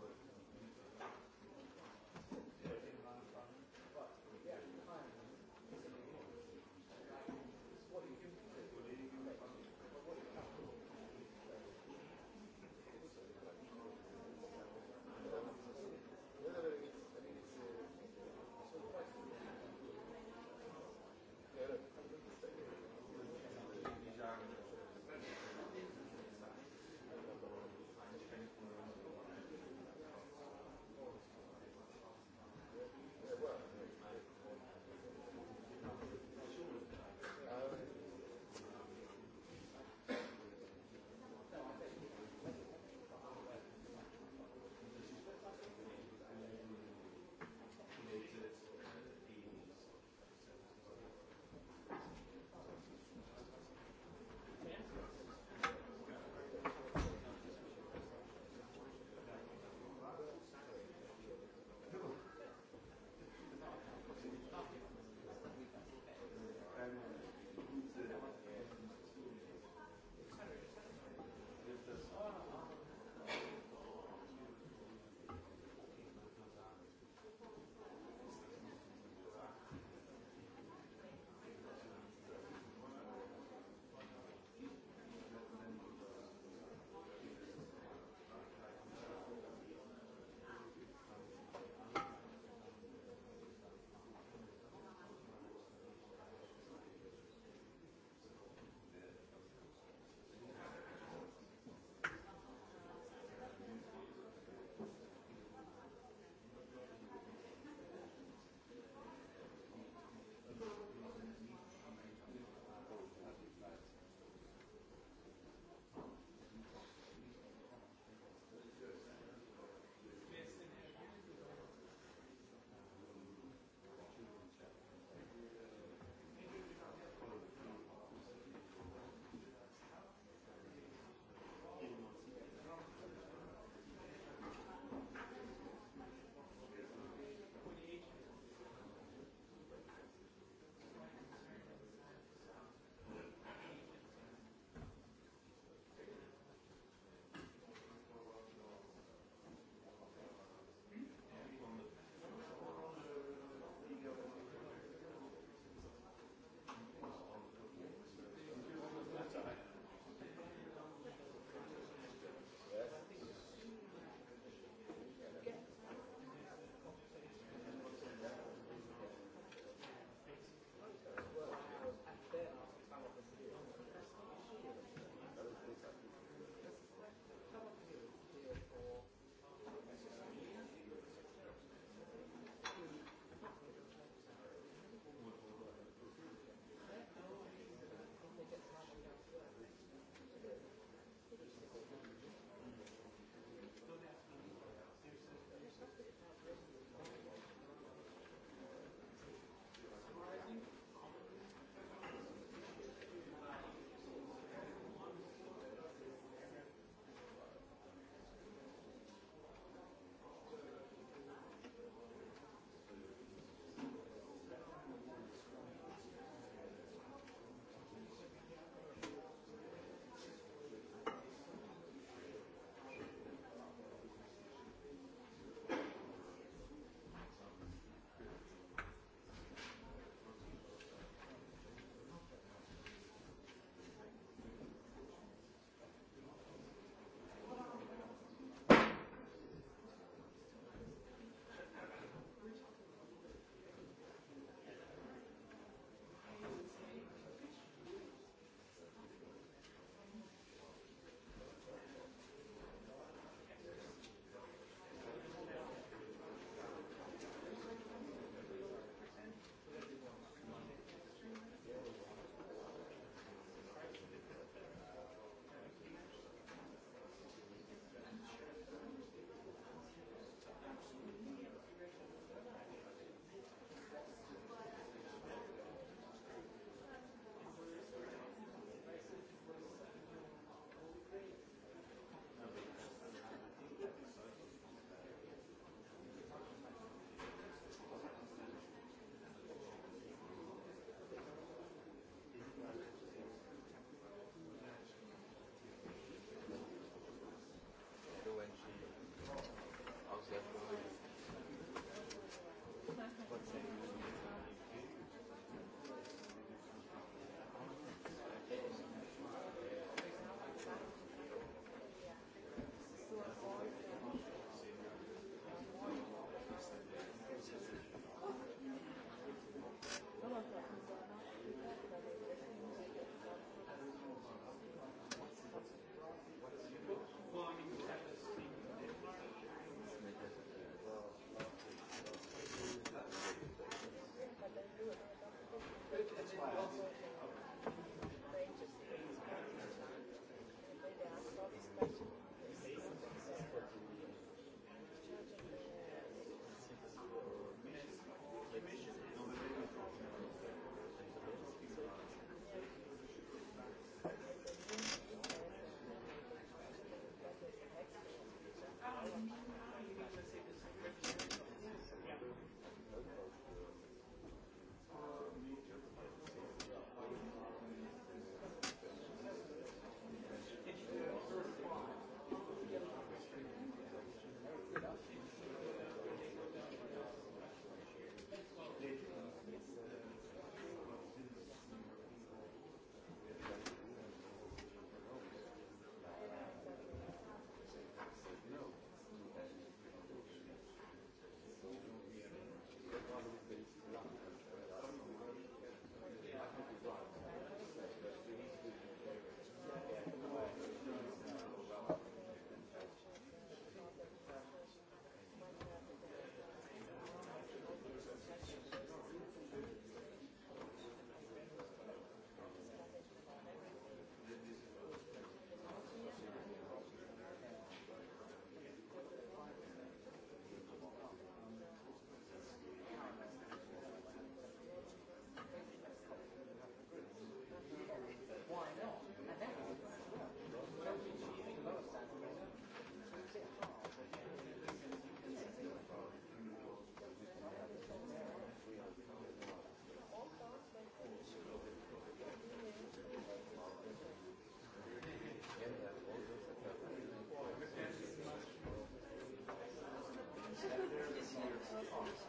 Υπότιτλοι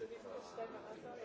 Ευχαριστώ.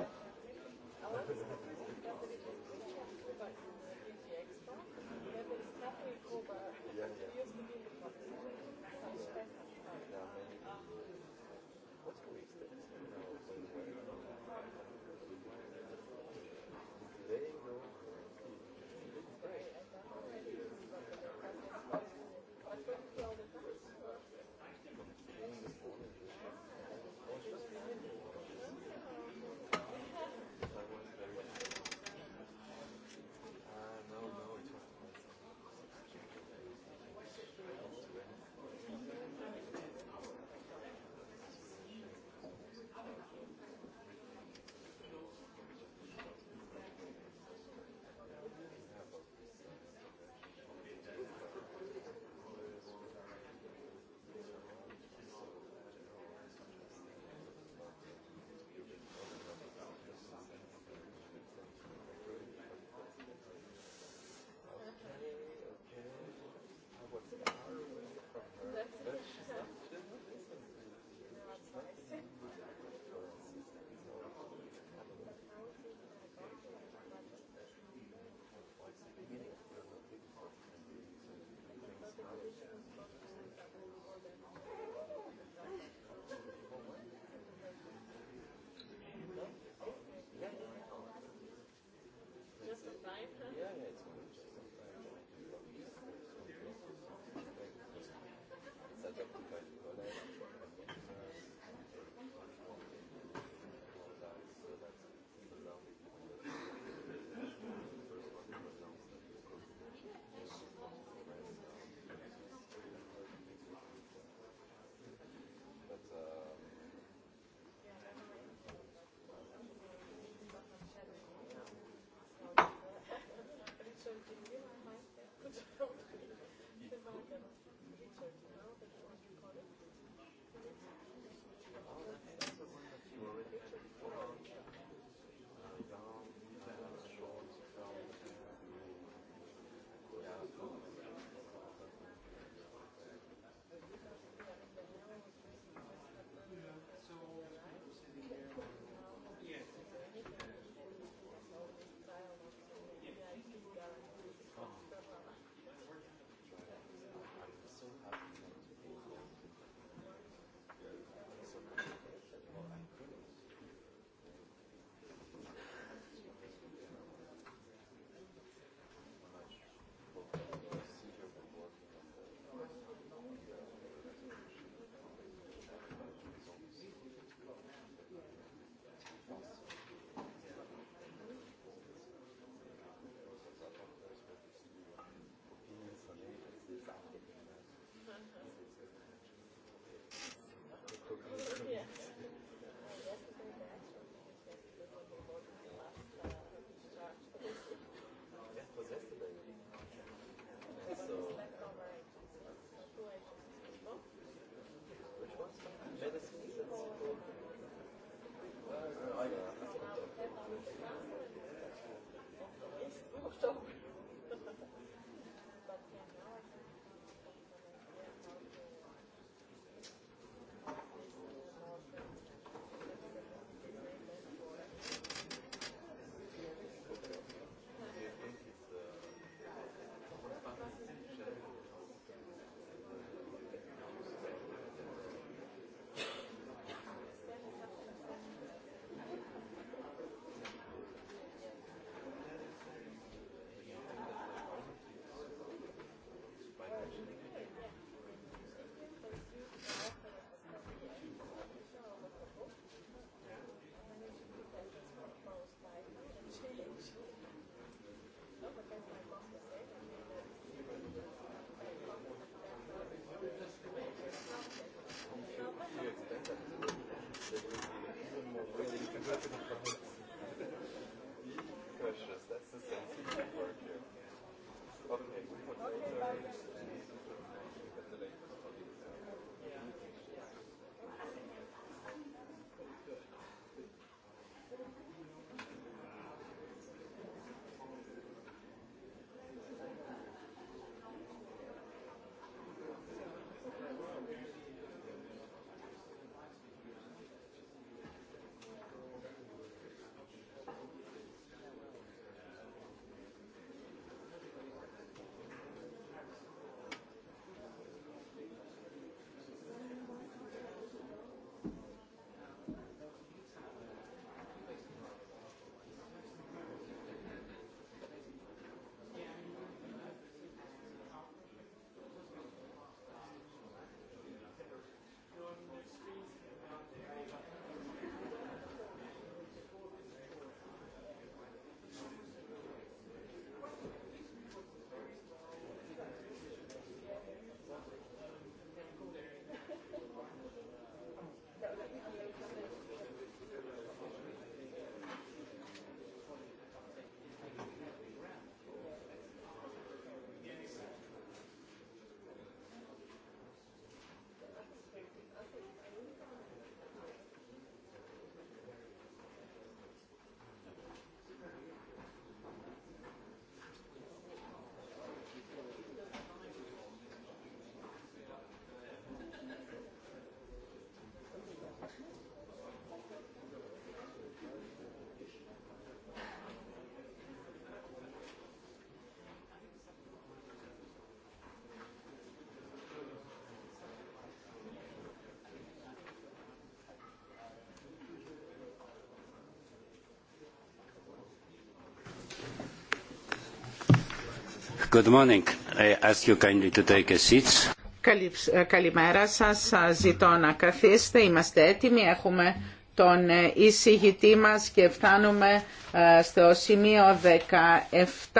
Καλημέρα σας. ζητώ να καθίσετε. Είμαστε έτοιμοι. Έχουμε τον ε, εισηγητή μας και φτάνουμε ε, στο σημείο 17 ε,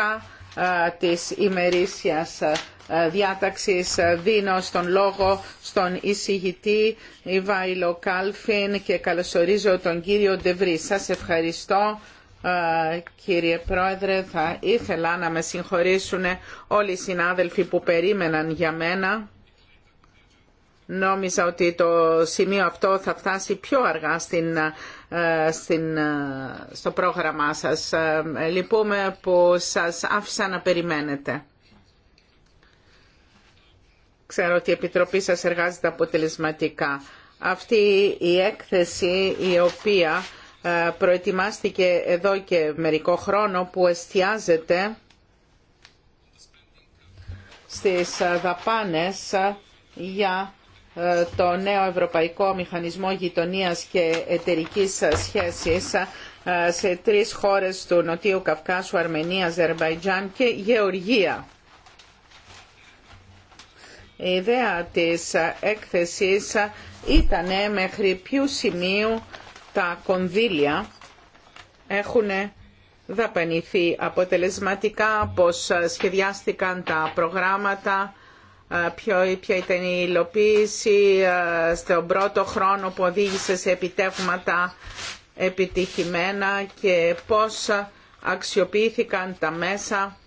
της ημερήσιας διάταξης δίνω στον λόγο στον εισηγητή Ιβάιλο Κάλφιν και καλωσορίζω τον κύριο Ντεβρή. Σας ευχαριστώ κύριε Πρόεδρε, θα ήθελα να με συγχωρήσουν όλοι οι συνάδελφοι που περίμεναν για μένα. Νόμιζα ότι το σημείο αυτό θα φτάσει πιο αργά στην, στο πρόγραμμά σας. Λυπούμε που σας άφησα να περιμένετε. Ξέρω ότι η Επιτροπή σας εργάζεται αποτελεσματικά. Αυτή η έκθεση η οποία ε, προετοιμάστηκε εδώ και μερικό χρόνο που εστιάζεται στις ε, δαπάνες για ε, το νέο Ευρωπαϊκό Μηχανισμό Γειτονίας και Εταιρικής Σχέσης σε τρεις χώρες του Νοτίου Καυκάσου, Αρμενία, Αζερβαϊτζάν και Γεωργία. Η ιδέα της έκθεσης ήταν μέχρι ποιου σημείου τα κονδύλια έχουν δαπανηθεί αποτελεσματικά, πώς σχεδιάστηκαν τα προγράμματα, ε, ποια ήταν η υλοποίηση ε, στον πρώτο χρόνο που οδήγησε σε επιτεύγματα επιτυχημένα και πώς αξιοποιήθηκαν τα μέσα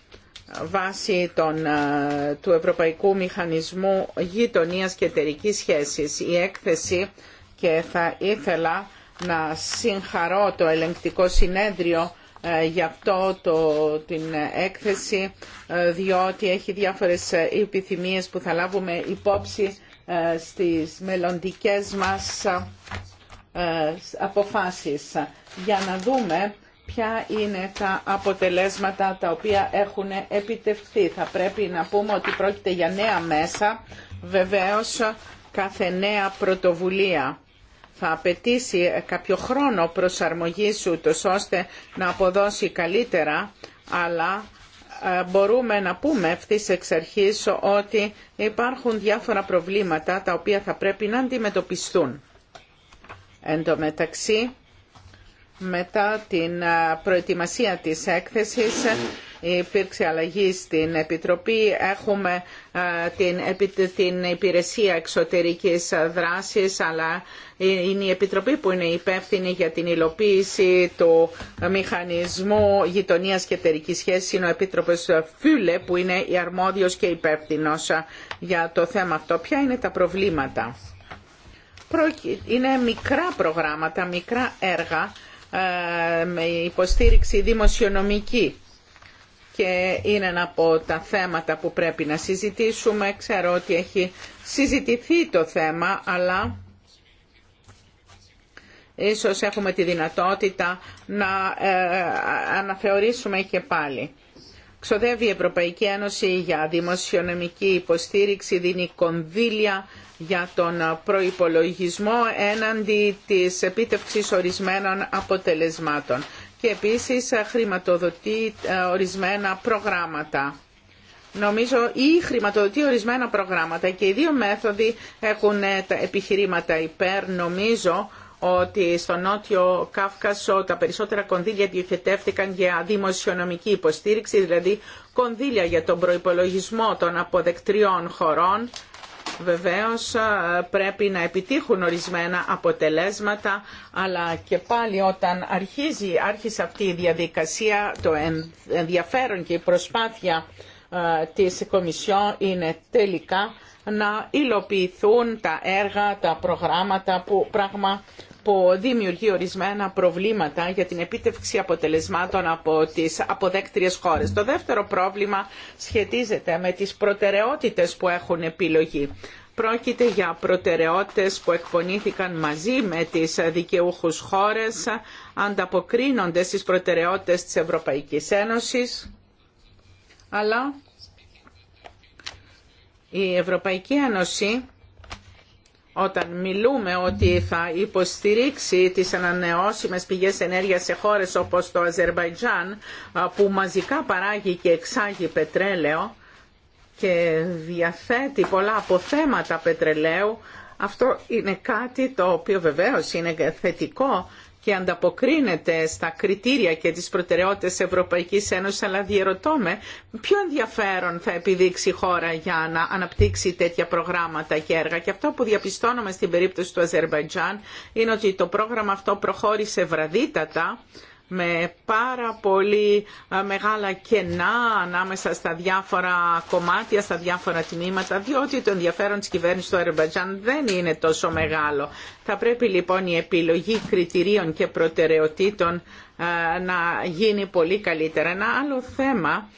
βάσει των, ε, του Ευρωπαϊκού Μηχανισμού Γειτονίας και Εταιρικής Σχέσης. Η έκθεση και θα ήθελα να συγχαρώ το ελεγκτικό συνέδριο ε, για αυτό το, την έκθεση ε, διότι έχει διάφορες ε, επιθυμίες που θα λάβουμε υπόψη στις μελλοντικές μας αποφάσεις για να δούμε ποια είναι τα αποτελέσματα τα οποία έχουν επιτευχθεί. Θα πρέπει να πούμε ότι πρόκειται για νέα μέσα, βεβαίως κάθε νέα πρωτοβουλία θα απαιτήσει ε, κάποιο χρόνο προσαρμογής ούτως ώστε να αποδώσει καλύτερα, αλλά ε, μπορούμε να πούμε ευθύς εξ αρχής ότι υπάρχουν διάφορα προβλήματα τα οποία θα πρέπει να αντιμετωπιστούν. Εν τω μεταξύ, μετά την ε, προετοιμασία της έκθεσης υπήρξε αλλαγή στην Επιτροπή. Έχουμε την, την υπηρεσία εξωτερικής δράσης, αλλά ε, είναι η Επιτροπή που είναι υπεύθυνη για την υλοποίηση του μηχανισμού γειτονίας και εταιρική σχέση. Είναι ο Επίτροπος Φούλε που είναι η αρμόδιος και υπεύθυνο για το θέμα αυτό. Ποια είναι τα προβλήματα. Είναι μικρά προγράμματα, μικρά έργα ε, με υποστήριξη δημοσιονομική και είναι ένα από τα θέματα που πρέπει να συζητήσουμε. Ξέρω ότι έχει συζητηθεί το θέμα, αλλά ίσως έχουμε τη δυνατότητα να ε, αναθεωρήσουμε και πάλι. Ξοδεύει η Ευρωπαϊκή Ένωση για δημοσιονομική υποστήριξη, δίνει κονδύλια για τον προϋπολογισμό έναντι της επίτευξης ορισμένων αποτελεσμάτων και επίσης χρηματοδοτεί ε, ορισμένα προγράμματα. Νομίζω ή χρηματοδοτεί ορισμένα προγράμματα και οι δύο μέθοδοι έχουν ε, τα επιχειρήματα υπέρ. Νομίζω ότι στο Νότιο Κάφκασο τα περισσότερα κονδύλια διοχετεύτηκαν για δημοσιονομική υποστήριξη, δηλαδή κονδύλια για τον προϋπολογισμό των αποδεκτριών χωρών Βεβαίως ε, πρέπει να επιτύχουν ορισμένα αποτελέσματα, αλλά και πάλι όταν αρχίζει, άρχισε αυτή η διαδικασία, το ενδιαφέρον και η προσπάθεια ε, της Κομισιόν είναι τελικά να υλοποιηθούν τα έργα, τα προγράμματα, που, πράγμα που δημιουργεί ορισμένα προβλήματα για την επίτευξη αποτελεσμάτων από τις αποδέκτριες χώρες. Το δεύτερο πρόβλημα σχετίζεται με τις προτεραιότητες που έχουν επιλογή. Πρόκειται για προτεραιότητες που εκπονήθηκαν μαζί με τις δικαιούχους χώρες, ανταποκρίνονται στις προτεραιότητες της Ευρωπαϊκής Ένωσης, αλλά η Ευρωπαϊκή Ένωση όταν μιλούμε ότι θα υποστηρίξει τις ανανεώσιμες πηγές ενέργειας σε χώρες όπως το Αζερβαϊτζάν που μαζικά παράγει και εξάγει πετρέλαιο και διαθέτει πολλά αποθέματα πετρελαίου αυτό είναι κάτι το οποίο βεβαίως είναι θετικό και ανταποκρίνεται στα κριτήρια και τις προτεραιότητες Ευρωπαϊκής Ένωσης, αλλά διερωτώ με ποιο ενδιαφέρον θα επιδείξει η χώρα για να αναπτύξει τέτοια προγράμματα και έργα. Και αυτό που διαπιστώνουμε στην περίπτωση του Αζερβαϊτζάν είναι ότι το πρόγραμμα αυτό προχώρησε βραδύτατα, με πάρα πολύ ε, μεγάλα κενά ανάμεσα στα διάφορα κομμάτια, στα διάφορα τμήματα, διότι το ενδιαφέρον της κυβέρνησης του Αρμπατζάν δεν είναι τόσο μεγάλο. Θα πρέπει λοιπόν η επιλογή κριτηρίων και προτεραιοτήτων ε, να γίνει πολύ καλύτερα. Ένα άλλο θέμα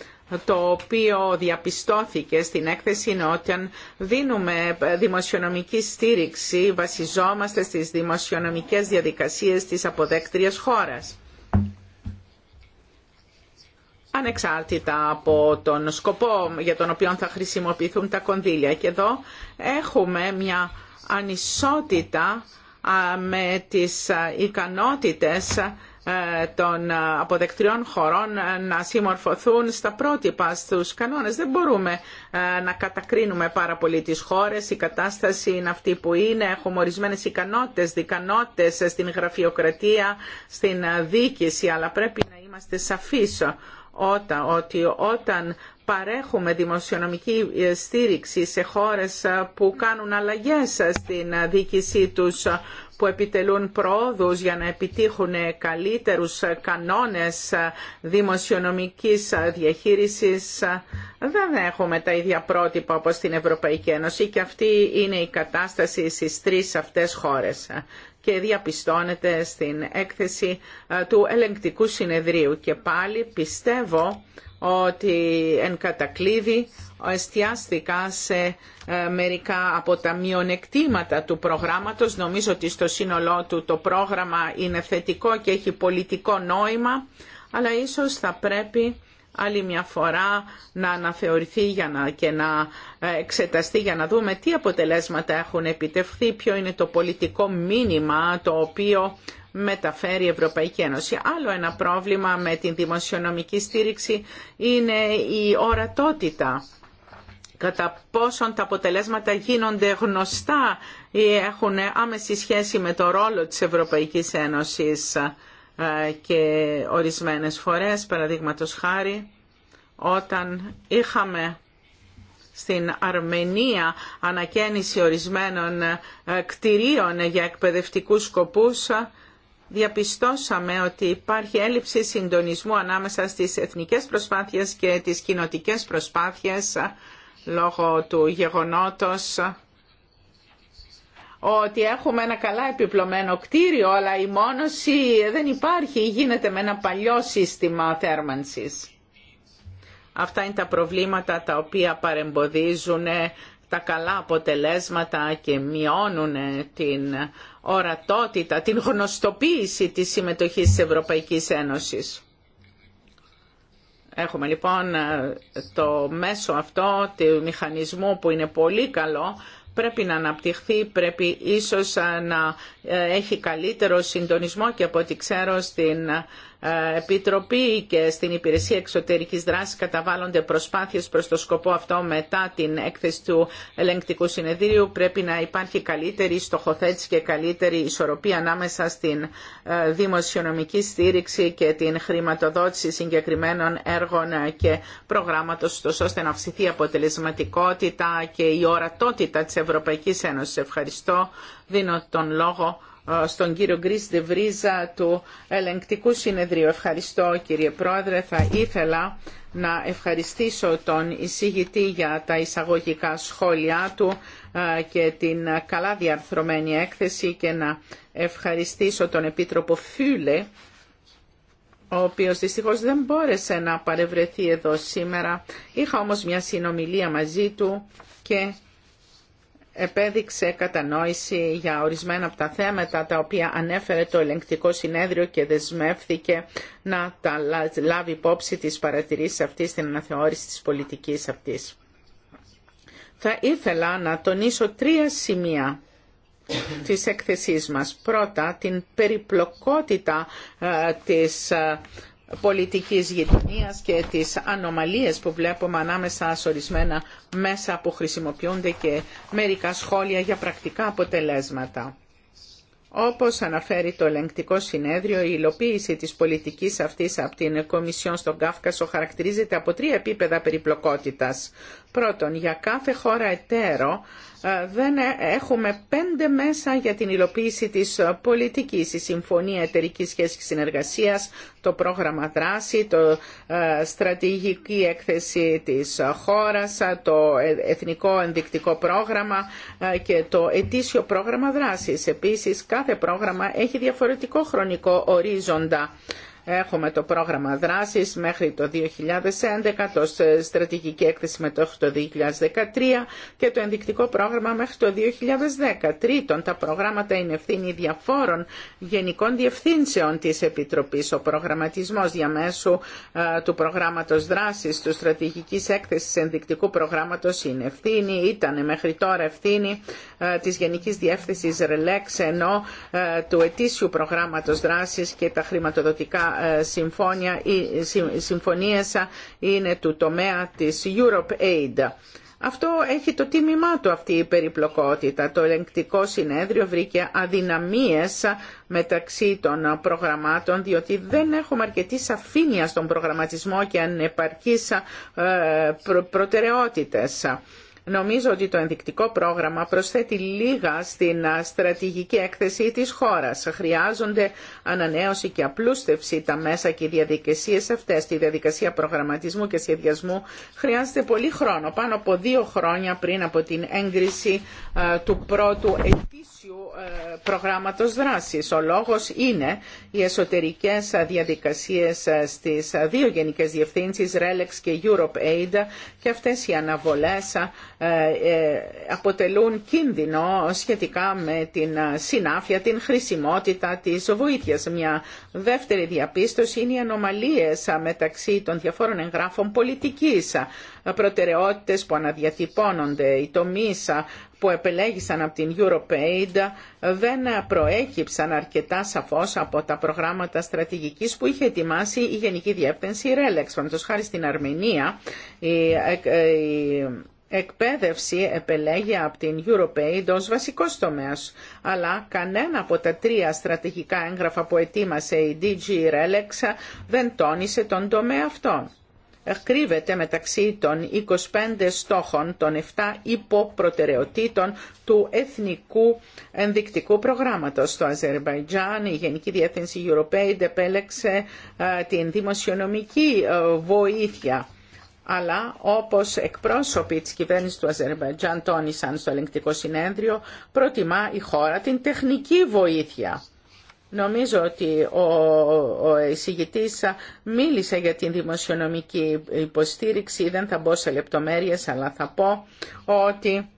το οποίο διαπιστώθηκε στην έκθεση είναι ότι αν δίνουμε δημοσιονομική στήριξη βασιζόμαστε στις δημοσιονομικές διαδικασίες της αποδέκτριας χώρας ανεξάρτητα από τον σκοπό για τον οποίο θα χρησιμοποιηθούν τα κονδύλια. Και εδώ έχουμε μια ανισότητα με τις ικανότητες των αποδεκτριών χωρών να συμμορφωθούν στα πρότυπα, στους κανόνες. Δεν μπορούμε να κατακρίνουμε πάρα πολύ τις χώρες. Η κατάσταση είναι αυτή που είναι. Έχουμε ορισμένε ικανότητες, δικανότητες στην γραφειοκρατία, στην δίκηση, αλλά πρέπει να είμαστε σαφείς όταν, ότι όταν παρέχουμε δημοσιονομική ε, στήριξη σε χώρες ε, που κάνουν αλλαγές ε, στην διοίκησή τους, που επιτελούν πρόοδους για να επιτύχουν καλύτερους κανόνες δημοσιονομικής διαχείρισης, δεν έχουμε τα ίδια πρότυπα όπως στην Ευρωπαϊκή Ένωση και αυτή είναι η κατάσταση στις τρεις αυτές χώρες και διαπιστώνεται στην έκθεση ε, του ελεγκτικού συνεδρίου. Και πάλι πιστεύω ότι εν κατακλείδη εστιάστηκα σε ε, μερικά από τα μειονεκτήματα του προγράμματος. Νομίζω ότι στο σύνολό του το πρόγραμμα είναι θετικό και έχει πολιτικό νόημα, αλλά ίσως θα πρέπει άλλη μια φορά να αναθεωρηθεί για να, και να ε, εξεταστεί για να δούμε τι αποτελέσματα έχουν επιτευχθεί, ποιο είναι το πολιτικό μήνυμα το οποίο μεταφέρει η Ευρωπαϊκή Ένωση. Άλλο ένα πρόβλημα με την δημοσιονομική στήριξη είναι η ορατότητα. Κατά πόσον τα αποτελέσματα γίνονται γνωστά ή έχουν άμεση σχέση με το ρόλο της Ευρωπαϊκής Ένωσης και ορισμένες φορές, παραδείγματο χάρη, όταν είχαμε στην Αρμενία ανακαίνιση ορισμένων ε, κτηρίων για εκπαιδευτικούς σκοπούς, ε, διαπιστώσαμε ότι υπάρχει έλλειψη συντονισμού ανάμεσα στις εθνικές προσπάθειες και τις κοινοτικές προσπάθειες ε, λόγω του γεγονότος ότι έχουμε ένα καλά επιπλωμένο κτίριο, αλλά η μόνωση δεν υπάρχει ή γίνεται με ένα παλιό σύστημα θέρμανσης. Αυτά είναι τα προβλήματα τα οποία παρεμποδίζουν τα καλά αποτελέσματα και μειώνουν την ορατότητα, την γνωστοποίηση της συμμετοχής της Ευρωπαϊκής Ένωσης. Έχουμε λοιπόν το μέσο αυτό του μηχανισμού που είναι πολύ καλό, πρέπει να αναπτυχθεί, πρέπει ίσως να ε, έχει καλύτερο συντονισμό και από ό,τι ξέρω στην ε, Επιτροπή και στην Υπηρεσία Εξωτερικής Δράσης καταβάλλονται προσπάθειες προς το σκοπό αυτό μετά την έκθεση του ελεγκτικού συνεδρίου. Πρέπει να υπάρχει καλύτερη στοχοθέτηση και καλύτερη ισορροπία ανάμεσα στην ε, δημοσιονομική στήριξη και την χρηματοδότηση συγκεκριμένων έργων και προγράμματος ώστε να αυξηθεί η αποτελεσματικότητα και η ορατότητα της Ευρωπαϊκής Ένωσης. Ευχαριστώ. Δίνω τον λόγο στον κύριο Γκρίς του Ελεγκτικού Συνεδρίου. Ευχαριστώ κύριε Πρόεδρε. Θα ήθελα να ευχαριστήσω τον εισηγητή για τα εισαγωγικά σχόλιά του και την καλά διαρθρωμένη έκθεση και να ευχαριστήσω τον Επίτροπο Φιούλε ο οποίος δυστυχώς δεν μπόρεσε να παρευρεθεί εδώ σήμερα. Είχα όμως μια συνομιλία μαζί του και επέδειξε κατανόηση για ορισμένα από τα θέματα τα οποία ανέφερε το ελεγκτικό συνέδριο και δεσμεύθηκε να τα λάβει υπόψη της παρατηρήσεις αυτής στην αναθεώρηση της πολιτικής αυτής. Θα ήθελα να τονίσω τρία σημεία της έκθεσής μας. Πρώτα, την περιπλοκότητα ε, της ε, πολιτικής γειτονίας και τις ανομαλίες που βλέπουμε ανάμεσα σε ορισμένα μέσα που χρησιμοποιούνται και μερικά σχόλια για πρακτικά αποτελέσματα. Όπως αναφέρει το ελεγκτικό συνέδριο, η υλοποίηση της πολιτικής αυτής από την Κομισιόν στον Κάφκασο χαρακτηρίζεται από τρία επίπεδα περιπλοκότητας. Πρώτον, για κάθε χώρα εταίρο ε, δεν ε, έχουμε πέντε μέσα για την υλοποίηση της ε, πολιτικής. Η Συμφωνία Εταιρική Σχέσης και Συνεργασίας, το πρόγραμμα δράση, το στρατηγική έκθεση της χώρας, το εθνικό ενδεικτικό πρόγραμμα και το ετήσιο πρόγραμμα δράσης. Επίσης, κάθε πρόγραμμα έχει διαφορετικό χρονικό ορίζοντα Έχουμε το πρόγραμμα δράσης μέχρι το 2011, το στρατηγική έκθεση με το 2013 και το ενδεικτικό πρόγραμμα μέχρι το 2010. Τρίτον, τα προγράμματα είναι ευθύνη διαφόρων γενικών διευθύνσεων της Επιτροπής. Ο προγραμματισμός διαμέσου ε, του προγράμματος δράσης, του στρατηγικής έκθεσης ενδεικτικού προγράμματος είναι ευθύνη, ήταν μέχρι τώρα ευθύνη ε, της Γενικής Διεύθυνσης ΡΕΛΕΞ ενώ ε, του ετήσιου προγράμματος δράσης και τα χρηματοδοτικά ε, συμφώνια, οι συμφωνίες είναι του τομέα της Europe Aid. Αυτό έχει το τίμημά του αυτή η περιπλοκότητα. Το ελεγκτικό συνέδριο βρήκε αδυναμίες μεταξύ των προγραμμάτων διότι δεν έχουμε αρκετή σαφήνεια στον προγραμματισμό και ανεπαρκείς ε, προτεραιότητες Νομίζω ότι το ενδεικτικό πρόγραμμα προσθέτει λίγα στην στρατηγική έκθεση της χώρας. Χρειάζονται ανανέωση και απλούστευση τα μέσα και οι διαδικασίες αυτές. Τη διαδικασία προγραμματισμού και σχεδιασμού χρειάζεται πολύ χρόνο, πάνω από δύο χρόνια πριν από την έγκριση του πρώτου ετήσιου ε, προγράμματος δράσης. Ο λόγος είναι οι εσωτερικές διαδικασίες ε, στις ε, δύο γενικές διευθύνσεις, RELEX και Europe Aid και αυτές οι αναβολές ε, ε, αποτελούν κίνδυνο σχετικά με την ε, συνάφεια, την χρησιμότητα της βοήθειας. Μια δεύτερη διαπίστωση είναι οι ανομαλίες μεταξύ των διαφόρων εγγράφων πολιτικής, προτεραιότητες που αναδιατυπώνονται, οι τομείς που επελέγησαν από την EuroPaid δεν προέκυψαν αρκετά σαφώς από τα προγράμματα στρατηγικής που είχε ετοιμάσει η Γενική Διεύθυνση Ρέλεξ. χάρη στην Αρμενία η εκπαίδευση επελέγει από την Europaid ως βασικός τομέας, αλλά κανένα από τα τρία στρατηγικά έγγραφα που ετοίμασε η DG Relex δεν τόνισε τον τομέα αυτό. Κρύβεται μεταξύ των 25 στόχων των 7 υποπροτεραιοτήτων του Εθνικού Ενδεικτικού Προγράμματος. Στο Αζερβαϊτζάν η Γενική Διεύθυνση Europaid επέλεξε ε, την δημοσιονομική ε, βοήθεια αλλά όπως εκπρόσωποι της κυβέρνησης του Αζερβαϊτζάν τόνισαν στο ελεγκτικό συνέδριο, προτιμά η χώρα την τεχνική βοήθεια. Νομίζω ότι ο, ο εισηγητής μίλησε για την δημοσιονομική υποστήριξη, δεν θα μπω σε λεπτομέρειες, αλλά θα πω ότι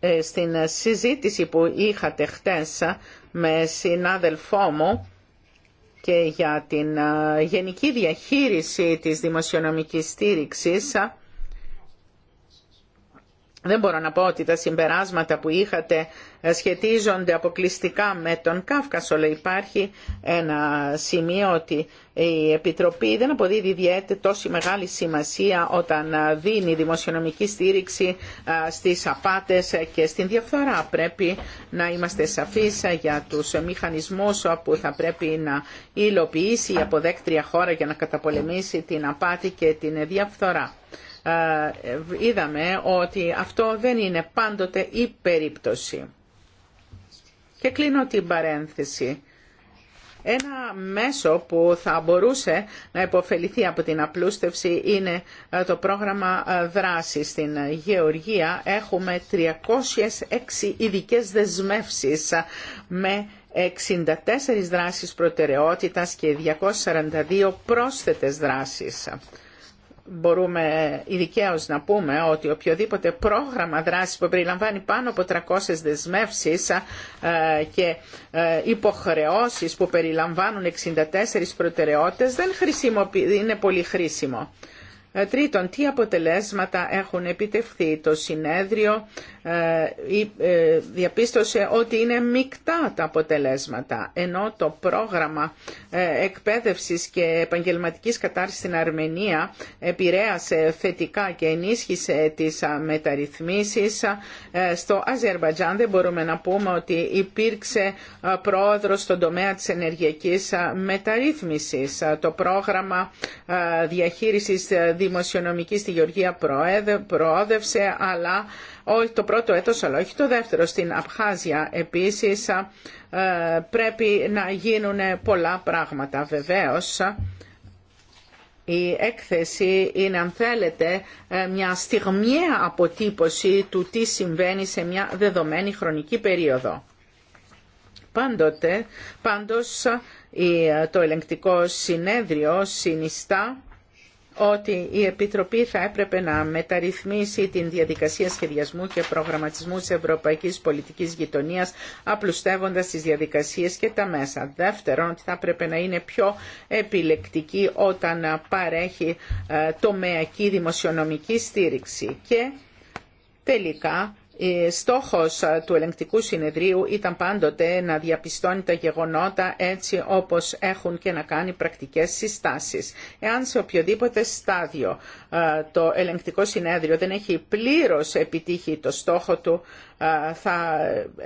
ε, στην συζήτηση που είχατε χτες με συνάδελφό μου, και για την ε, γενική διαχείριση της δημοσιονομικής στήριξης δεν μπορώ να πω ότι τα συμπεράσματα που είχατε ε, σχετίζονται αποκλειστικά με τον Κάφκασο, αλλά υπάρχει ένα σημείο ότι η Επιτροπή δεν αποδίδει ιδιαίτερη τόση μεγάλη σημασία όταν ε, δίνει δημοσιονομική στήριξη ε, στις απάτες και στην διαφθορά. Πρέπει να είμαστε σαφείς για τους μηχανισμούς που θα πρέπει να υλοποιήσει η αποδέκτρια χώρα για να καταπολεμήσει την απάτη και την διαφθορά ε, είδαμε ότι αυτό δεν είναι πάντοτε η περίπτωση. Και κλείνω την παρένθεση. Ένα μέσο που θα μπορούσε να υποφεληθεί από την απλούστευση είναι ε, το πρόγραμμα ε, δράση. στην Γεωργία. Έχουμε 306 ειδικέ δεσμεύσεις με 64 δράσεις προτεραιότητας και 242 πρόσθετες δράσεις μπορούμε ειδικαίω να πούμε ότι οποιοδήποτε πρόγραμμα δράσης που περιλαμβάνει πάνω από 300 δεσμεύσεις ε, και ε, υποχρεώσεις που περιλαμβάνουν 64 προτεραιότητες δεν είναι πολύ χρήσιμο. Ε, τρίτον, τι αποτελέσματα έχουν επιτευχθεί. Το συνέδριο ε, ε, διαπίστωσε ότι είναι μεικτά τα αποτελέσματα, ενώ το πρόγραμμα εκπαίδευσης και επαγγελματικής κατάρτισης στην Αρμενία επηρέασε θετικά και ενίσχυσε τις μεταρρυθμίσεις. Στο Αζερβαϊτζάν δεν μπορούμε να πούμε ότι υπήρξε πρόοδος στον τομέα της ενεργειακής μεταρρύθμισης. Το πρόγραμμα διαχείρισης δημοσιονομική στη Γεωργία προόδευσε, αλλά όχι το πρώτο έτος, αλλά όχι το δεύτερο. Στην Απχάζια επίσης ε, πρέπει να γίνουν πολλά πράγματα. Βεβαίως, η έκθεση είναι αν θέλετε ε, μια στιγμιαία αποτύπωση του τι συμβαίνει σε μια δεδομένη χρονική περίοδο. Πάντοτε, πάντως ε, το ελεγκτικό συνέδριο συνιστά ότι η Επιτροπή θα έπρεπε να μεταρρυθμίσει την διαδικασία σχεδιασμού και προγραμματισμού της ευρωπαϊκής πολιτικής γειτονίας, απλουστεύοντας τις διαδικασίες και τα μέσα. Δεύτερον, ότι θα έπρεπε να είναι πιο επιλεκτική όταν παρέχει ε, τομεακή δημοσιονομική στήριξη. Και τελικά ε, στόχος ε, του ελεγκτικού συνεδρίου ήταν πάντοτε να διαπιστώνει τα γεγονότα έτσι όπως έχουν και να κάνει πρακτικές συστάσεις. Εάν σε οποιοδήποτε στάδιο ε, το ελεγκτικό συνέδριο δεν έχει πλήρως επιτύχει το στόχο του, θα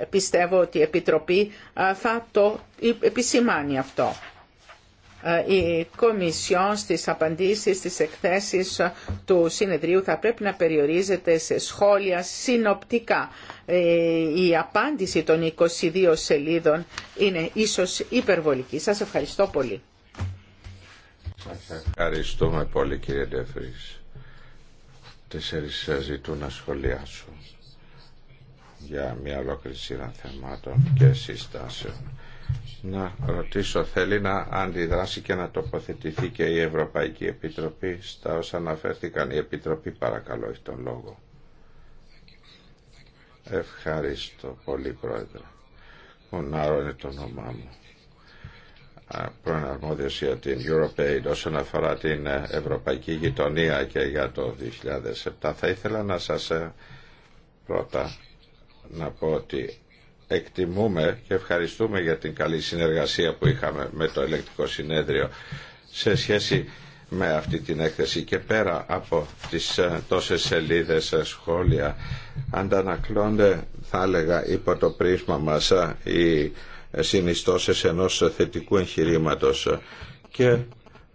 πιστεύω ότι η Επιτροπή θα το επισημάνει αυτό. Ε, η Κομισιόν στις απαντήσεις, στις εκθέσεις ε, του συνεδρίου θα πρέπει να περιορίζεται σε σχόλια συνοπτικά. Ε, η απάντηση των 22 σελίδων είναι ίσως υπερβολική. Σας ευχαριστώ πολύ. Σας ευχαριστούμε πολύ κύριε Ντεφρίς. Τέσσερις σας ζητούν να σχολιάσω για μια ολόκληρη σειρά θεμάτων και συστάσεων να ρωτήσω, θέλει να αντιδράσει και να τοποθετηθεί και η Ευρωπαϊκή Επιτροπή στα όσα αναφέρθηκαν. Η Επιτροπή παρακαλώ έχει τον λόγο. Ευχαριστώ πολύ Πρόεδρε. Μονάρο είναι το όνομά μου. Πρώην για την Europaid όσον αφορά την ε, Ευρωπαϊκή Γειτονία και για το 2007. Θα ήθελα να σας ε, πρώτα να πω ότι εκτιμούμε και ευχαριστούμε για την καλή συνεργασία που είχαμε με το ελεκτικό συνέδριο σε σχέση με αυτή την έκθεση και πέρα από τις ε, τόσες σελίδες ε, σχόλια αντανακλώνται θα έλεγα υπό το πρίσμα μας ε, οι συνιστώσεις ενός θετικού εγχειρήματο και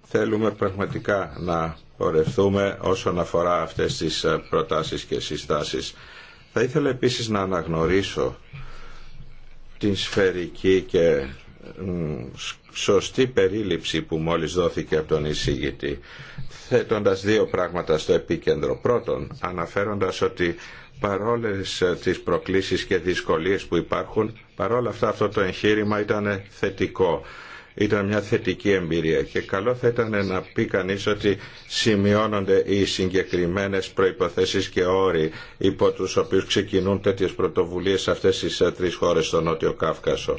θέλουμε πραγματικά να πορευθούμε όσον αφορά αυτές τις προτάσεις και συστάσεις. Θα ήθελα επίσης να αναγνωρίσω την σφαιρική και σωστή περίληψη που μόλις δόθηκε από τον εισήγητη θέτοντας δύο πράγματα στο επίκεντρο. Πρώτον, αναφέροντας ότι παρόλες ε, τις προκλήσεις και δυσκολίες που υπάρχουν, παρόλα αυτά αυτό το εγχείρημα ήταν θετικό. Ήταν μια θετική εμπειρία και καλό θα ήταν να πει κανείς ότι σημειώνονται οι συγκεκριμένες προϋποθέσεις και όροι υπό τους οποίους ξεκινούν τέτοιες πρωτοβουλίες σε αυτές τις ε, τρεις χώρες στο Νότιο Κάφκασο.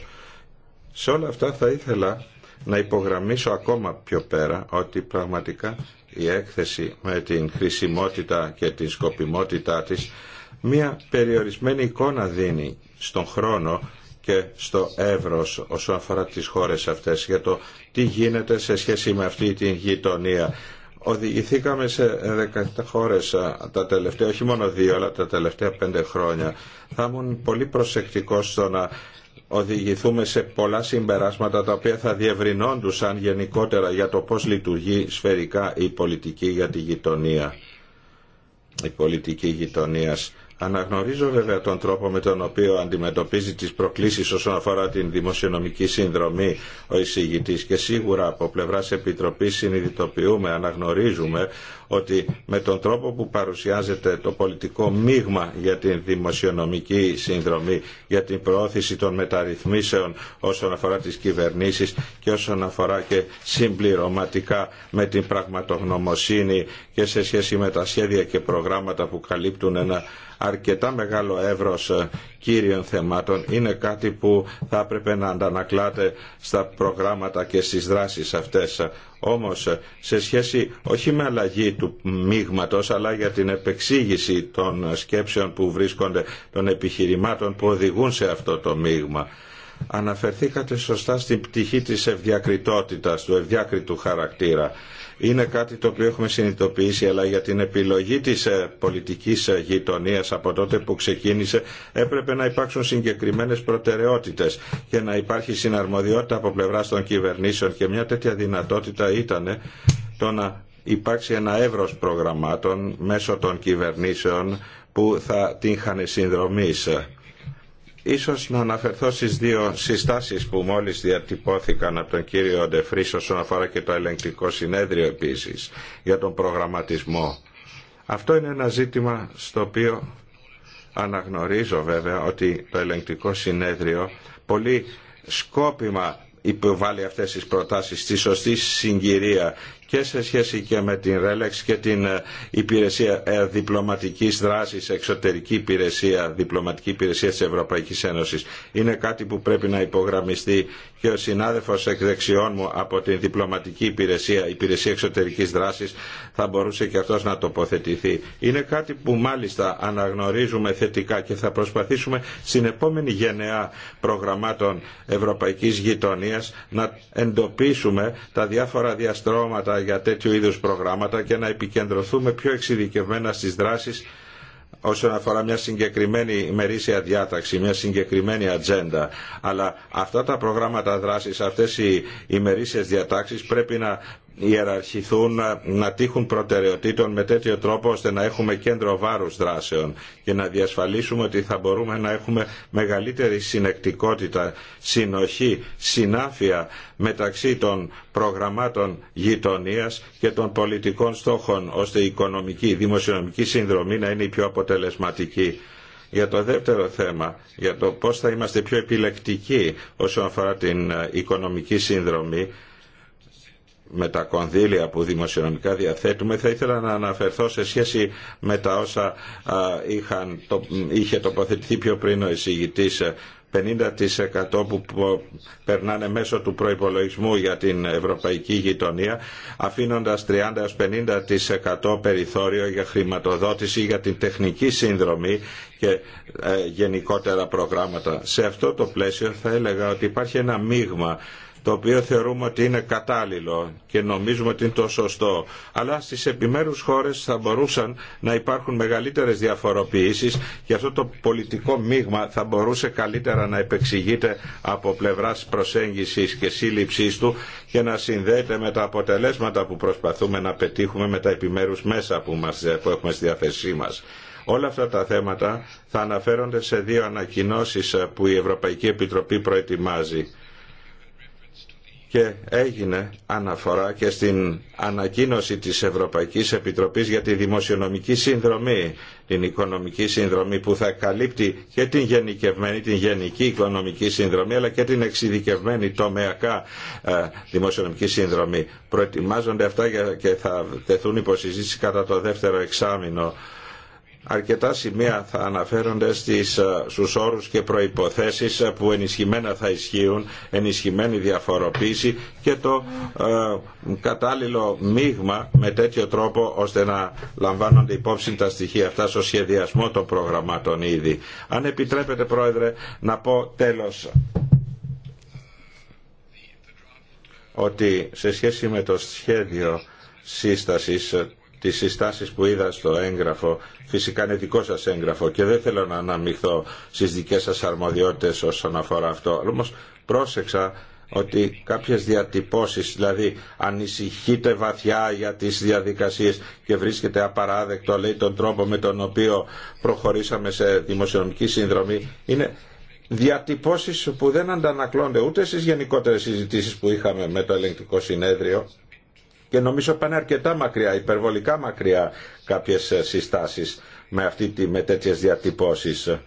Σε όλα αυτά θα ήθελα να υπογραμμίσω ακόμα πιο πέρα ότι πραγματικά η έκθεση με την χρησιμότητα και την σκοπιμότητά της μια περιορισμένη εικόνα δίνει στον χρόνο και στο εύρος όσον αφορά τις χώρες αυτές για το τι γίνεται σε σχέση με αυτή την γειτονία. Οδηγηθήκαμε σε 17 χώρες τα τελευταία, όχι μόνο δύο, αλλά τα τελευταία πέντε χρόνια. Θα ήμουν πολύ προσεκτικός στο να οδηγηθούμε σε πολλά συμπεράσματα τα οποία θα διευρυνόντουσαν γενικότερα για το πώς λειτουργεί σφαιρικά η πολιτική για τη γειτονία, η πολιτική γειτονίας. Αναγνωρίζω βέβαια τον τρόπο με τον οποίο αντιμετωπίζει τις προκλήσεις όσον αφορά την δημοσιονομική συνδρομή ο εισηγητής και σίγουρα από πλευράς Επιτροπής συνειδητοποιούμε, αναγνωρίζουμε ότι με τον τρόπο που παρουσιάζεται το πολιτικό μείγμα για την δημοσιονομική συνδρομή, για την προώθηση των μεταρρυθμίσεων όσον αφορά τις κυβερνήσεις και όσον αφορά και συμπληρωματικά με την πραγματογνωμοσύνη και σε σχέση με τα σχέδια και προγράμματα που καλύπτουν ένα αρκετά μεγάλο εύρος ε, κύριων θεμάτων είναι κάτι που θα έπρεπε να αντανακλάται στα προγράμματα και στις δράσεις αυτές. Ε, όμως σε σχέση όχι με αλλαγή του μείγματος αλλά για την επεξήγηση των σκέψεων που βρίσκονται των επιχειρημάτων που οδηγούν σε αυτό το μείγμα. Αναφερθήκατε σωστά στην πτυχή της ευδιακριτότητας, του ευδιάκριτου χαρακτήρα είναι κάτι το οποίο έχουμε συνειδητοποιήσει, αλλά για την επιλογή της ε, πολιτικής ε, γειτονίας από τότε που ξεκίνησε έπρεπε να υπάρξουν συγκεκριμένες προτεραιότητες και να υπάρχει συναρμοδιότητα από πλευρά των κυβερνήσεων και μια τέτοια δυνατότητα ήταν το να υπάρξει ένα εύρος προγραμμάτων μέσω των κυβερνήσεων που θα τύχανε συνδρομής Ίσως να αναφερθώ στις δύο συστάσεις που μόλις διατυπώθηκαν από τον κύριο Ντεφρίς όσον αφορά και το ελεγκτικό συνέδριο επίσης για τον προγραμματισμό. Αυτό είναι ένα ζήτημα στο οποίο αναγνωρίζω βέβαια ότι το ελεγκτικό συνέδριο πολύ σκόπιμα υποβάλλει αυτές τις προτάσεις στη σωστή συγκυρία και σε σχέση και με την Ρέλεξ και την ε, υπηρεσία ε, διπλωματικής δράσης, εξωτερική υπηρεσία, διπλωματική υπηρεσία της Ευρωπαϊκής Ένωσης. Είναι κάτι που πρέπει να υπογραμμιστεί και ο συνάδελφος εκ δεξιών μου από την διπλωματική υπηρεσία, υπηρεσία εξωτερικής δράσης, θα μπορούσε και αυτός να τοποθετηθεί. Είναι κάτι που μάλιστα αναγνωρίζουμε θετικά και θα προσπαθήσουμε στην επόμενη γενεά προγραμμάτων Ευρωπαϊκή Γειτονία να εντοπίσουμε τα διάφορα διαστρώματα για τέτοιου είδους προγράμματα και να επικεντρωθούμε πιο εξειδικευμένα στις δράσεις όσον αφορά μια συγκεκριμένη μερίσια διάταξη, μια συγκεκριμένη ατζέντα. Αλλά αυτά τα προγράμματα δράσης, αυτές οι ημερήσιες διατάξεις πρέπει να ιεραρχηθούν, να τύχουν προτεραιοτήτων με τέτοιο τρόπο ώστε να έχουμε κέντρο βάρους δράσεων και να διασφαλίσουμε ότι θα μπορούμε να έχουμε μεγαλύτερη συνεκτικότητα, συνοχή, συνάφεια μεταξύ των προγραμμάτων γειτονίας και των πολιτικών στόχων ώστε η οικονομική, η δημοσιονομική συνδρομή να είναι η πιο αποτελεσματική. Για το δεύτερο θέμα, για το πώς θα είμαστε πιο επιλεκτικοί όσον αφορά την ε, οικονομική σύνδρομη, με τα κονδύλια που δημοσιονομικά διαθέτουμε θα ήθελα να αναφερθώ σε σχέση με τα όσα είχαν, το, είχε τοποθετηθεί πιο πριν ο εισηγητής 50% που περνάνε μέσω του προϋπολογισμού για την ευρωπαϊκή γειτονία, αφήνοντας 30-50% περιθώριο για χρηματοδότηση για την τεχνική σύνδρομη και ε, γενικότερα προγράμματα. Σε αυτό το πλαίσιο θα έλεγα ότι υπάρχει ένα μείγμα το οποίο θεωρούμε ότι είναι κατάλληλο και νομίζουμε ότι είναι το σωστό. Αλλά στις επιμέρους χώρες θα μπορούσαν να υπάρχουν μεγαλύτερες διαφοροποιήσεις και αυτό το πολιτικό μείγμα θα μπορούσε καλύτερα να επεξηγείται από πλευράς προσέγγισης και σύλληψής του και να συνδέεται με τα αποτελέσματα που προσπαθούμε να πετύχουμε με τα επιμέρους μέσα που, μας, έχουμε στη διάθεσή μας. Όλα αυτά τα θέματα θα αναφέρονται σε δύο ανακοινώσεις που η Ευρωπαϊκή Επιτροπή προετοιμάζει και έγινε αναφορά και στην ανακοίνωση της Ευρωπαϊκής Επιτροπής για τη δημοσιονομική συνδρομή, την οικονομική συνδρομή που θα καλύπτει και την γενικευμένη, την γενική οικονομική συνδρομή αλλά και την εξειδικευμένη τομεακά ε, δημοσιονομική συνδρομή. Προετοιμάζονται αυτά και θα τεθούν υποσυζήτηση κατά το δεύτερο εξάμεινο αρκετά σημεία θα αναφέρονται στις, ε, στους και προϋποθέσεις ε, που ενισχυμένα θα ισχύουν, ενισχυμένη διαφοροποίηση και το ε, κατάλληλο μείγμα με τέτοιο τρόπο ώστε να λαμβάνονται υπόψη τα στοιχεία αυτά στο σχεδιασμό των προγραμμάτων ήδη. Αν επιτρέπετε Πρόεδρε να πω τέλος ότι σε σχέση με το σχέδιο σύστασης τις συστάσεις που είδα στο έγγραφο. Φυσικά είναι δικό σας έγγραφο και δεν θέλω να αναμειχθώ στις δικές σας αρμοδιότητες όσον αφορά αυτό. Όμως πρόσεξα ότι κάποιες διατυπώσεις, δηλαδή ανησυχείτε βαθιά για τις διαδικασίες και βρίσκεται απαράδεκτο, λέει, τον τρόπο με τον οποίο προχωρήσαμε σε δημοσιονομική συνδρομή, είναι διατυπώσεις που δεν αντανακλώνται ούτε στις γενικότερες συζητήσεις που είχαμε με το ελεγκτικό συνέδριο και νομίζω πάνε αρκετά μακριά, υπερβολικά μακριά κάποιες ε, συστάσεις με, αυτή, με τέτοιες διατυπώσεις.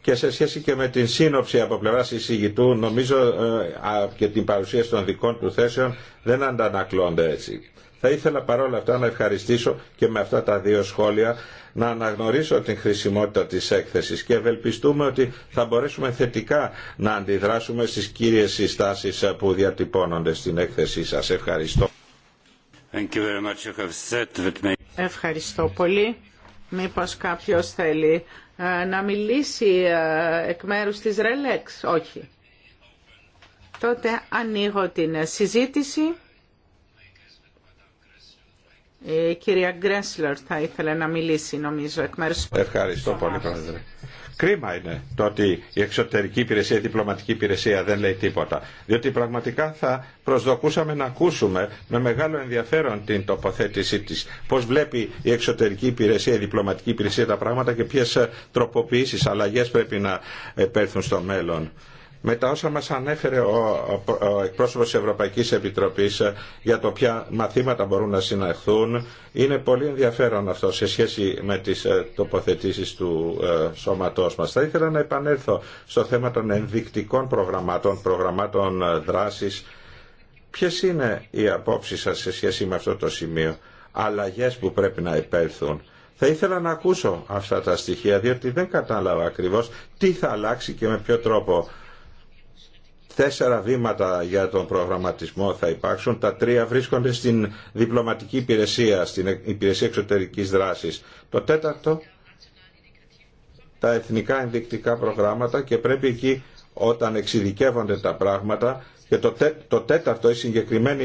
Και σε σχέση και με την σύνοψη από πλευρά εισηγητού, νομίζω ε, και την παρουσίαση των δικών του θέσεων δεν αντανακλώνται έτσι. Θα ήθελα παρόλα αυτά να ευχαριστήσω και με αυτά τα δύο σχόλια να αναγνωρίσω την χρησιμότητα της έκθεσης και ευελπιστούμε ότι θα μπορέσουμε θετικά να αντιδράσουμε στις κύριες συστάσεις ε, που διατυπώνονται στην έκθεσή σας. Ευχαριστώ. Ευχαριστώ πολύ. Μήπως κάποιος θέλει ε, να μιλήσει ε, εκ μέρους της Ρελέξ. Όχι. Τότε ανοίγω την ε, συζήτηση. Ε, η κυρία Γκρέσλερ θα ήθελε να μιλήσει νομίζω εκ Ευχαριστώ πολύ πρόεδρε. Κρίμα είναι το ότι η εξωτερική υπηρεσία, η διπλωματική υπηρεσία δεν λέει τίποτα. Διότι πραγματικά θα προσδοκούσαμε να ακούσουμε με μεγάλο ενδιαφέρον την τοποθέτησή της. Πώς βλέπει η εξωτερική υπηρεσία, η διπλωματική υπηρεσία τα πράγματα και ποιες τροποποιήσεις, αλλαγές πρέπει να επέλθουν στο μέλλον με τα όσα μας ανέφερε ο, ο, εκπρόσωπος της Ευρωπαϊκής Επιτροπής ε, για το ποια μαθήματα μπορούν να συναχθούν είναι πολύ ενδιαφέρον αυτό σε σχέση με τις ε, τοποθετήσεις του ε, σώματός μας. Θα ήθελα να επανέλθω στο θέμα των ενδεικτικών προγραμμάτων, προγραμμάτων ε, δράσης. Ποιες είναι οι απόψεις σας σε σχέση με αυτό το σημείο, αλλαγές που πρέπει να επέλθουν. Θα ήθελα να ακούσω αυτά τα στοιχεία, διότι δεν κατάλαβα ακριβώς τι θα αλλάξει και με ποιο τρόπο Τέσσερα βήματα για τον προγραμματισμό θα υπάρξουν. Τα τρία βρίσκονται στην διπλωματική υπηρεσία, στην υπηρεσία εξωτερικής δράσης. Το τέταρτο, τα εθνικά ενδεικτικά προγράμματα και πρέπει εκεί όταν εξειδικεύονται τα πράγματα και το, το τέταρτο, η συγκεκριμένη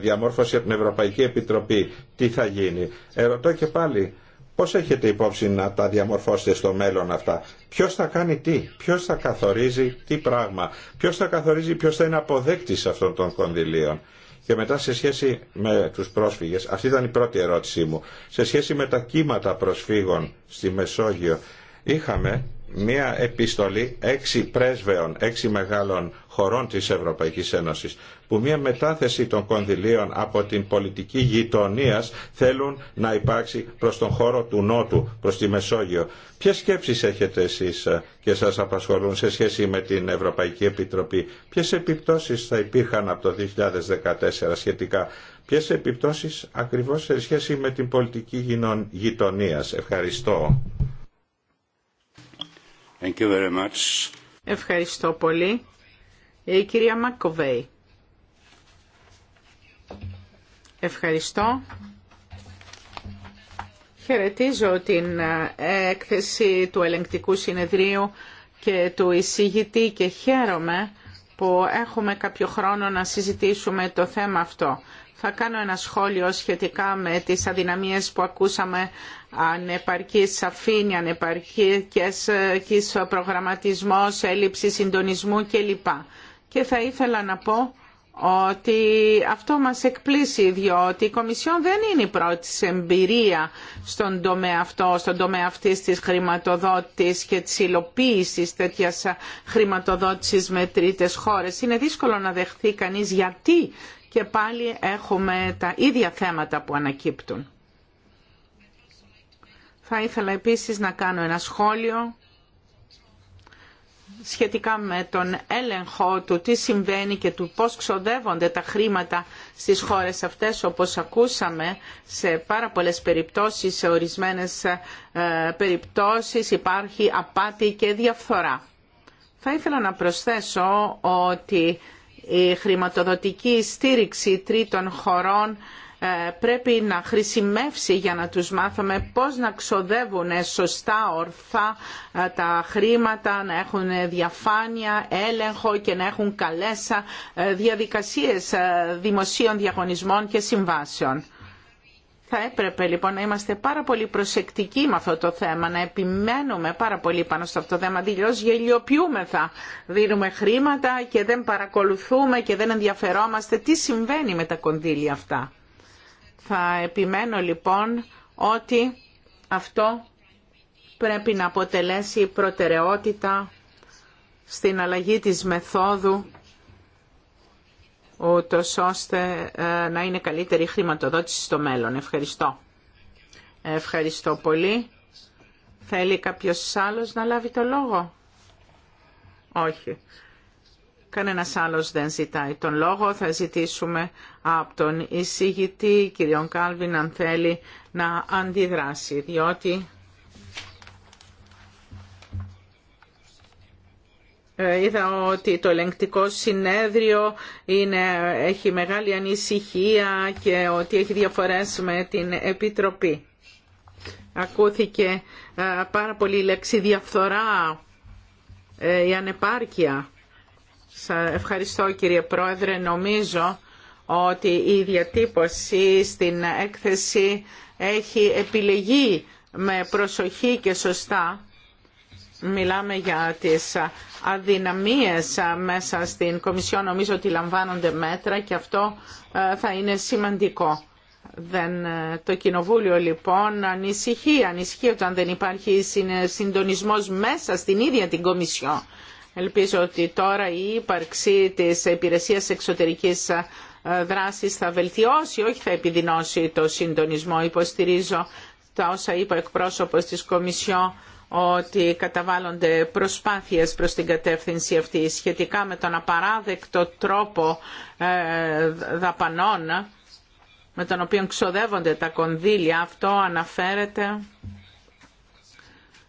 διαμόρφωση από την Ευρωπαϊκή Επιτροπή, τι θα γίνει. Ερωτώ και πάλι, πώς έχετε υπόψη να τα διαμορφώσετε στο μέλλον αυτά. Ποιος θα κάνει τι, ποιος θα καθορίζει τι πράγμα, ποιος θα καθορίζει ποιος θα είναι αποδέκτης αυτών των κονδυλίων. Και μετά σε σχέση με τους πρόσφυγες, αυτή ήταν η πρώτη ερώτησή μου, σε σχέση με τα κύματα προσφύγων στη Μεσόγειο, είχαμε μία επιστολή έξι πρέσβεων, έξι μεγάλων χωρών της Ευρωπαϊκής Ένωσης που μια μετάθεση των κονδυλίων από την πολιτική γειτονία θέλουν να υπάρξει προ τον χώρο του Νότου, προς τη Μεσόγειο. Ποιε σκέψεις έχετε εσείς ε, και σας απασχολούν σε σχέση με την Ευρωπαϊκή Επιτροπή. Ποιε επιπτώσεις θα υπήρχαν από το 2014 σχετικά. ποιε επιπτώσεις ακριβώς σε σχέση με την πολιτική γειτονία. Ευχαριστώ. Ευχαριστώ πολύ. Η κυρία Μακοβέη. Ευχαριστώ. Χαιρετίζω την ε, έκθεση του ελεγκτικού συνεδρίου και του εισηγητή και χαίρομαι που έχουμε κάποιο χρόνο να συζητήσουμε το θέμα αυτό. Θα κάνω ένα σχόλιο σχετικά με τις αδυναμίες που ακούσαμε ανεπαρκή σαφήνεια, ανεπαρκή ε, προγραμματισμός, έλλειψη συντονισμού κλπ. Και θα ήθελα να πω ότι αυτό μας εκπλήσει διότι η Κομισιόν δεν είναι η πρώτη εμπειρία στον τομέα αυτό, στον τομέα της χρηματοδότησης και της υλοποίησης τέτοιας χρηματοδότησης με τρίτες χώρες. Είναι δύσκολο να δεχθεί κανείς γιατί και πάλι έχουμε τα ίδια θέματα που ανακύπτουν. Θα ήθελα επίσης να κάνω ένα σχόλιο σχετικά με τον έλεγχο του τι συμβαίνει και του πώς ξοδεύονται τα χρήματα στις χώρες αυτές όπως ακούσαμε σε πάρα πολλές περιπτώσεις, σε ορισμένες ε, περιπτώσεις υπάρχει απάτη και διαφθορά. Θα ήθελα να προσθέσω ότι η χρηματοδοτική στήριξη τρίτων χωρών ε, πρέπει να χρησιμεύσει για να τους μάθουμε πώς να ξοδεύουν σωστά, ορθά ε, τα χρήματα, να έχουν διαφάνεια, έλεγχο και να έχουν καλές ε, διαδικασίες δημοσίων διαγωνισμών και συμβάσεων. Θα έπρεπε λοιπόν να είμαστε πάρα πολύ προσεκτικοί με αυτό το θέμα, να επιμένουμε πάρα πολύ πάνω σε αυτό το θέμα. Τελειώ γελιοποιούμεθα. Δίνουμε χρήματα και δεν παρακολουθούμε και δεν ενδιαφερόμαστε τι συμβαίνει με τα κονδύλια αυτά. Θα επιμένω λοιπόν ότι αυτό πρέπει να αποτελέσει προτεραιότητα στην αλλαγή της μεθόδου ούτως ώστε ε, να είναι καλύτερη η χρηματοδότηση στο μέλλον. Ευχαριστώ. Ευχαριστώ πολύ. Θέλει κάποιος άλλος να λάβει το λόγο. Όχι. Κανένας άλλος δεν ζητάει τον λόγο. Θα ζητήσουμε από τον εισηγητή, κ. Κάλβιν, αν θέλει να αντιδράσει, διότι ε, Είδα ότι το ελεγκτικό συνέδριο είναι, έχει μεγάλη ανησυχία και ότι έχει διαφορές με την Επιτροπή. Ακούθηκε ε, πάρα πολύ η λέξη διαφθορά, ε, η ανεπάρκεια σα ευχαριστώ κύριε Πρόεδρε. Νομίζω ότι η διατύπωση στην έκθεση έχει επιλεγεί με προσοχή και σωστά. Μιλάμε για τις αδυναμίες μέσα στην Κομισιόν. Νομίζω ότι λαμβάνονται μέτρα και αυτό ε, θα είναι σημαντικό. Δεν, ε, το Κοινοβούλιο λοιπόν ανησυχεί, ανησυχεί όταν δεν υπάρχει συντονισμός μέσα στην ίδια την Κομισιόν Ελπίζω ότι τώρα η ύπαρξη της υπηρεσίας εξωτερικής ε, δράσης θα βελτιώσει, όχι θα επιδεινώσει το συντονισμό. Υποστηρίζω τα όσα είπα ο εκπρόσωπος της Κομισιό ότι καταβάλλονται προσπάθειες προς την κατεύθυνση αυτή σχετικά με τον απαράδεκτο τρόπο ε, δαπανών με τον οποίο ξοδεύονται τα κονδύλια. Αυτό αναφέρεται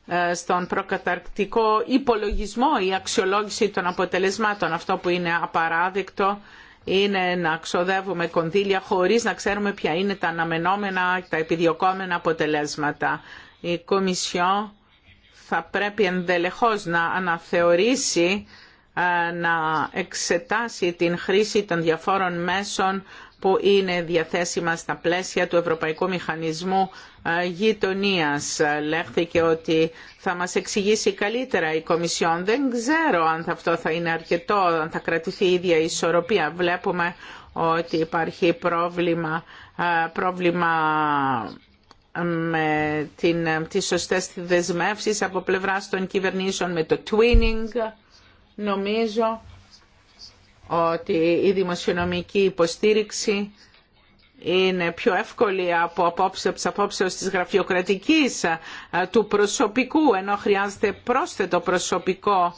ε, στον προκαταρκτικό υπολογισμό ή αξιολόγηση των αποτελεσμάτων. Αυτό που είναι απαράδεκτο είναι να ξοδεύουμε κονδύλια χωρίς να ξέρουμε ποια είναι τα αναμενόμενα, τα επιδιωκόμενα αποτελέσματα. Η Κομισιό θα πρέπει ενδελεχώς να αναθεωρήσει ε, να εξετάσει την χρήση των διαφόρων μέσων που είναι διαθέσιμα στα πλαίσια του Ευρωπαϊκού Μηχανισμού ε, Γειτονίας. Λέχθηκε ότι θα μας εξηγήσει καλύτερα η Κομισιόν. Δεν ξέρω αν αυτό θα είναι αρκετό, αν θα κρατηθεί η ίδια ισορροπία. Βλέπουμε ότι υπάρχει πρόβλημα, ε, πρόβλημα ε, με την, τις σωστές δεσμεύσεις από πλευράς των κυβερνήσεων με το twinning. Νομίζω ότι η δημοσιονομική υποστήριξη είναι πιο εύκολη από απόψε, απόψεως της γραφειοκρατικής ε, του προσωπικού, ενώ χρειάζεται πρόσθετο προσωπικό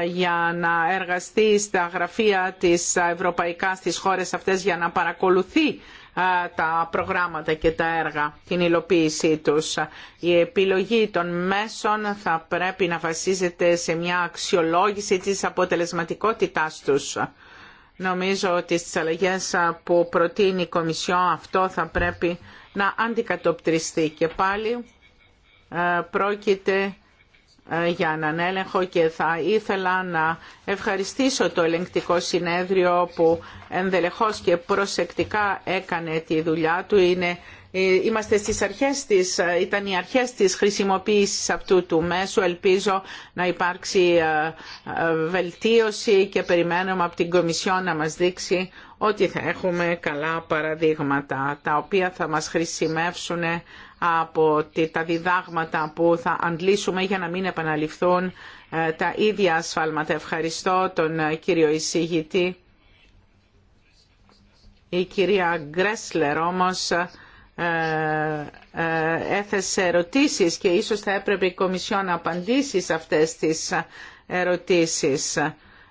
ε, για να εργαστεί στα γραφεία της ευρωπαϊκά στις χώρες αυτές για να παρακολουθεί τα προγράμματα και τα έργα, την υλοποίησή τους. Η επιλογή των μέσων θα πρέπει να βασίζεται σε μια αξιολόγηση της αποτελεσματικότητάς τους. Νομίζω ότι στις αλλαγές που προτείνει η Κομισιό αυτό θα πρέπει να αντικατοπτριστεί και πάλι πρόκειται ε, για έναν έλεγχο και θα ήθελα να ευχαριστήσω το ελεγκτικό συνέδριο που ενδελεχώς και προσεκτικά έκανε τη δουλειά του. Ε, είμαστε στις αρχές της, ε, ήταν οι αρχές της χρησιμοποίησης αυτού του μέσου. Ελπίζω να υπάρξει βελτίωση και περιμένουμε από την Κομισιό να μας δείξει ότι θα έχουμε καλά παραδείγματα τα οποία θα μας χρησιμεύσουν από τα διδάγματα που θα αντλήσουμε για να μην επαναληφθούν ε, τα ίδια ασφάλματα. Ευχαριστώ τον ε, κύριο εισηγητή. Η κυρία Γκρέσλερ όμως ε, έθεσε ερωτήσεις και ίσως θα έπρεπε η Κομισιόν να απαντήσει σε αυτές τις ερωτήσεις.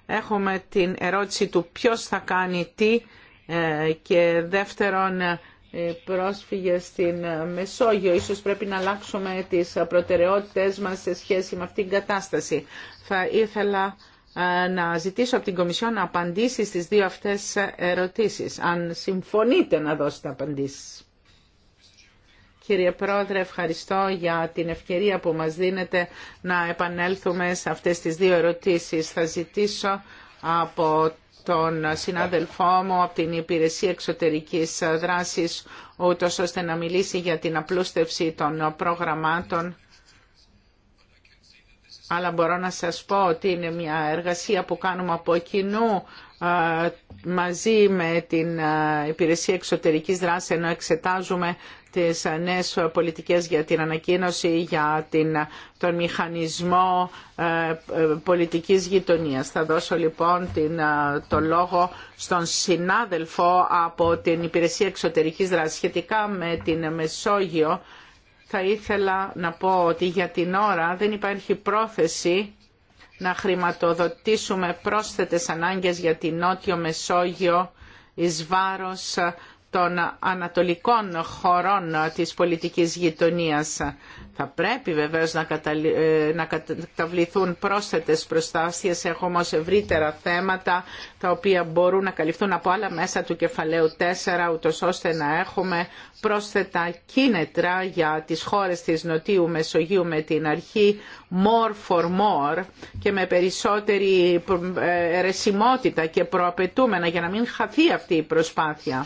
Έχουμε την ερώτηση του ποιος θα κάνει τι και δεύτερον ε, πρόσφυγες στην ε, Μεσόγειο. Ίσως πρέπει να αλλάξουμε τις ε, προτεραιότητες μας σε σχέση με αυτήν την κατάσταση. Θα ήθελα να ζητήσω από την Κομισιόν να απαντήσει στις δύο αυτές ερωτήσεις. Αν συμφωνείτε να δώσετε απαντήσεις. Κύριε Πρόεδρε, ευχαριστώ για την ευκαιρία που μας δίνετε να επανέλθουμε σε αυτές τις δύο ερωτήσεις. Θα ζητήσω από τον συνάδελφό μου από την Υπηρεσία Εξωτερικής Δράσης, ούτως ώστε να μιλήσει για την απλούστευση των προγραμμάτων. Αλλά μπορώ να σας πω ότι είναι μια εργασία που κάνουμε από κοινού μαζί με την Υπηρεσία Εξωτερικής Δράσης, ενώ εξετάζουμε τις νέες πολιτικές για την ανακοίνωση για την, τον μηχανισμό ε, πολιτικής γειτονίας. Θα δώσω λοιπόν την, ε, το λόγο στον συνάδελφο από την Υπηρεσία Εξωτερικής Δράσης σχετικά με την Μεσόγειο. Θα ήθελα να πω ότι για την ώρα δεν υπάρχει πρόθεση να χρηματοδοτήσουμε πρόσθετες ανάγκες για την Νότιο Μεσόγειο εις βάρος των ανατολικών χωρών της πολιτικής γειτονίας. Θα πρέπει βεβαίως να, ε, να καταβληθούν πρόσθετες προστάσεις. Έχουμε όμως ευρύτερα θέματα τα οποία μπορούν να καλυφθούν από άλλα μέσα του κεφαλαίου 4 ούτως ώστε να έχουμε πρόσθετα κίνητρα για τις χώρες της Νοτιού Μεσογείου με την αρχή more for more και με περισσότερη ερεσιμότητα και προαπαιτούμενα για να μην χαθεί αυτή η προσπάθεια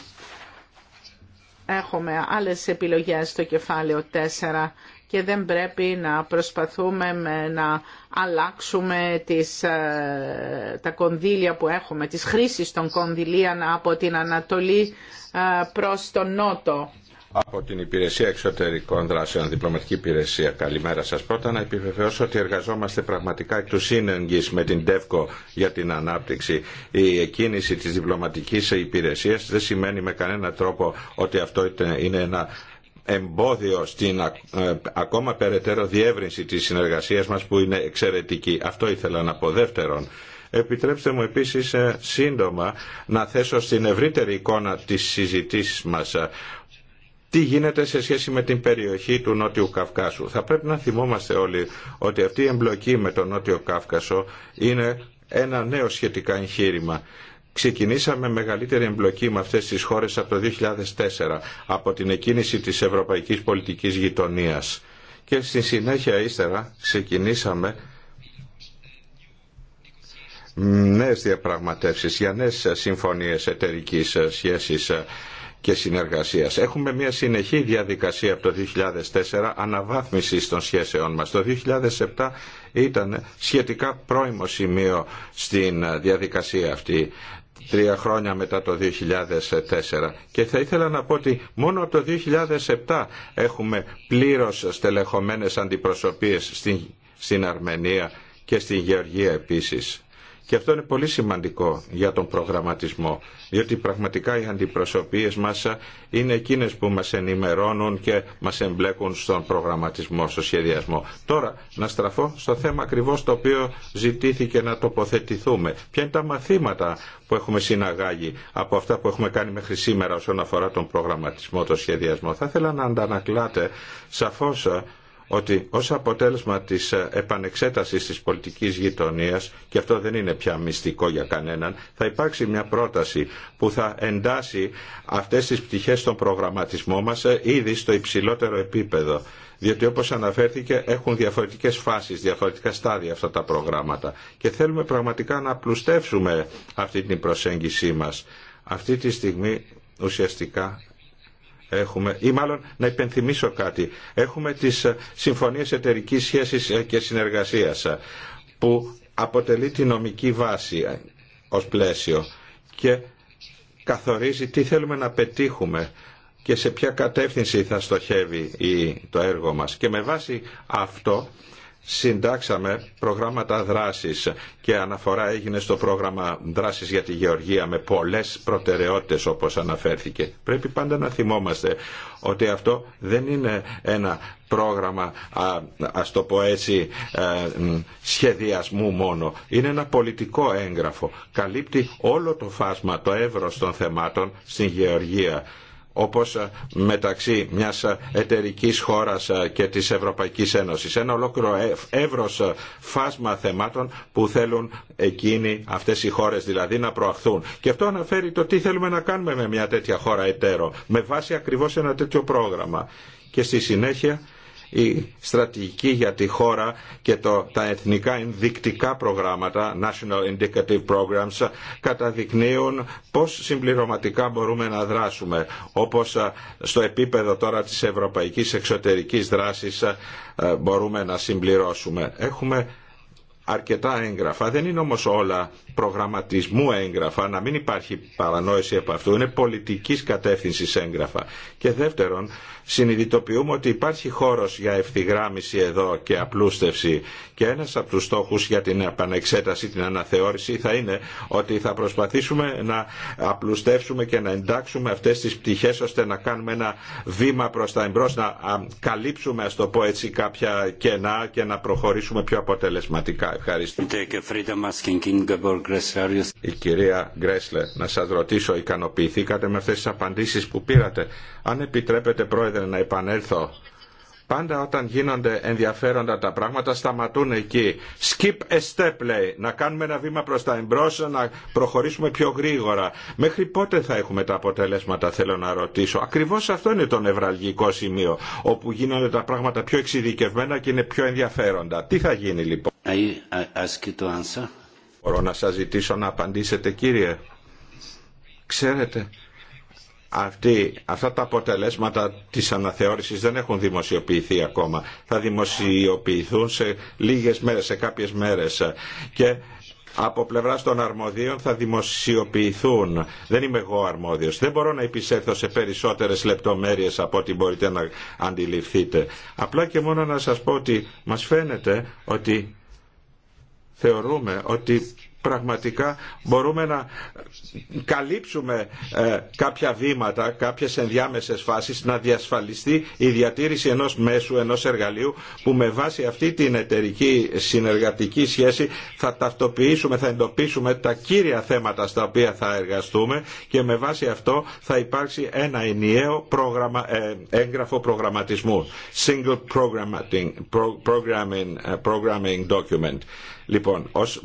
έχουμε άλλες επιλογές στο κεφάλαιο 4 και δεν πρέπει να προσπαθούμε να αλλάξουμε τις, ε, τα κονδύλια που έχουμε, τις χρήσεις των κονδυλίων από την Ανατολή ε, προς τον Νότο από την Υπηρεσία Εξωτερικών Δράσεων, Διπλωματική Υπηρεσία. Καλημέρα σα Πρώτα να επιβεβαιώσω ότι εργαζόμαστε πραγματικά εκ του σύνεγγυς με την ΤΕΦΚΟ για την ανάπτυξη. Η εκκίνηση τη διπλωματική υπηρεσία. δεν σημαίνει με κανένα τρόπο ότι αυτό είναι ένα εμπόδιο στην ε, ακόμα περαιτέρω διεύρυνση της συνεργασίας μας που είναι εξαιρετική. Αυτό ήθελα να πω δεύτερον. Επιτρέψτε μου επίσης ε, σύντομα να θέσω στην ευρύτερη εικόνα της συζητή τι γίνεται σε σχέση με την περιοχή του Νότιου Καυκάσου. Θα πρέπει να θυμόμαστε όλοι ότι αυτή η εμπλοκή με τον Νότιο Καύκασο είναι ένα νέο σχετικά εγχείρημα. Ξεκινήσαμε μεγαλύτερη εμπλοκή με αυτές τις χώρες από το 2004, από την εκκίνηση της Ευρωπαϊκής Πολιτικής Γειτονίας. Και στη συνέχεια ύστερα ξεκινήσαμε νέες διαπραγματεύσεις για νέες συμφωνίες εταιρικής σχέσης και συνεργασίας. Έχουμε μια συνεχή διαδικασία από το 2004 αναβάθμισης των σχέσεών μας. Το 2007 ήταν σχετικά πρώιμο σημείο στην διαδικασία αυτή τρία χρόνια μετά το 2004. Και θα ήθελα να πω ότι μόνο από το 2007 έχουμε πλήρως στελεχωμένες αντιπροσωπείες στην, στην Αρμενία και στην Γεωργία επίσης. Και αυτό είναι πολύ σημαντικό για τον προγραμματισμό, διότι πραγματικά οι αντιπροσωπείες μας είναι εκείνες που μας ενημερώνουν και μας εμπλέκουν στον προγραμματισμό, στο σχεδιασμό. Τώρα, να στραφώ στο θέμα ακριβώς το οποίο ζητήθηκε να τοποθετηθούμε. Ποια είναι τα μαθήματα που έχουμε συναγάγει από αυτά που έχουμε κάνει μέχρι σήμερα όσον αφορά τον προγραμματισμό, τον σχεδιασμό. Θα ήθελα να αντανακλάτε σαφώς ότι ως αποτέλεσμα της ε, επανεξέτασης της πολιτικής γειτονίας και αυτό δεν είναι πια μυστικό για κανέναν θα υπάρξει μια πρόταση που θα εντάσει αυτές τις πτυχές στον προγραμματισμό μας ε, ήδη στο υψηλότερο επίπεδο διότι όπως αναφέρθηκε έχουν διαφορετικές φάσεις, διαφορετικά στάδια αυτά τα προγράμματα και θέλουμε πραγματικά να πλουστεύσουμε αυτή την προσέγγιση μας. Αυτή τη στιγμή ουσιαστικά έχουμε, ή μάλλον να υπενθυμίσω κάτι. Έχουμε τις ε, συμφωνίες εταιρική σχέσης ε, και συνεργασίας ε, που αποτελεί τη νομική βάση ως πλαίσιο και καθορίζει τι θέλουμε να πετύχουμε και σε ποια κατεύθυνση θα στοχεύει το έργο μας. Και με βάση αυτό συντάξαμε προγράμματα δράσης και αναφορά έγινε στο πρόγραμμα δράσης για τη γεωργία με πολλές προτεραιότητες όπως αναφέρθηκε. Πρέπει πάντα να θυμόμαστε ότι αυτό δεν είναι ένα πρόγραμμα, α, το ε, σχεδιασμού μόνο. Είναι ένα πολιτικό έγγραφο. Καλύπτει όλο το φάσμα, το εύρος των θεμάτων στην γεωργία όπως ε, μεταξύ μιας ε, εταιρικής χώρας ε, και της Ευρωπαϊκής Ένωσης. Ένα ολόκληρο εύρος φάσμα θεμάτων που θέλουν εκείνοι, αυτές οι χώρες δηλαδή, να προαχθούν. Και αυτό αναφέρει το τι θέλουμε να κάνουμε με μια τέτοια χώρα εταίρο, με βάση ακριβώς ένα τέτοιο πρόγραμμα. Και στη συνέχεια η στρατηγική για τη χώρα και το, τα εθνικά ενδεικτικά προγράμματα, National Indicative Programs, καταδεικνύουν πώς συμπληρωματικά μπορούμε να δράσουμε, όπως στο επίπεδο τώρα της ευρωπαϊκής εξωτερικής δράσης μπορούμε να συμπληρώσουμε. Έχουμε αρκετά έγγραφα. Δεν είναι όμως όλα προγραμματισμού έγγραφα, να μην υπάρχει παρανόηση από αυτού, είναι πολιτικής κατεύθυνσης έγγραφα. Και δεύτερον, συνειδητοποιούμε ότι υπάρχει χώρος για ευθυγράμμιση εδώ και απλούστευση και ένας από τους στόχους για την επανεξέταση, την αναθεώρηση θα είναι ότι θα προσπαθήσουμε να απλουστεύσουμε και να εντάξουμε αυτές τις πτυχές ώστε να κάνουμε ένα βήμα προς τα εμπρός, να καλύψουμε ας το πω έτσι κάποια κενά και να προχωρήσουμε πιο αποτελεσματικά. Ευχαριστώ. Η κυρία Γκρέσλε, να σα ρωτήσω, ικανοποιηθήκατε με αυτέ τι απαντήσει που πήρατε. Αν επιτρέπετε, Πρόεδρε, να επανέλθω. Πάντα όταν γίνονται ενδιαφέροντα τα πράγματα σταματούν εκεί. Skip a step λέει. Να κάνουμε ένα βήμα προς τα εμπρός, να προχωρήσουμε πιο γρήγορα. Μέχρι πότε θα έχουμε τα αποτελέσματα θέλω να ρωτήσω. Ακριβώς αυτό είναι το νευραλγικό σημείο όπου γίνονται τα πράγματα πιο εξειδικευμένα και είναι πιο ενδιαφέροντα. Τι θα γίνει λοιπόν. I Μπορώ να σας ζητήσω να απαντήσετε κύριε. Ξέρετε, αυτοί, αυτά τα αποτελέσματα της αναθεώρησης δεν έχουν δημοσιοποιηθεί ακόμα. Θα δημοσιοποιηθούν σε λίγες μέρες, σε κάποιες μέρες. Και από πλευρά των αρμοδίων θα δημοσιοποιηθούν. Δεν είμαι εγώ αρμόδιος. Δεν μπορώ να επισέλθω σε περισσότερες λεπτομέρειες από ό,τι μπορείτε να αντιληφθείτε. Απλά και μόνο να σας πω ότι μας φαίνεται ότι θεωρούμε ότι πραγματικά μπορούμε να καλύψουμε ε, κάποια βήματα, κάποιες ενδιάμεσες φάσεις, να διασφαλιστεί η διατήρηση ενός μέσου, ενός εργαλείου που με βάση αυτή την εταιρική συνεργατική σχέση θα ταυτοποιήσουμε, θα εντοπίσουμε τα κύρια θέματα στα οποία θα εργαστούμε και με βάση αυτό θα υπάρξει ένα ενιαίο πρόγραμμα, ε, έγγραφο προγραμματισμού. Single programming, ε, programming document. Λοιπόν, ως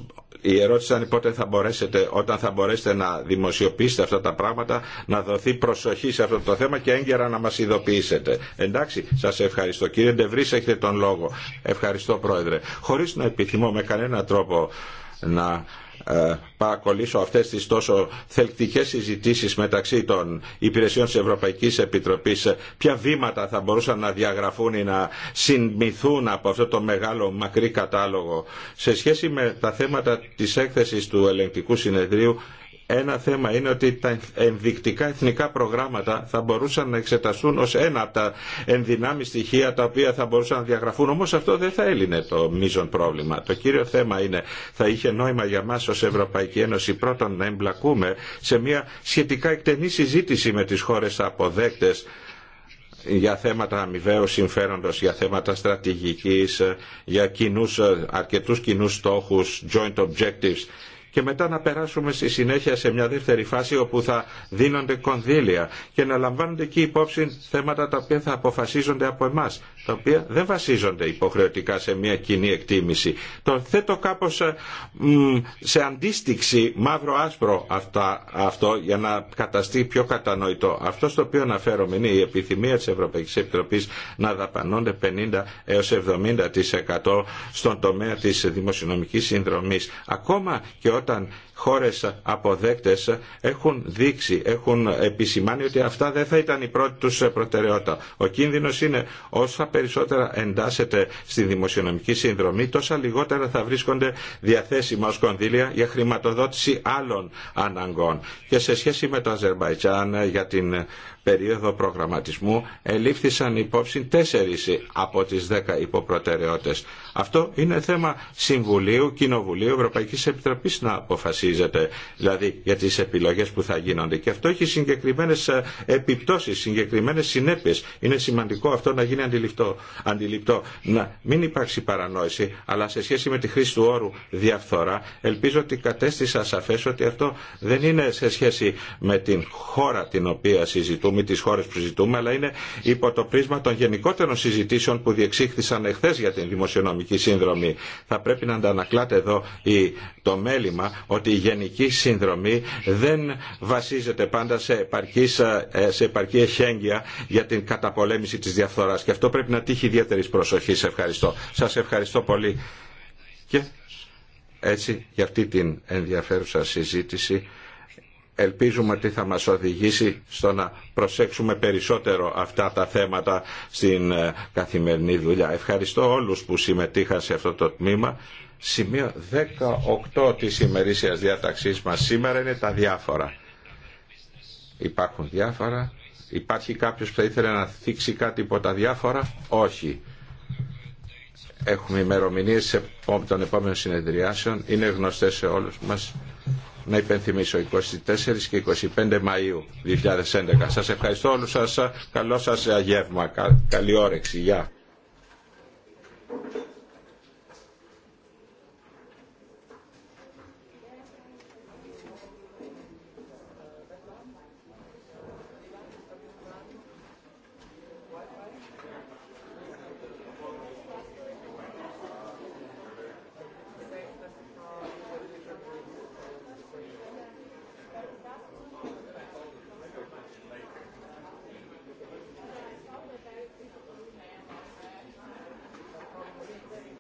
η ερώτηση ήταν πότε θα μπορέσετε, όταν θα μπορέσετε να δημοσιοποιήσετε αυτά τα πράγματα, να δοθεί προσοχή σε αυτό το θέμα και έγκαιρα να μας ειδοποιήσετε. Εντάξει, σας ευχαριστώ. Κύριε Ντεβρίς, έχετε τον λόγο. Ευχαριστώ, Πρόεδρε. Χωρίς να επιθυμώ με κανένα τρόπο να ε, ακολουθήσω αυτές τις τόσο θελκτικές συζητήσεις μεταξύ των υπηρεσιών της Ευρωπαϊκής Επιτροπής ε, ποια βήματα θα μπορούσαν να διαγραφούν ή να συνμηθούν από αυτό το μεγάλο μακρύ κατάλογο σε σχέση με τα θέματα της έκθεσης του ελεγκτικού συνεδρίου ένα θέμα είναι ότι τα ενδεικτικά εθνικά προγράμματα θα μπορούσαν να εξεταστούν ως ένα από τα ενδυνάμει στοιχεία τα οποία θα μπορούσαν να διαγραφούν. Όμως αυτό δεν θα έλυνε το μείζον πρόβλημα. Το κύριο θέμα είναι θα είχε νόημα για μας ως Ευρωπαϊκή Ένωση πρώτον να εμπλακούμε σε μια σχετικά εκτενή συζήτηση με τις χώρες αποδέκτες για θέματα αμοιβαίου συμφέροντος, για θέματα στρατηγικής, για κοινούς, αρκετούς κοινούς στόχους, joint objectives και μετά να περάσουμε στη συνέχεια σε μια δεύτερη φάση όπου θα δίνονται κονδύλια και να λαμβάνονται εκεί υπόψη θέματα τα οποία θα αποφασίζονται από εμάς τα οποία δεν βασίζονται υποχρεωτικά σε μια κοινή εκτίμηση. Το θέτω κάπως ε, σε αντίστοιξη μαύρο-άσπρο αυτό για να καταστεί πιο κατανοητό. Αυτό στο οποίο αναφέρομαι είναι η επιθυμία της Ευρωπαϊκής Επιτροπής να δαπανώνται 50 έως 70% στον τομέα της δημοσιονομικής συνδρομής. Ακόμα και όταν χώρες αποδέκτες έχουν δείξει, έχουν επισημάνει ότι αυτά δεν θα ήταν η πρώτη τους προτεραιότητα. Ο κίνδυνος είναι όσα περισσότερα εντάσσεται στη δημοσιονομική συνδρομή, τόσα λιγότερα θα βρίσκονται διαθέσιμα ως κονδύλια για χρηματοδότηση άλλων αναγκών. Και σε σχέση με το Αζερμπαϊτζάν για την περίοδο προγραμματισμού ελήφθησαν υπόψη τέσσερις από τις δέκα υποπροτεραιότητες. Αυτό είναι θέμα Συμβουλίου, Κοινοβουλίου, Ευρωπαϊκής Επιτροπής να αποφασίζεται, δηλαδή για τις επιλογές που θα γίνονται. Και αυτό έχει συγκεκριμένες ε, επιπτώσεις, συγκεκριμένες συνέπειες. Είναι σημαντικό αυτό να γίνει αντιληπτό. αντιληπτό. Να μην υπάρξει παρανόηση, αλλά σε σχέση με τη χρήση του όρου διαφθορά, ελπίζω ότι κατέστησα σαφές ότι αυτό δεν είναι σε σχέση με την χώρα την οποία συζητούμε με τις χώρες που συζητούμε, αλλά είναι υπό το πρίσμα των γενικότερων συζητήσεων που διεξήχθησαν εχθές για την δημοσιονομική σύνδρομη. Θα πρέπει να αντανακλάται εδώ το μέλημα ότι η γενική σύνδρομη δεν βασίζεται πάντα σε επαρκή, ε, σε επαρκή εχέγγυα για την καταπολέμηση της διαφθοράς και αυτό πρέπει να τύχει ιδιαίτερης προσοχής. Ευχαριστώ. Σας ευχαριστώ πολύ. Και έτσι για αυτή την ενδιαφέρουσα συζήτηση ελπίζουμε ότι θα μας οδηγήσει στο να προσέξουμε περισσότερο αυτά τα θέματα στην ε, καθημερινή δουλειά. Ευχαριστώ όλους που συμμετείχαν σε αυτό το τμήμα. Σημείο 18 της ημερήσιας διάταξής μας σήμερα είναι τα διάφορα. Υπάρχουν διάφορα. Υπάρχει κάποιος που θα ήθελε να θίξει κάτι υπό τα διάφορα. Όχι. Έχουμε ημερομηνίε των επόμενων συνεδριάσεων. Είναι γνωστές σε όλους μας να υπενθυμίσω 24 και 25 Μαΐου 2011. Σας ευχαριστώ όλους σας. Καλό σας ε, γεύμα. Καλή όρεξη. Γεια.